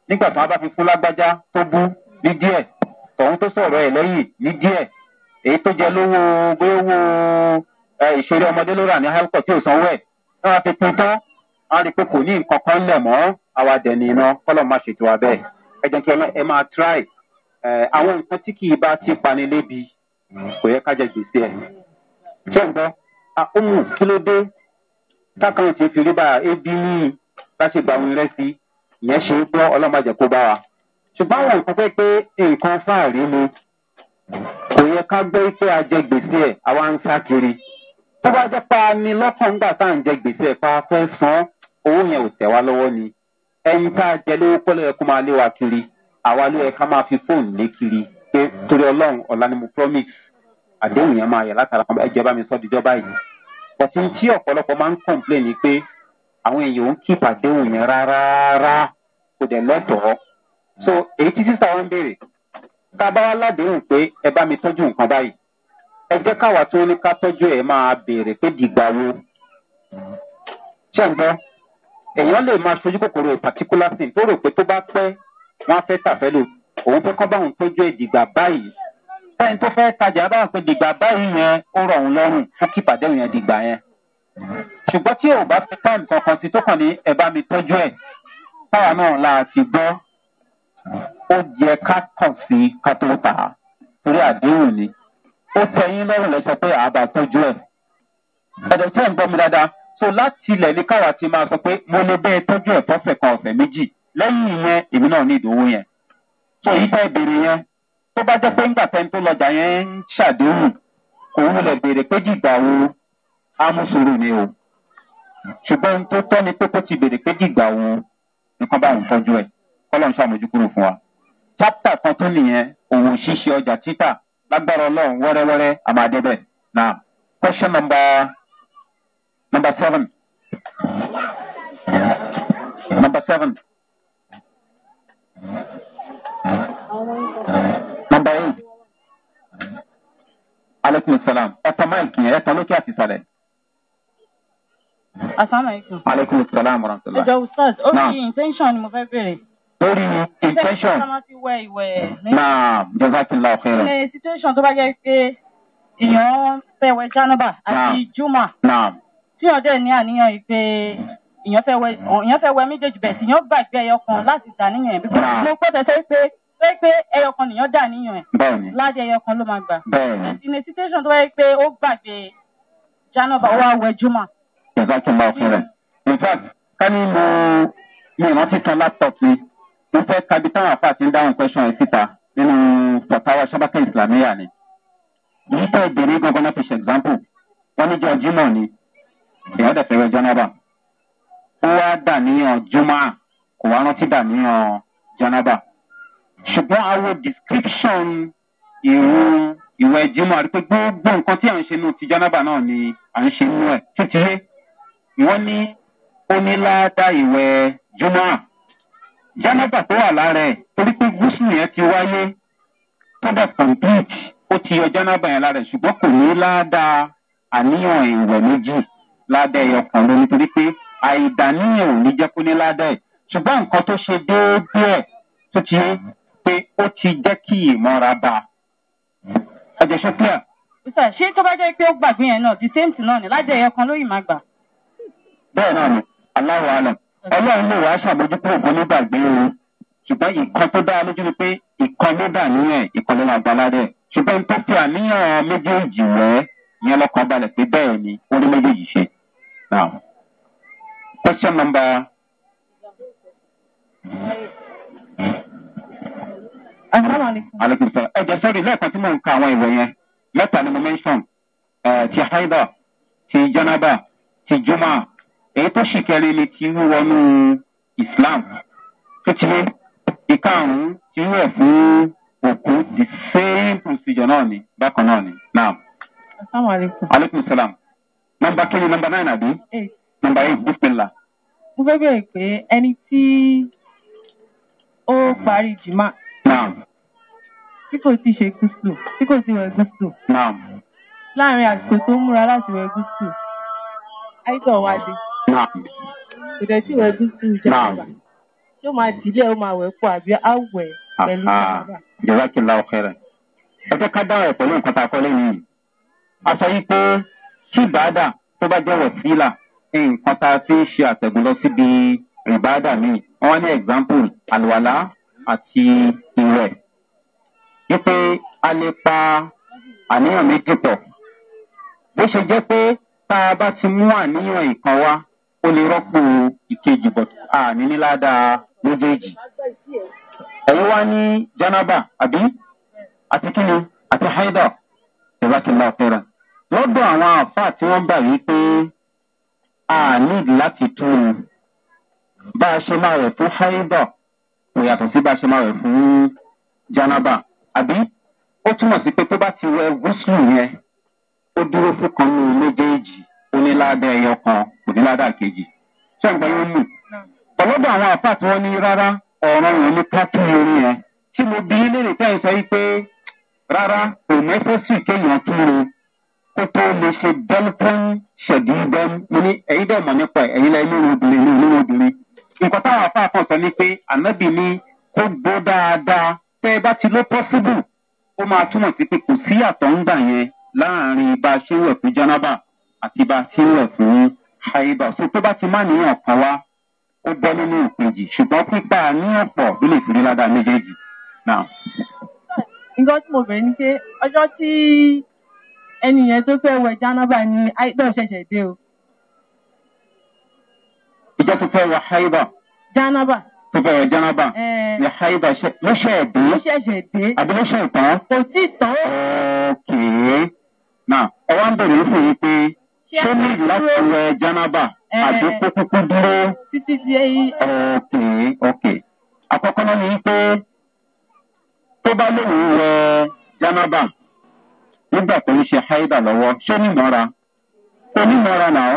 nígbà tí wọ́n bá fi lágbájá tó bú ní díẹ̀ tọ̀hún tó sọ̀rọ̀ ẹ̀ lẹ́yìn ní díẹ̀ èyí tó jẹ lówó gbé ìṣeré ọmọdé ló rà ní tí ò sanwó ẹ̀ tán rí i kò ní nǹkan kan ẹ̀jẹ̀ tó lọ ẹ máa try àwọn nǹkan tí kì í bá ti pani lébi kò yẹ ká jẹ gbèsè ẹ̀. ṣé ǹgbọ́ àkómù kí ló dé tákàǹtì fi rí e, bá ebi ní láti gba òun lẹ́sí ìyẹn ṣe é gbọ́ ọlọ́màjẹ̀ kó bá wa. ṣùgbọ́n àwọn nǹkan pé nǹkan fáàrí ni kò yẹ ká gbé pé a jẹ gbèsè ẹ̀ àwa ń sá kiri. tó bá jẹ́ pa ni lọ́kàn gbà tá à ń jẹ gbèsè ẹ̀ pa fẹ́ san owó yẹn ò tẹ̀ wá lọ́wọ́ ni. ẹyin tá a jẹ lówó pọ́lọ́ yẹ kó máa lé wa kiri àwa ló yẹ ká máa fi fóònù lé kiri pé torí ọlọrun ọ̀la ni mo promise àdéhùn yẹn máa yẹ látara mi sọ́ dijọ́ báyìí bọ̀tí tí ọ̀pọ̀lọpọ̀ máa ń complain pé àwọn èèyàn ń kíp àdéhùn yẹn rárá kò dẹ̀ lọ́tọ̀ọ́ so èyí tí sísá wọn béèrè tá a bá wá ládéhùn pé ẹ bá mi tọ́jú nǹkan báyìí ẹ jẹ́ káwa ní ká máa wo ṣé èèyàn lè máa ṣojú kòkòrò particular thing tó rò pé tó bá pẹ́ wọ́n á fẹ́ tàfẹ́lò òun fẹ́ kọ́ bá òun tọ́jú ìdìgbà báyìí fẹ́ni tó fẹ́ tajà bá pé dìgbà báyìí yẹn ó rọ̀ òun lọ́rùn fún kípàdé yẹn dìgbà yẹn ṣùgbọ́n tí ò bá fi táìmù kankan sí tó kàn ní ẹ bá mi tọ́jú ẹ̀ táwa náà la ti gbọ́ ó yẹ ká kàn sí ká tó tà á torí àdéhùn ni ó tẹyin lọ́rùn lẹ́sọ pé àbá tọ́jú ẹ̀ ẹ̀dẹ̀ tí ẹ̀ ń gbọ́ mi dáadáa so láti ilẹ̀ ní káwa ti máa sọ pé mo lè bẹ́ẹ̀ tọ́jú ẹ̀ fọ́sẹ̀ kan ọ̀sẹ̀ méjì lẹ́yìn ìyẹn èmi náà ní ìdòwò yẹn so èyí tẹ́ béèrè yẹn tó bá jẹ́ pé ńgbà tẹ́ni tó lọ́jà yẹn ń ṣàdéhùn kò wúlẹ̀ béèrè pé jìgbà wo amúsùrù ni o ṣùgbọ́n tó tọ́ ni pé kó ti béèrè pé jìgbà wo nǹkan bá òun tọ́jú ẹ̀ kọ́lọ́n ṣàmójú kúrò fún wa chapter kan tó nìyẹn òwò ṣíṣe ọjà títà lágbára ọlọ́run wẹ́rẹ́wẹ́rẹ́ àmàdébẹ̀ now question number. Number seven. Number seven. Number eight. Aleykum salam. Ẹ̀tọ́ máìkì yẹn, ẹ̀tọ́ lókè àti ìsàlẹ̀. Asalaamualeykum. Aleykum salam warahmatulah. Ẹ̀jọ̀ Ustaz, ó fi intention ni mo fẹ́ bèrè. Lórí intention. Ṣé ká fi wẹ Ṣé situation tó bá jẹ́ pé èèyàn fẹ́ wẹ Jánúbà àti Júmà? Naam tí ọ̀dẹ́ ní àníyàn yìí pé èèyàn fẹ́ wẹ méjèèjì bẹ̀ sí èèyàn gbàgbé ẹyọ kan láti dàníyàn ẹ̀ bí mo pọ́ tẹ́tẹ́ pé pé pé ẹyọ kan nìyàn dàníyàn ẹ̀ ládé ẹyọ kan ló máa gbà in a situation tó wáyé pé ó gbàgbé janaba ó wá wẹ juma. ìjọba tó ń bá fún rẹ in fact ká ní mo mi ìrántí kan laptop mi mo fẹ́ kabi táwọn àpá ń dáhùn question yìí síta nínú fatawa sábàkẹ́ ìsìlámíyà ni. èyí tó ìbéèrè gangan náà fi ṣe example wọ́n ní jọ jimoh ni ìyá dẹ̀ fẹ́rẹ̀ jánábà ó wá dàníyàn jùmọ̀ kò wá rántí dàníyàn jánábà ṣùgbọ́n àwọn description ìrún ìwẹ̀ jùmọ̀ àti pé gbogbo nǹkan tí à ń ṣe nù ti jánábà náà ni à ń ṣe nù ẹ̀ títí wọ́n ní ó ní láádá ìwẹ̀ jùmọ̀ jánábà tó wà lára ẹ̀ torí pé gúúsù yẹn ti wáyé tó dẹ̀ ó ti yọ jánábà yẹn lára ẹ̀ ṣùgbọ́n kò ní láádá àníyàn ìwẹ̀ méjì ládàá ẹyọ kan ló nítorí pé àìdàníyàn ò ní jẹ́ kó ní ládàá ẹ̀ ṣùgbọ́n nǹkan tó ṣe déédéé ẹ̀ tó ti pé ó ti jẹ́ kí ìmọ̀ra bá a. ọjà ṣe pé à. ṣé tó bá jẹ́ pé ó gbàgbé yẹn náà the same thing náà ni ládàá ẹyọ kan ló yìí máa gbà. bẹ́ẹ̀ náà ni aláwọ̀ àlọ́ ọlọ́run lè wá ṣàmójútó ògùn nígbàgbé o ṣùgbọ́n ìkan tó dáa lójú ni pé ìkan ló dà níyẹn ìkan ló máa gbà ládàá ẹ̀ ṣùgbọ́n tó fi àníyàn méjèèjì wẹ́ yẹn lọ́kàn balẹ̀ pé bẹ́ẹ̀ ni ó ní méjèèjì ṣe. Now, question number. aleykum salaam ẹ jẹ sọrí lẹẹkan tí mò ń ka àwọn ìwé yẹn mẹta ni mo mention ti haida ti janaba ti juma èyí tó sì kẹrin ni ti wíwọnú islam tó ti lé ìkarùnún ti wíwọ fún òkú the same procedure náà ni bákan náà ni now. asalaamualeykum. aleykum salaam nọmba kí ni nọmba nine àbí eh. nọmba eight bísímìlà. mo fẹ́ bẹ̀rẹ̀ pé ẹni tí ó parí jìmá. tí kò ti ṣe gúúsù tí kò ti wẹ̀ gúúsù. láàrin àsìkò tó múra láti wẹ̀ gúúsù àìsàn wa dé. kò dẹ̀ tí wẹ̀ gúúsù jẹ́ àgbà yóò máa dìlé ó máa wẹ̀ pọ̀ àbí á wẹ̀ pẹ̀lú ìjọba. jọba kí n la ọkẹ rẹ ẹ fẹ́ ká dára ẹ̀ pẹ̀lú nǹkan tá a kọ́ lẹ́yìn yìí. a sọ yìí pé tí ìbáàdà tó bá jẹ́ wọ̀síìlà nǹkan tá a fi ń ṣe àtẹ̀gùn lọ síbi ìbáàdà míì wọ́n ní example àlùwàlá àti ìwẹ̀ wípé a lè pa àníyàn méjì pọ̀ bó ṣe jẹ́ pé tá a bá ti mú àníyàn ìkan wá ó lè rọ́pò ìkejì bọ̀ àní níláda méjèèjì ẹ̀yin wá ní janaba àbí àti kíni àti haidar ìbá ti fẹ́ràn lọ́dọ̀ àwọn àáfàá tí wọ́n gbà wípé a need láti tú un bá a ṣe máa rẹ̀ fún haidọ̀ kò yàtọ̀ sí bá a ṣe máa rẹ̀ fún janaba àbí ó túmọ̀ sí pé tó bá ti wẹ gúúsù yẹn ó dúró fún kan ní méjèèjì ó ní ládà ẹyọ kan kò ní ládà kejì ṣé ń yóò lù ọlọ́dọ̀ àwọn àáfàá tí wọ́n ní rárá ọ̀ràn yẹn ní kákì orí yẹn tí mo bí léèrè tẹ́ sọ yìí pé rárá kò mẹ́fẹ́ sì kéèyàn tún kó tó lè ṣe dẹ́lpọ́n ṣẹ̀dí dẹ́m mo ní ẹ̀yin dẹ̀ mọ̀ nípa ẹ̀yin lẹ́yìn lórí obìnrin lórí olówó obìnrin. nǹkan táwọn afá kan sọ ni pé ànábì ni kó gbó dáadáa tẹ́ ẹ bá ti ló pọ́síbù ó máa túmọ̀ sí pé kò sí àtọ̀ ń gbà yẹn láàrin bá a ṣe ń wẹ̀ fún jánábà àti bá a ṣe ń wẹ̀ fún haibà so tó bá ti má níyàn kan wá ó bọ́ nínú ìpèjì ṣùgbọ́n pípa níyàn pọ̀ ló lè fi rí ládàá méjèèjì nǹkan tí mo bẹ̀rẹ̀ ni pé ọjọ́ tí ẹni yẹn tó fẹ́ wẹ jánábà ni àìdọ̀ ṣẹ̀ṣẹ̀ dé o. ìjọ tó fẹ́ wẹ àìdọ̀. jánábà. tó fẹ́ wẹ jánábà. ni àìdọ̀ ló ṣẹ̀ dé. ló ṣẹ̀ṣẹ̀ dé. àbí ló ṣẹ̀ tán. kò tí ì tán. ọ̀ọ́kẹ́ náà ẹ wá ń bèrè fún yín pé tó ní láti wẹ jánábà àbí kúkúkú dúró. títí di ẹyí. ọ̀ọ́kẹ́ ọ̀kẹ́ àkọ́kọ́ náà ni pé tó bá lóun wẹ jánábà nígbà tó ń ṣe haida lọ́wọ́ ṣé nímọ̀ra kò nímọ̀ra náà.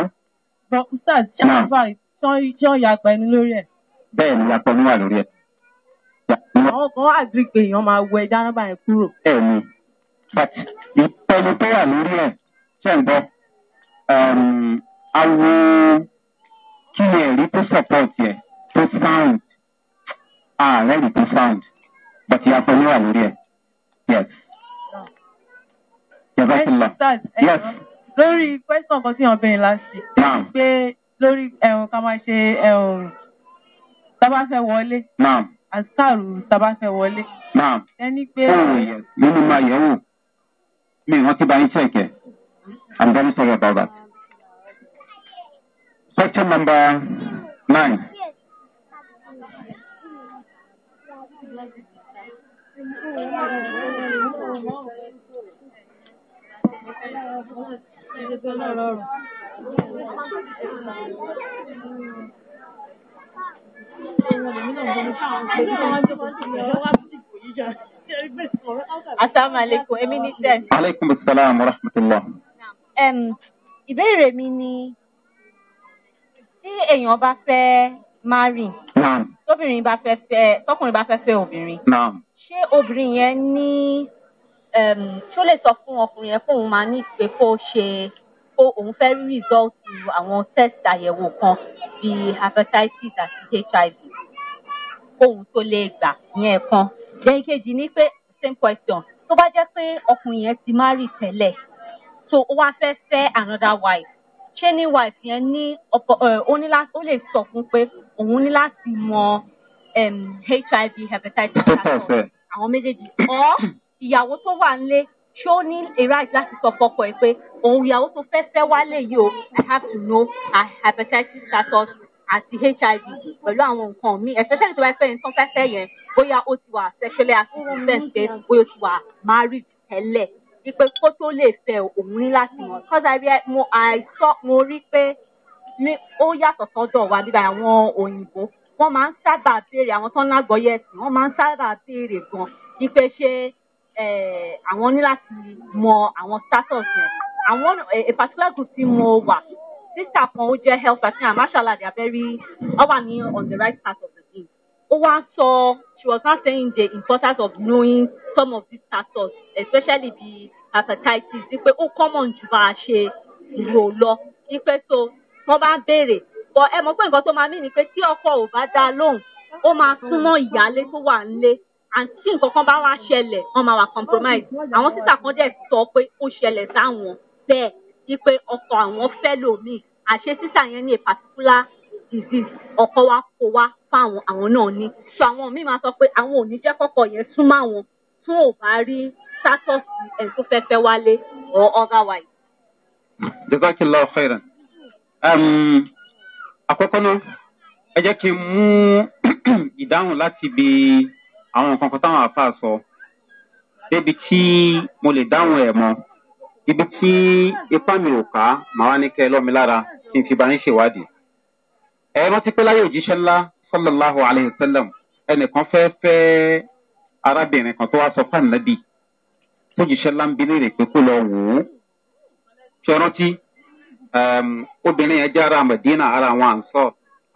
bọ ustaz ṣé àbá ṣé ó yàgbẹ́ ni lórí ẹ̀. bẹ́ẹ̀ ni yàtọ̀ ni wà lórí ẹ̀. àwọn kan àgbè pé èèyàn máa wẹ dárábà yẹn kúrò. bẹ́ẹ̀ ni ìpẹ̀lú tó wà lórí ẹ̀ ṣe ń bọ́ awo kí ni ẹ̀rí tó support yẹ tó sound ààrẹ ah, rí tó sound bàtí yàtọ̀ ni wà lórí ẹ̀ yes lórí question kan tí wọn bẹ̀rẹ̀ láti pé lórí ẹ̀hún ká máa ṣe ẹ̀hún tábà fẹ́ wọlé àṣàrù tábà fẹ́ wọlé. ẹni pé. Oh, mo ní máa yẹ̀ wò mi wọ́n ti bá yín ṣẹ̀kẹ̀ i'm very sorry about that. question number nine. Thank you ọlọ́rọ̀ọ̀rùn. Assalamu alaikum, èmi ni Zen. Aleykum salaam wa rahmatulah. Ìbéèrè mi ni tí èèyàn bá fẹ́ márì. Tóbìnrin bá fẹ́ fẹ́ tọkùnrin bá fẹ́ fẹ́ obìnrin. Ṣé obìnrin yẹn ní Um, ṣó lè sọ fún ọkùnrin yẹn fóun máa ní pé kó ṣe kó òun fẹ́ rí rìsọ́ọ̀tì àwọn test àyẹ̀wò kan bíi hepatitis àti hiv kóun tó lè gbà yẹn kan. Then kejì ni pé same question tó bá jẹ́ pé ọkùnrin yẹn ti má rì tẹ́lẹ̀ so ó wá fẹ́ fẹ́ another wife ṣé ní wife yẹn ní ó ní láti ó lè sọ fún pé òun ní láti mọ um, hiv hepatitis àti àwọn méjèèjì ọ́ ìyàwó tó wà nílé ṣé ó ní a right láti sọ fọkọ ẹ pé òun ìyàwó tó fẹ́ fẹ́ wálé yìí o i have to know her hepatitis status àti hiv pẹ̀lú àwọn nǹkan míì especially tó bá fẹ́ nǹkan fẹ́fẹ́ yẹn bóyá ó ti wà sexually active fẹ́ǹsẹ̀ bóyá ó ti wà married tẹ́lẹ̀ wípé kó tó lè fẹ́ òun ní láti mọ̀ cause i real mo i sọ mo rí pé ní ó yàtọ̀ sọ́dọ̀ wa bíbá àwọn òyìnbó wọ́n máa ń sábà béèrè àwọn tó ń lágbọ́yé ẹ̀sìn wọ́n máa ń sábà béèrè gan-an wípé ṣé Eh, àwọn ní láti mọ àwọn status yẹn àwọn a eh, particular group tí mo wà sísà kan ó jẹ́ health person and mashala they are very ọba ní on the right part of the game ó wá sọ she was now saying the importance of knowing some of these status especially the hepatitis wípé ó common ju bá a ṣe rò lọ wípé so wọ́n bá béèrè but ẹ mọ̀ pé nǹkan tó máa mí ni pé tí ọkọ ò bá dá lóhùn ó máa súnmọ́ ìyáálé tó wà nílé and tí nǹkan kan bá wá ṣẹlẹ̀ wọ́n máa wà compromise àwọn sísà kan dẹ̀ sọ pé ó ṣẹlẹ̀ sáwọn bẹ́ẹ̀ wípé ọkọ àwọn fẹ́ lòmíì àṣẹ sísà yẹn ní a particular disease ọkọ wa kó wá fáwọn àwọn náà ní so àwọn míì máa sọ pé àwọn ò ní jẹ́ kọ́kọ́ yẹn súnmọ́ àwọn tún ò bá rí sátọ̀sì ẹ̀ tó fẹ́ fẹ́ wálé or otherwise. jazakallah khairan àkọ́kọ́ náà ẹ jẹ́ kí n mú ìdáhùn láti bíi àwọn nǹkan kan táwọn àáfàá sọ débi tí mo lè dáhùn ẹ̀ mọ́ ibi tí ipá mi ò ká màá wá ní kẹ́ lọ́mi lára kí n fi bá yín ṣèwádìí. ẹ rántí pé láyé òjíṣẹ́ ńlá sallallahu alayhi sallam ẹnìkan fẹ́ fẹ́ arábìnrin kan tó wá sọ fáànù nábì tó jíṣẹ́ ńlá ń bi léèrè pé kó lọ wò ó. ṣe rántí obìnrin yẹn jẹ́ ara mẹ̀dínà ara àwọn àǹsọ̀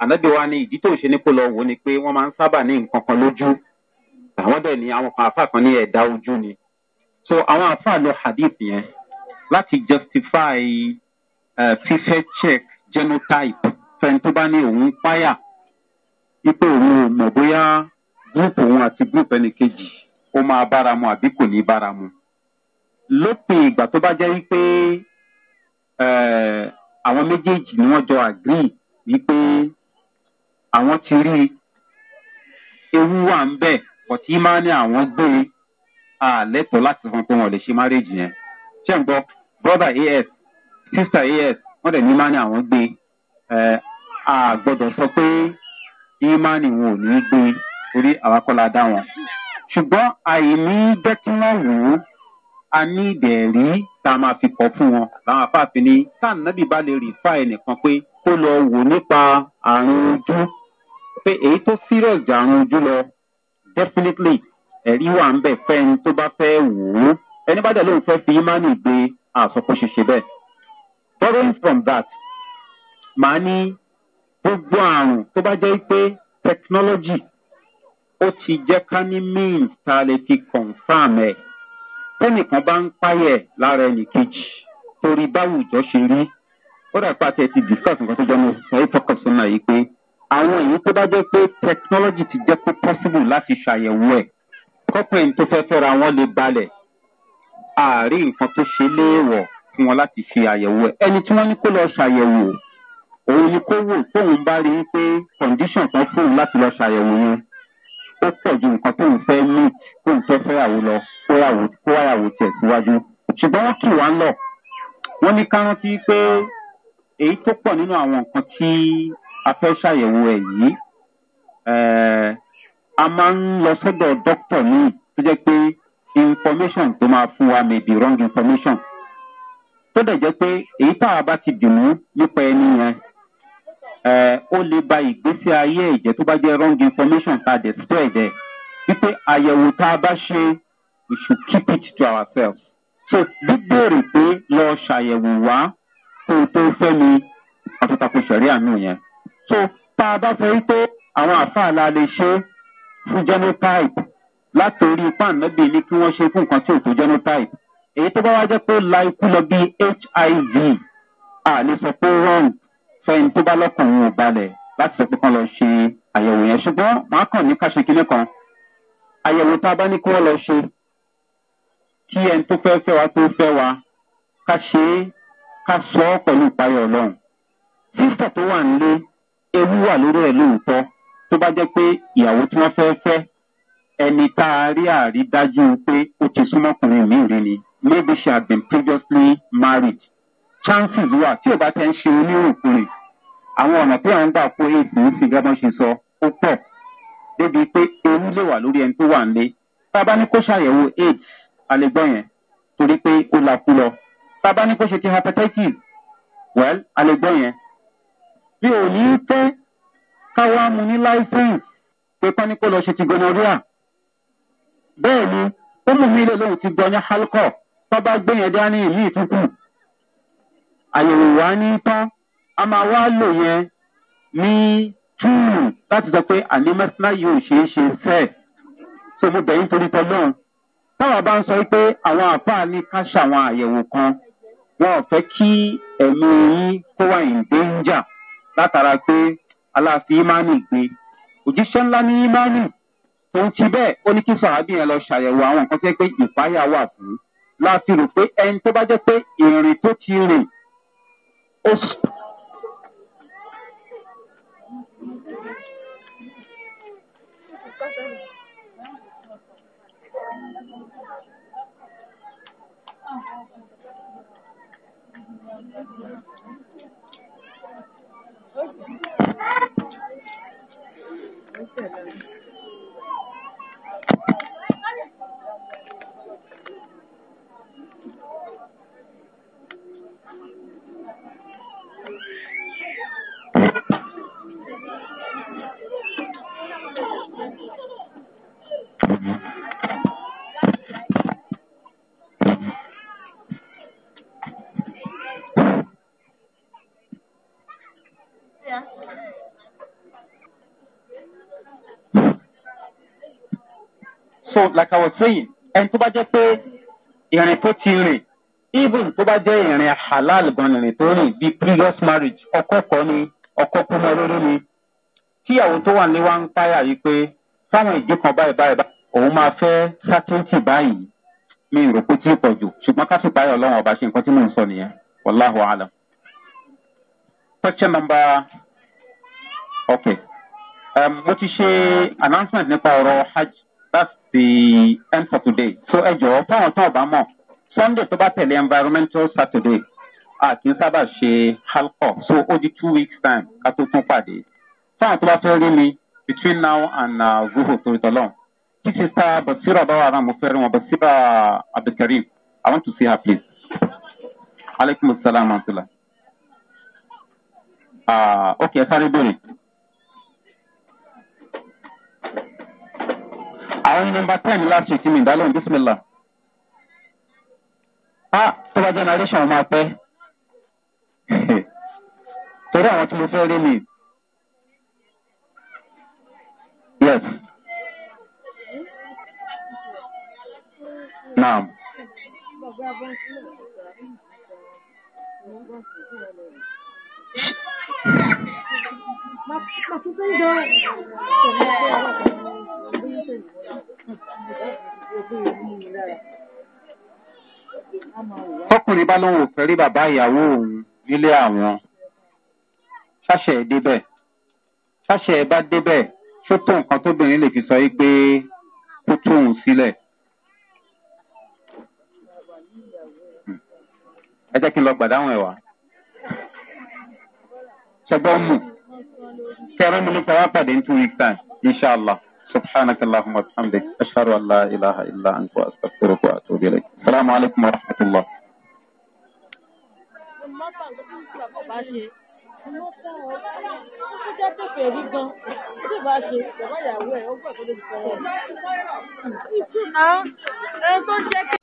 ànábì wa ní ìdí tó ń ṣe ní kó lọ wò ó ni pé wọ́n máa ń sábà ní nǹkan kan lójú àwọn dẹ̀ ní àwọn kan àfa kan ní ẹ̀dá ojú ni so àwọn àfa lọ hadith yẹn láti justify eh, fífẹ́ check genotype fẹ́ni tó bá ní òun páyà wípé òun ò mọ̀ bóyá gúrùpù òun àti gúrùpù ẹnìkejì ó máa bára mu àbí kò ní bára mu lópin ìgbà tó bá jẹ́ wípé eh, àwọn méjèèjì ni wọ́n jọ agree wípé àwọn ti rí ewu wà ń bẹ́ẹ̀ but imani àwọn gbé àlẹ́tọ̀ e, láti fún pé wọn lè ṣe marriage yẹn ṣé n gbọ́ brother as sister as wọ́n dẹ̀ ní imani àwọn gbé àgbọ̀dọ̀ e. eh, sọ pé imani wọn ò ní gbé e torí àwákọ́lá dá wọn ṣùgbọ́n àìní jẹ́ kí wọ́n wò ó a ní ìdẹ̀rí tá a máa fi kọ́ fún wọn làwọn afáàfin ni táànàbì bá lè rí fáì nìkan pé kó lọ wò nípa àrùn ojú pé èyí tó serious jẹ àrùn ojú lọ definitely ẹ̀rí wà ń bẹ̀ fẹ́ni tó bá fẹ́ wò ó ẹni bá dẹ̀ lóun fẹ́ fi imani gbé àsọkó ṣiṣẹ́ bẹ́ẹ̀. borrowing from that màá ní gbogbo àrùn tó bá jẹ́ pé technology ó ti jẹ́ ká ní means tá a lè fi confam ẹ̀ tẹ́nìkan bá ń páyẹ̀ lára ẹnì kejì torí báwùjọ ṣe rí ó dà pé ti discuss nǹkan tó jẹ́ mo sọ é fọkàn sọ́nà yìí pé àwọn èyí tó bá jẹ́ pé technology ti jẹ́ pé possible láti ṣàyẹ̀wò ẹ̀ kọ́pìn tó fẹ́ fẹ́ra wọn lè balẹ̀ àárín nǹkan tó ṣe léèwọ̀ fún wọn láti ṣe àyẹ̀wò ẹ̀ ẹni tí wọ́n ní kó lọ ṣàyẹ̀wò òun ni kó wò tóun bá rí i pé condition kan fóun láti lọ ṣàyẹ̀wò yẹn ó pọ̀ ju nǹkan tóun fẹ́ meet tóun fẹ́ fẹ́yàwó lọ kóyàwó tiẹ̀ síwájú ṣùgbọ́n wọ́n kì wá lọ wọ́n ní ká rántí pé èyí tó pọ̀ nínú àwọn nǹkan tí a fẹ́ ṣàyẹ̀wò ẹ̀ yìí eh, a máa ń lọ sọ́dọ̀ dókítà míì tó jẹ́ pé information tó máa fún wa may be wrong information tó dẹ̀ jẹ́ pé èyí tá a bá ti dùnú nípa ẹni yẹn eh, ó lè ba ìgbésí ayé ẹ̀jẹ̀ tó bá jẹ́ wrong information tá a dẹ̀ spread ẹ̀ wípé àyẹ̀wò tá a bá ṣe we should keep it to ourselves so bíbèrè pé lọ ṣàyẹ̀wò wá kó o tó fẹ́ mi ọ̀tọ̀tàkùn sẹ̀rí àánú yẹn so tá a bá sọ wípé àwọn àfáà la lè ṣe fún genotype látòrí ipá ànábì ni kí wọ́n ṣe fún nǹkan tí ò tó genotype èyí tó bá wá jẹ́ pé la ikú lọ bí hiv a lè sọ pé wrong fẹ́ni tó bá lọ́kùnrin ò balẹ̀ láti sọ pé kán lọ ṣe àyẹ̀wò yẹn ṣùgbọ́n màá kàn ní káṣe kinní kan àyẹ̀wò tá a bá ní kí wọ́n lọ ṣe kí ẹni tó fẹ́ fẹ́ wa tó fẹ́ wa ká ṣe é ká sọ ọ́ pẹ̀lú ìpayọ̀ ọlọ́run sísítà tó wà nílé ewu wà lórí ẹ̀ lóòótọ́ tó bá jẹ́ pé ìyàwó tí wọ́n fẹ́ fẹ́ ẹni tá a rí àrídájú pé ó ti súnmọ́kùnrin mi rí ni maybe she had been previously married chances wà tí ò bá tẹ́ ń ṣe oníròkùnrin àwọn ọ̀nà tí à ń gbà kó èsì ń fi gẹ́gẹ́ ṣe sọ ó pọ̀ débi pé ewu lè wà lórí ẹni tó wà ń lé tá a bá ní kó ṣàyẹ̀wò aids alẹ́gbọ́n yẹn torí pé ó la kú lọ tá a bá ní kó ṣe ti hepatitis well alẹ́gbọ́n yẹn bí ò ní pẹ́ káwá mu ní láìpẹ́ pé pọ́n ní kó lọ ṣe ti gonorrhea bẹ́ẹ̀ ni ó mú mi lè ti gbọ́nyá halkọ́ tó bá gbé yẹn dání ìlú ìtúkù àyẹ̀wò wa ní tán a máa wá lò yẹn ní túùrù láti sọ pé ànímọ́sílá yóò ṣeé ṣe fẹ́ so mo bẹ̀yìn torí tọ́ lóhun táwa bá ń sọ pé àwọn àfáà ní ká ṣàwọn àyẹ̀wò kan wọn ò fẹ́ kí ẹ̀mí yín kó wà ní déńjà. látara pé aláàfin imani gbé òjíṣẹ́ ńlá ní imani òun ti bẹ́ẹ̀ ó ní kí sàábì yẹn lọ ṣàyẹ̀wò àwọn nǹkan tẹ́ pé ìpáyà wà fún láti rò pé ẹni tó bá jẹ́ pé ìrìn tó ti rìn so like i was saying ẹni tó bá jẹ́ pé ìrìn tó ti rìn even tó bá jẹ́ ìrìn halal gan ìrìn tó rìn bíi previous marriage ọkọ kọ ni ọkọ kúmọ lórí ni tíyàwó tó wà ní wá ń páyà yìí pé fáwọn ìdí kan báyìí báyìí òun máa fẹ́ sátẹ́ǹtì báyìí mi rò pé tí pọ̀ jù ṣùgbọ́n ká sì báyọ̀ ọlọ́run ọba ṣe nǹkan tí mò ń sọ nìyẹn wàláhùn àlà. question number okay um, mo ti ṣe announcement nípa ọ̀rọ̀ hajj that's the end today. so ẹ jọ̀wọ́ fáwọn tó ọba mọ̀ sunday tó bá tẹ̀lé environmental saturday a kì í sábà ṣe halkọ so ó di two weeks time ká tó tún pàdé fáwọn tó bá fẹ́ rí mi between now and uh, zuhu toritolong kí sista basira bá wà rán mo fẹ́ rí wọn basira abdulkareem i want to see her please aleykum salaam wa rahmatulah uh, ah, ok ẹ sáré bèrè. àwọn ní nọmba ten láti ìtì mi ìdálóhùn bísímìlà. a ah, tó bá generation máa pẹ́ torí àwọn tí mo fẹ́ rí mi. yes. naam. Thank 妈妈出生的，我们这样，我不认识你，我不明白了。tọkùnrin bá lóun ò fẹ́ rí bàbá ìyàwó òun nílé àwọn ṣáṣẹ ẹ débẹ̀ ṣáṣẹ ẹ bá débẹ̀ ṣó tó nǹkan tóbìnrin lè fi sọ yí pé kó tó òun sílẹ̀. ẹ jẹ́ kí n lọ gbàdáhùn ẹ̀ wá ṣẹgbọ́n mù. كرم نتواقع in two إن شاء الله سبحانك اللهم وبحمدك أشهد أن لا إله إلا أنت وأستغفرك وأتوب إليك السلام عليكم ورحمة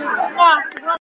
الله